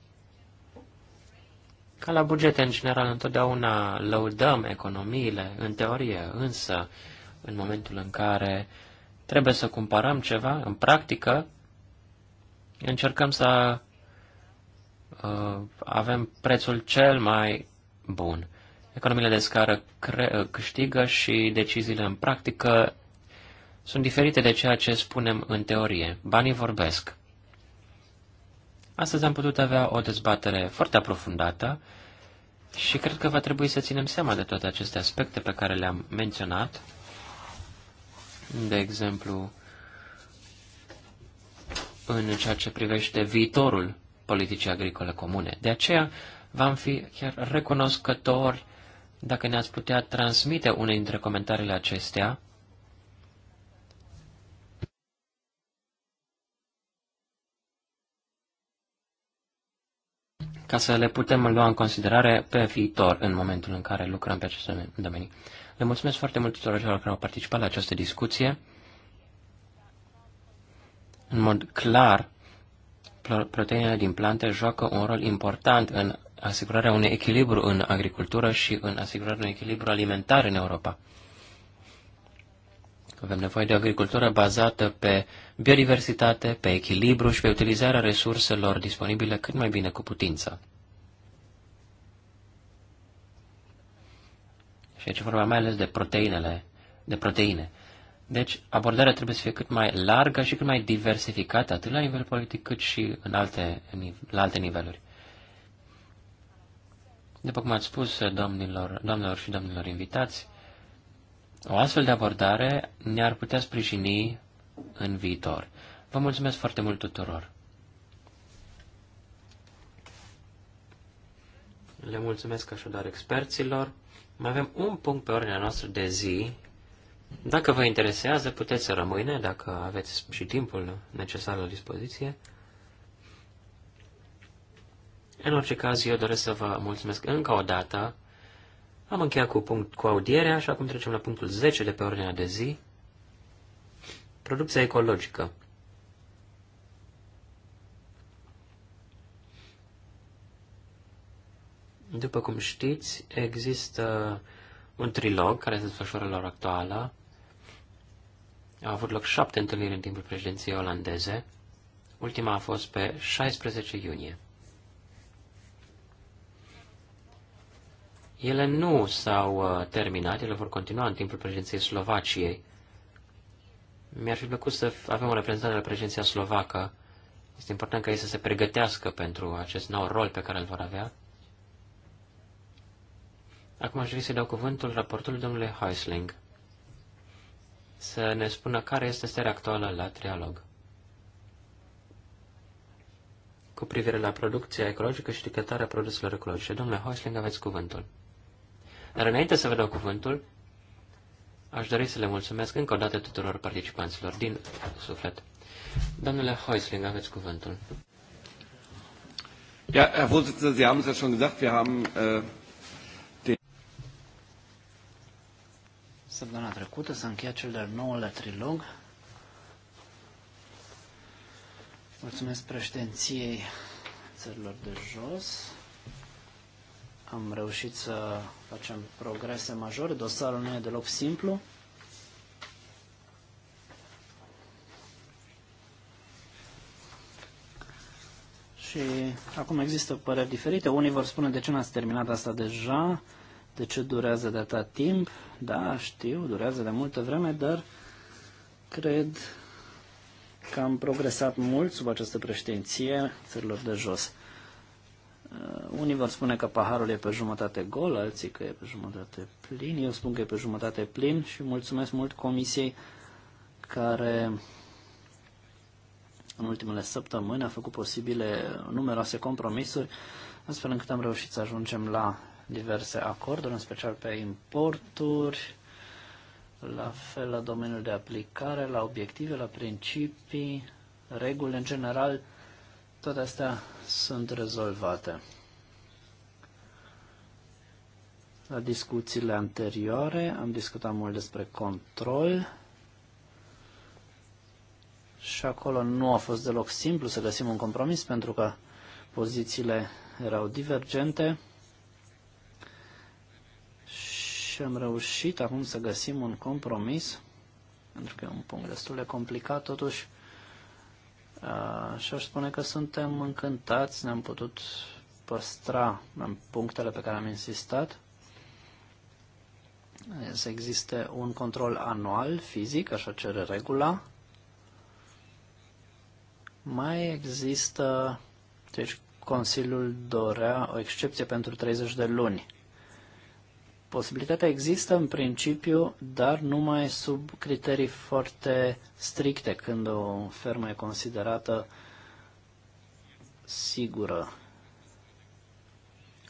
Ca la bugete, în general, întotdeauna lăudăm economiile, în teorie, însă, în momentul în care trebuie să cumpărăm ceva, în practică, încercăm să uh, avem prețul cel mai bun. Economiile de scară câștigă și deciziile în practică sunt diferite de ceea ce spunem în teorie. Banii vorbesc. Astăzi am putut avea o dezbatere foarte aprofundată și cred că va trebui să ținem seama de toate aceste aspecte pe care le-am menționat. De exemplu, în ceea ce privește viitorul politicii agricole comune. De aceea, v-am fi chiar recunoscători dacă ne-ați putea transmite unele dintre comentariile acestea, ca să le putem lua în considerare pe viitor, în momentul în care lucrăm pe aceste domenii. Le mulțumesc foarte mult tuturor celor care au participat la această discuție. În mod clar, proteinele din plante joacă un rol important în asigurarea unui echilibru în agricultură și în asigurarea unui echilibru alimentar în Europa. Avem nevoie de o agricultură bazată pe biodiversitate, pe echilibru și pe utilizarea resurselor disponibile cât mai bine cu putință. Și aici vorba mai ales de proteinele, de proteine. Deci, abordarea trebuie să fie cât mai largă și cât mai diversificată, atât la nivel politic cât și în alte, la alte niveluri. După cum ați spus, domnilor, domnilor și domnilor invitați, o astfel de abordare ne-ar putea sprijini în viitor. Vă mulțumesc foarte mult tuturor! Le mulțumesc așadar experților. Mai avem un punct pe ordinea noastră de zi. Dacă vă interesează, puteți să rămâne, dacă aveți și timpul necesar la dispoziție. În orice caz, eu doresc să vă mulțumesc încă o dată. Am încheiat cu, punct, cu audierea și acum trecem la punctul 10 de pe ordinea de zi. Producția ecologică. După cum știți, există un trilog care se desfășoară la ora actuală. Au avut loc șapte întâlniri în timpul președinției olandeze. Ultima a fost pe 16 iunie. Ele nu s-au uh, terminat, ele vor continua în timpul președinției Slovaciei. Mi-ar fi plăcut să avem o reprezentant de la președinția slovacă. Este important ca ei să se pregătească pentru acest nou rol pe care îl vor avea. Acum aș vrea să-i dau cuvântul raportului domnului Heisling să ne spună care este starea actuală la trialog. Cu privire la producția ecologică și etichetarea produselor ecologice, domnule Heisling, aveți cuvântul. Dar înainte să vă dau cuvântul, aș dori să le mulțumesc încă o dată tuturor participanților din suflet. Domnule Heusling, aveți cuvântul. Ja, Herr Vorsitzender, Sie haben es ja schon gesagt, wir haben äh, den Săptămâna trecută s-a încheiat cel de-al nouălea trilog. Mulțumesc președinției țărilor de jos am reușit să facem progrese majore. Dosarul nu e deloc simplu. Și acum există păreri diferite. Unii vor spune de ce n-ați terminat asta deja, de ce durează de atât timp. Da, știu, durează de multă vreme, dar cred că am progresat mult sub această președinție țărilor de jos. Uh, unii vor spune că paharul e pe jumătate gol, alții că e pe jumătate plin. Eu spun că e pe jumătate plin și mulțumesc mult comisiei care în ultimele săptămâni a făcut posibile numeroase compromisuri, astfel încât am reușit să ajungem la diverse acorduri, în special pe importuri, la fel la domeniul de aplicare, la obiective, la principii, reguli în general, toate astea sunt rezolvate. La discuțiile anterioare am discutat mult despre control și acolo nu a fost deloc simplu să găsim un compromis pentru că pozițiile erau divergente și am reușit acum să găsim un compromis pentru că e un punct destul de complicat totuși Uh, și aș spune că suntem încântați, ne-am putut păstra în punctele pe care am insistat. Să existe un control anual, fizic, așa cere regula. Mai există, deci Consiliul dorea o excepție pentru 30 de luni. Posibilitatea există în principiu, dar numai sub criterii foarte stricte, când o fermă e considerată sigură.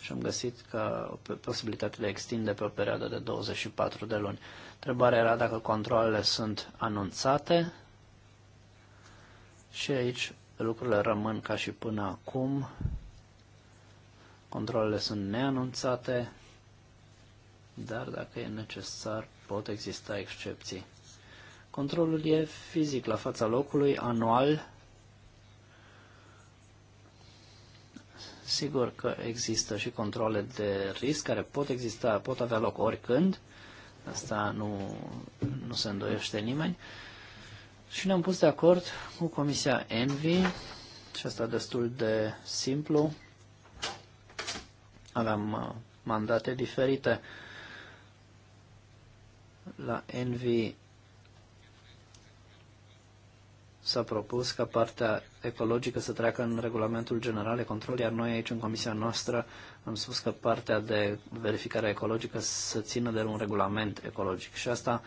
Și am găsit că posibilitatea de extinde pe o perioadă de 24 de luni. Întrebarea era dacă controlele sunt anunțate și aici lucrurile rămân ca și până acum. Controlele sunt neanunțate, dar dacă e necesar pot exista excepții. Controlul e fizic la fața locului, anual. Sigur că există și controle de risc care pot exista, pot avea loc oricând. Asta nu, nu se îndoiește nimeni. Și ne-am pus de acord cu Comisia Envy și asta destul de simplu. Aveam uh, mandate diferite. La NV s-a propus ca partea ecologică să treacă în regulamentul general de control, iar noi aici, în comisia noastră, am spus că partea de verificare ecologică să țină de un regulament ecologic. Și asta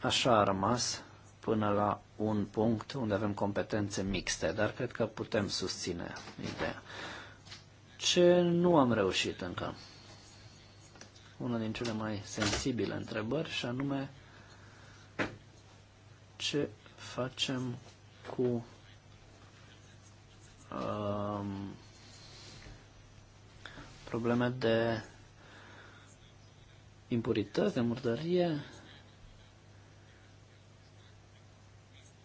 așa a rămas până la un punct unde avem competențe mixte, dar cred că putem susține ideea. Ce nu am reușit încă? una din cele mai sensibile întrebări și anume ce facem cu um, probleme de impurități, de murdărie.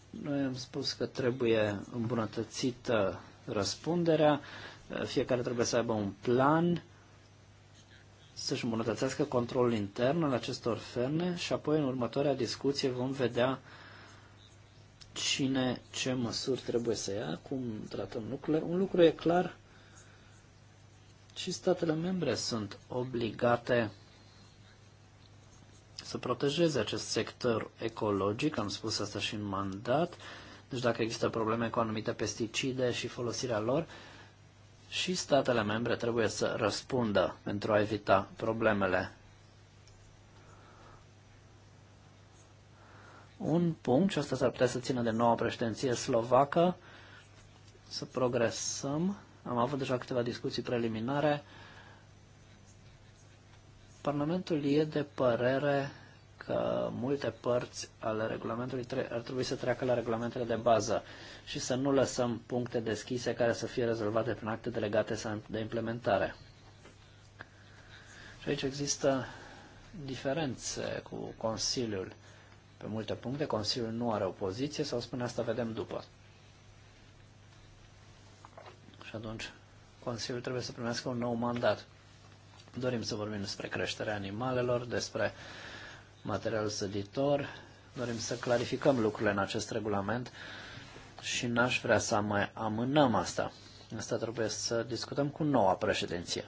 Noi am spus că trebuie îmbunătățită răspunderea, fiecare trebuie să aibă un plan să-și îmbunătățească controlul intern al acestor ferme și apoi în următoarea discuție vom vedea cine ce măsuri trebuie să ia, cum tratăm lucrurile. Un lucru e clar, și statele membre sunt obligate să protejeze acest sector ecologic, am spus asta și în mandat, deci dacă există probleme cu anumite pesticide și folosirea lor, și statele membre trebuie să răspundă pentru a evita problemele. Un punct, și asta s-ar putea să țină de noua președinție slovacă, să progresăm. Am avut deja câteva discuții preliminare. Parlamentul e de părere că multe părți ale regulamentului ar trebui să treacă la regulamentele de bază și să nu lăsăm puncte deschise care să fie rezolvate prin acte delegate de implementare. Și aici există diferențe cu Consiliul. Pe multe puncte, Consiliul nu are o poziție sau spune asta vedem după. Și atunci, Consiliul trebuie să primească un nou mandat. Dorim să vorbim despre creșterea animalelor, despre uh, material săditor. Dorim să clarificăm lucrurile în acest regulament și n-aș vrea să mai amânăm asta. Asta trebuie să discutăm cu noua președinție.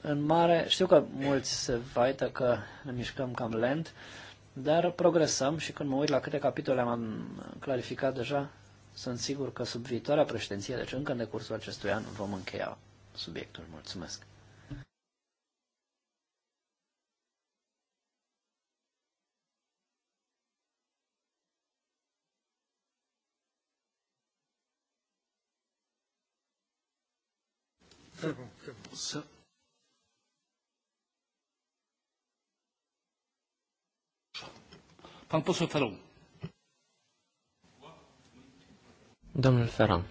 În mare, știu că mulți se vaită că ne mișcăm cam lent, dar progresăm și când mă uit la câte capitole am clarificat deja, sunt sigur că sub viitoarea președinție, deci încă în decursul acestui an, vom încheia subiectul. Mulțumesc! Pan poseł Ferron. Domnul Ferron.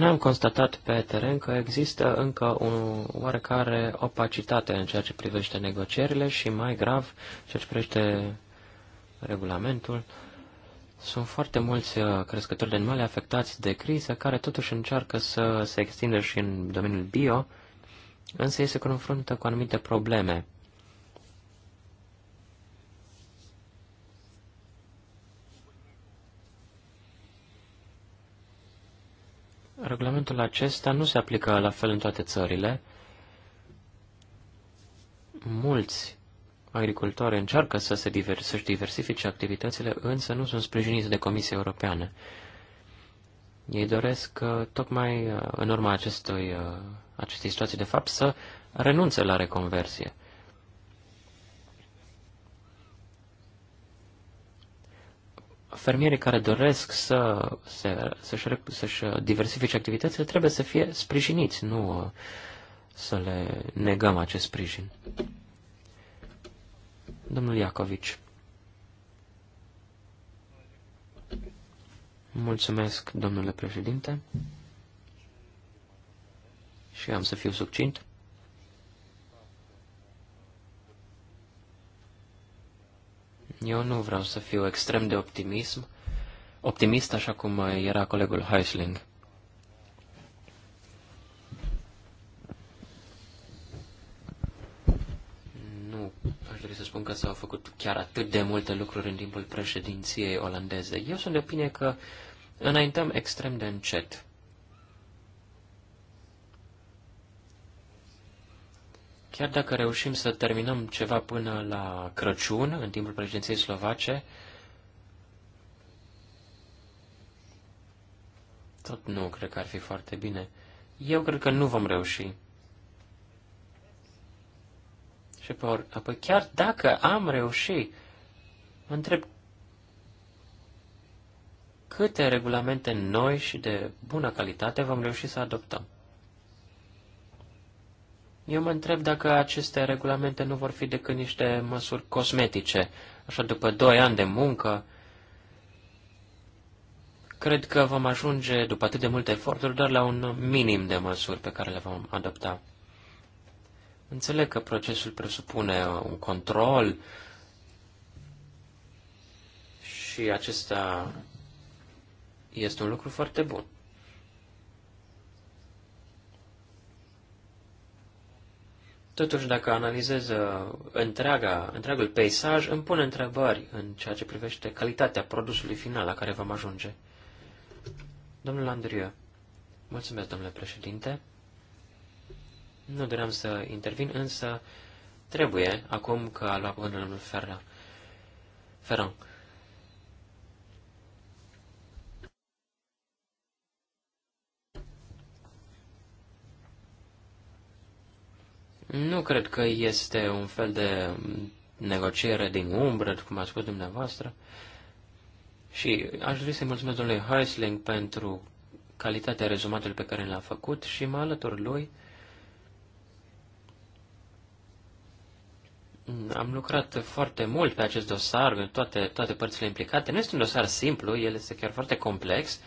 Noi am constatat pe teren că există încă o oarecare opacitate în ceea ce privește negocierile și, mai grav, ceea ce privește regulamentul. Sunt foarte mulți uh, crescători de animale afectați de criză care totuși încearcă să se extindă și în domeniul bio, însă ei se confruntă cu anumite probleme Regulamentul acesta nu se aplică la fel în toate țările. Mulți agricultori încearcă să se diver- să diversifice activitățile, însă nu sunt sprijiniți de Comisia Europeană. Ei doresc, uh, tocmai uh, în urma acestui, uh, acestei situații de fapt, să renunțe la reconversie. fermierii care doresc să, să-și, să-și diversifice activitățile trebuie să fie sprijiniți, nu uh, să le negăm acest sprijin. Domnul Iacovici. Mulțumesc, domnule președinte. Și am să fiu succint. Eu nu vreau să fiu extrem de optimism, optimist, așa cum era colegul Heisling. Nu aș dori să spun că s-au făcut chiar atât de multe lucruri în timpul președinției olandeze. Eu sunt de opinie că înaintăm extrem de încet. Chiar dacă reușim să terminăm ceva până la Crăciun, în timpul președinției slovace, tot nu cred că ar fi foarte bine. Eu cred că nu vom reuși. Și pe apoi chiar dacă am reușit, mă întreb câte regulamente noi și de bună calitate vom reuși să adoptăm. Eu mă întreb dacă aceste regulamente nu vor fi decât niște măsuri cosmetice, așa după doi ani de muncă. Cred că vom ajunge, după atât de multe eforturi, doar la un minim de măsuri pe care le vom adopta. Înțeleg că procesul presupune un control și acesta este un lucru foarte bun. Totuși, dacă analizez uh, întreaga, întreagul peisaj, îmi pun întrebări în ceea ce privește calitatea produsului final la care vom ajunge. Domnul Andrieu, mulțumesc, domnule președinte. Nu doream să intervin, însă trebuie, acum că a luat cuvântul domnul Ferran. Ferran. Nu cred că este un fel de negociere din umbră, cum a spus dumneavoastră. Și aș dori să-i mulțumesc domnului Heisling pentru calitatea rezumatului pe care l-a făcut și mă alătur lui. Am lucrat foarte mult pe acest dosar, în toate, toate părțile implicate. Nu este un dosar simplu, el este chiar foarte complex.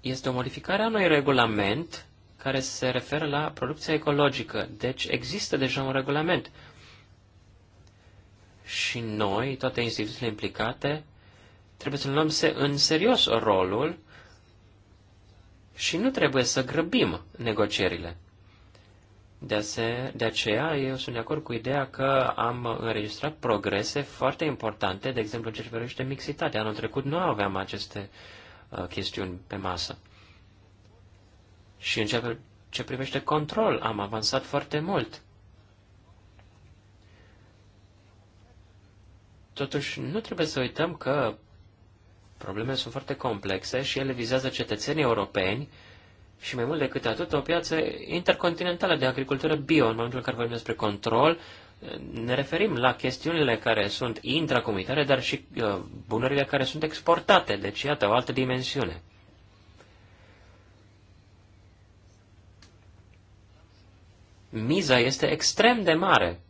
Este o modificare a unui regulament care se referă la producția ecologică. Deci există deja un regulament. Și noi, toate instituțiile implicate, trebuie să luăm în serios rolul și nu trebuie să grăbim negocierile. De, ase- de aceea, eu sunt de acord cu ideea că am înregistrat progrese foarte importante, de exemplu, în ce privește mixitatea. Anul trecut nu aveam aceste uh, chestiuni pe masă. Și în ce, ce privește control, am avansat foarte mult. Totuși, nu trebuie să uităm că problemele sunt foarte complexe și ele vizează cetățenii europeni și mai mult decât atât o piață intercontinentală de agricultură bio. În momentul în care vorbim despre control, ne referim la chestiunile care sunt intracomunitare, dar și uh, bunurile care sunt exportate. Deci, iată, o altă dimensiune. miza este extrem de mare.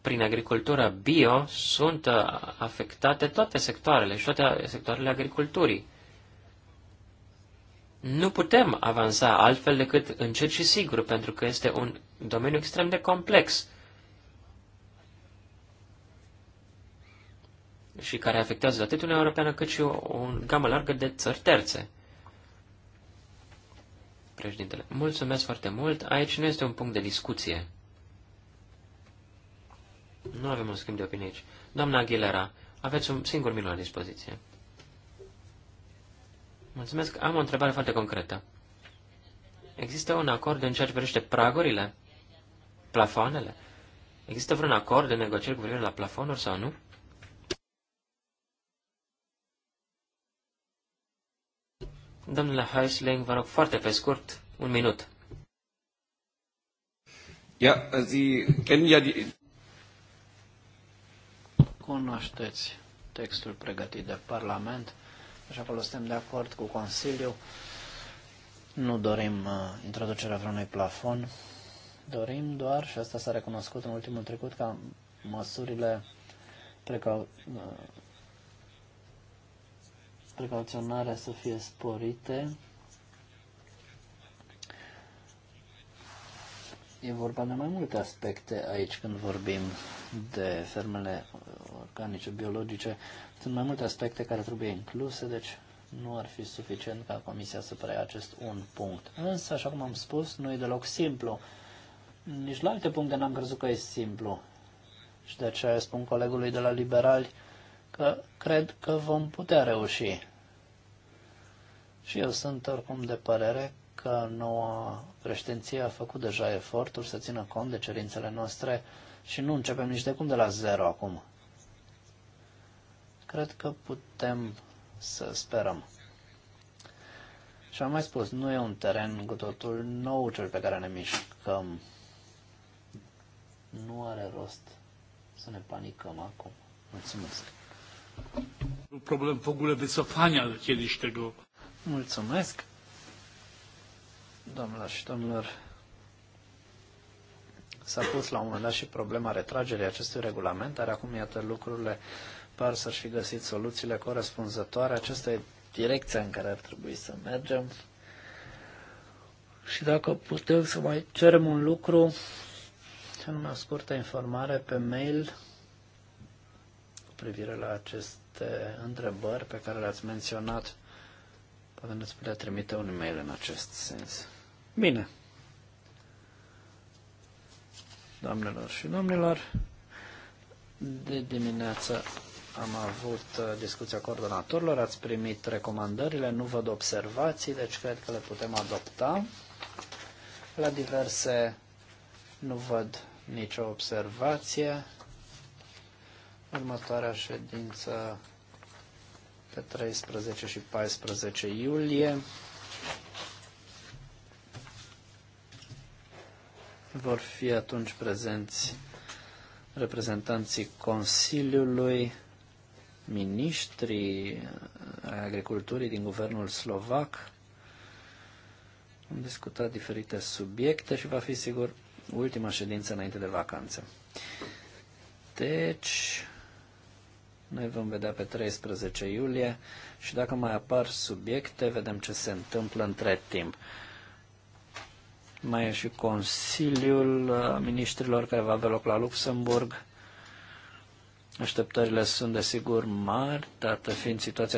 Prin agricultura bio sunt uh, afectate toate sectoarele și toate sectoarele agriculturii. Nu putem avansa altfel decât încet și sigur, pentru că este un domeniu extrem de complex și care afectează atât Uniunea Europeană cât și o, o gamă largă de țări terțe. Președintele, mulțumesc foarte mult. Aici nu este un punct de discuție. Nu avem un schimb de opinie aici. Doamna Aguilera, aveți un singur minut la dispoziție. Mulțumesc. Am o întrebare foarte concretă. Există un acord în ceea ce privește pragurile? Plafoanele? Există vreun acord de negocieri cu privire la plafonuri sau nu? Domnule Heisling, vă rog foarte pe scurt, un minut. Ja, Sie ja die... Cunoașteți textul pregătit de Parlament, așa că suntem de acord cu Consiliul. Nu dorim uh, introducerea vreunui plafon, dorim doar, și asta s-a recunoscut în ultimul trecut, ca măsurile precau, precauționarea să fie sporite. E vorba de mai multe aspecte aici când vorbim de fermele organice, biologice. Sunt mai multe aspecte care trebuie incluse, deci nu ar fi suficient ca Comisia să preia acest un punct. Însă, așa cum am spus, nu e deloc simplu. Nici la alte puncte n-am crezut că e simplu. Și de aceea spun colegului de la Liberali, că cred că vom putea reuși. Și eu sunt oricum de părere că noua președinție a făcut deja eforturi să țină cont de cerințele noastre și nu începem nici de cum de la zero acum. Cred că putem să sperăm. Și am mai spus, nu e un teren cu totul nou cel pe care ne mișcăm. Nu are rost să ne panicăm acum. Mulțumesc! Problem w ogóle wycofania kiedyś tego. Mulțumesc. Doamnelor și domnilor, s-a pus la un moment dat și problema retragerii acestui regulament, dar acum, iată, lucrurile par să-și fi găsit soluțiile corespunzătoare. Aceasta e direcția în care ar trebui să mergem. Și dacă putem să mai cerem un lucru, în mai scurtă informare pe mail privire la aceste întrebări pe care le-ați menționat. Poate ne-ați putea trimite un e-mail în acest sens. Bine. Doamnelor și domnilor, de dimineață am avut uh, discuția coordonatorilor, ați primit recomandările, nu văd observații, deci cred că le putem adopta. La diverse nu văd nicio observație. Următoarea ședință pe 13 și 14 iulie. Vor fi atunci prezenți reprezentanții Consiliului, ministrii agriculturii din guvernul slovac. Am discutat diferite subiecte și va fi sigur ultima ședință înainte de vacanță. Deci, noi vom vedea pe 13 iulie și dacă mai apar subiecte, vedem ce se întâmplă între timp. Mai e și Consiliul uh, Ministrilor care va avea loc la Luxemburg. Așteptările sunt desigur mari, dată fiind situația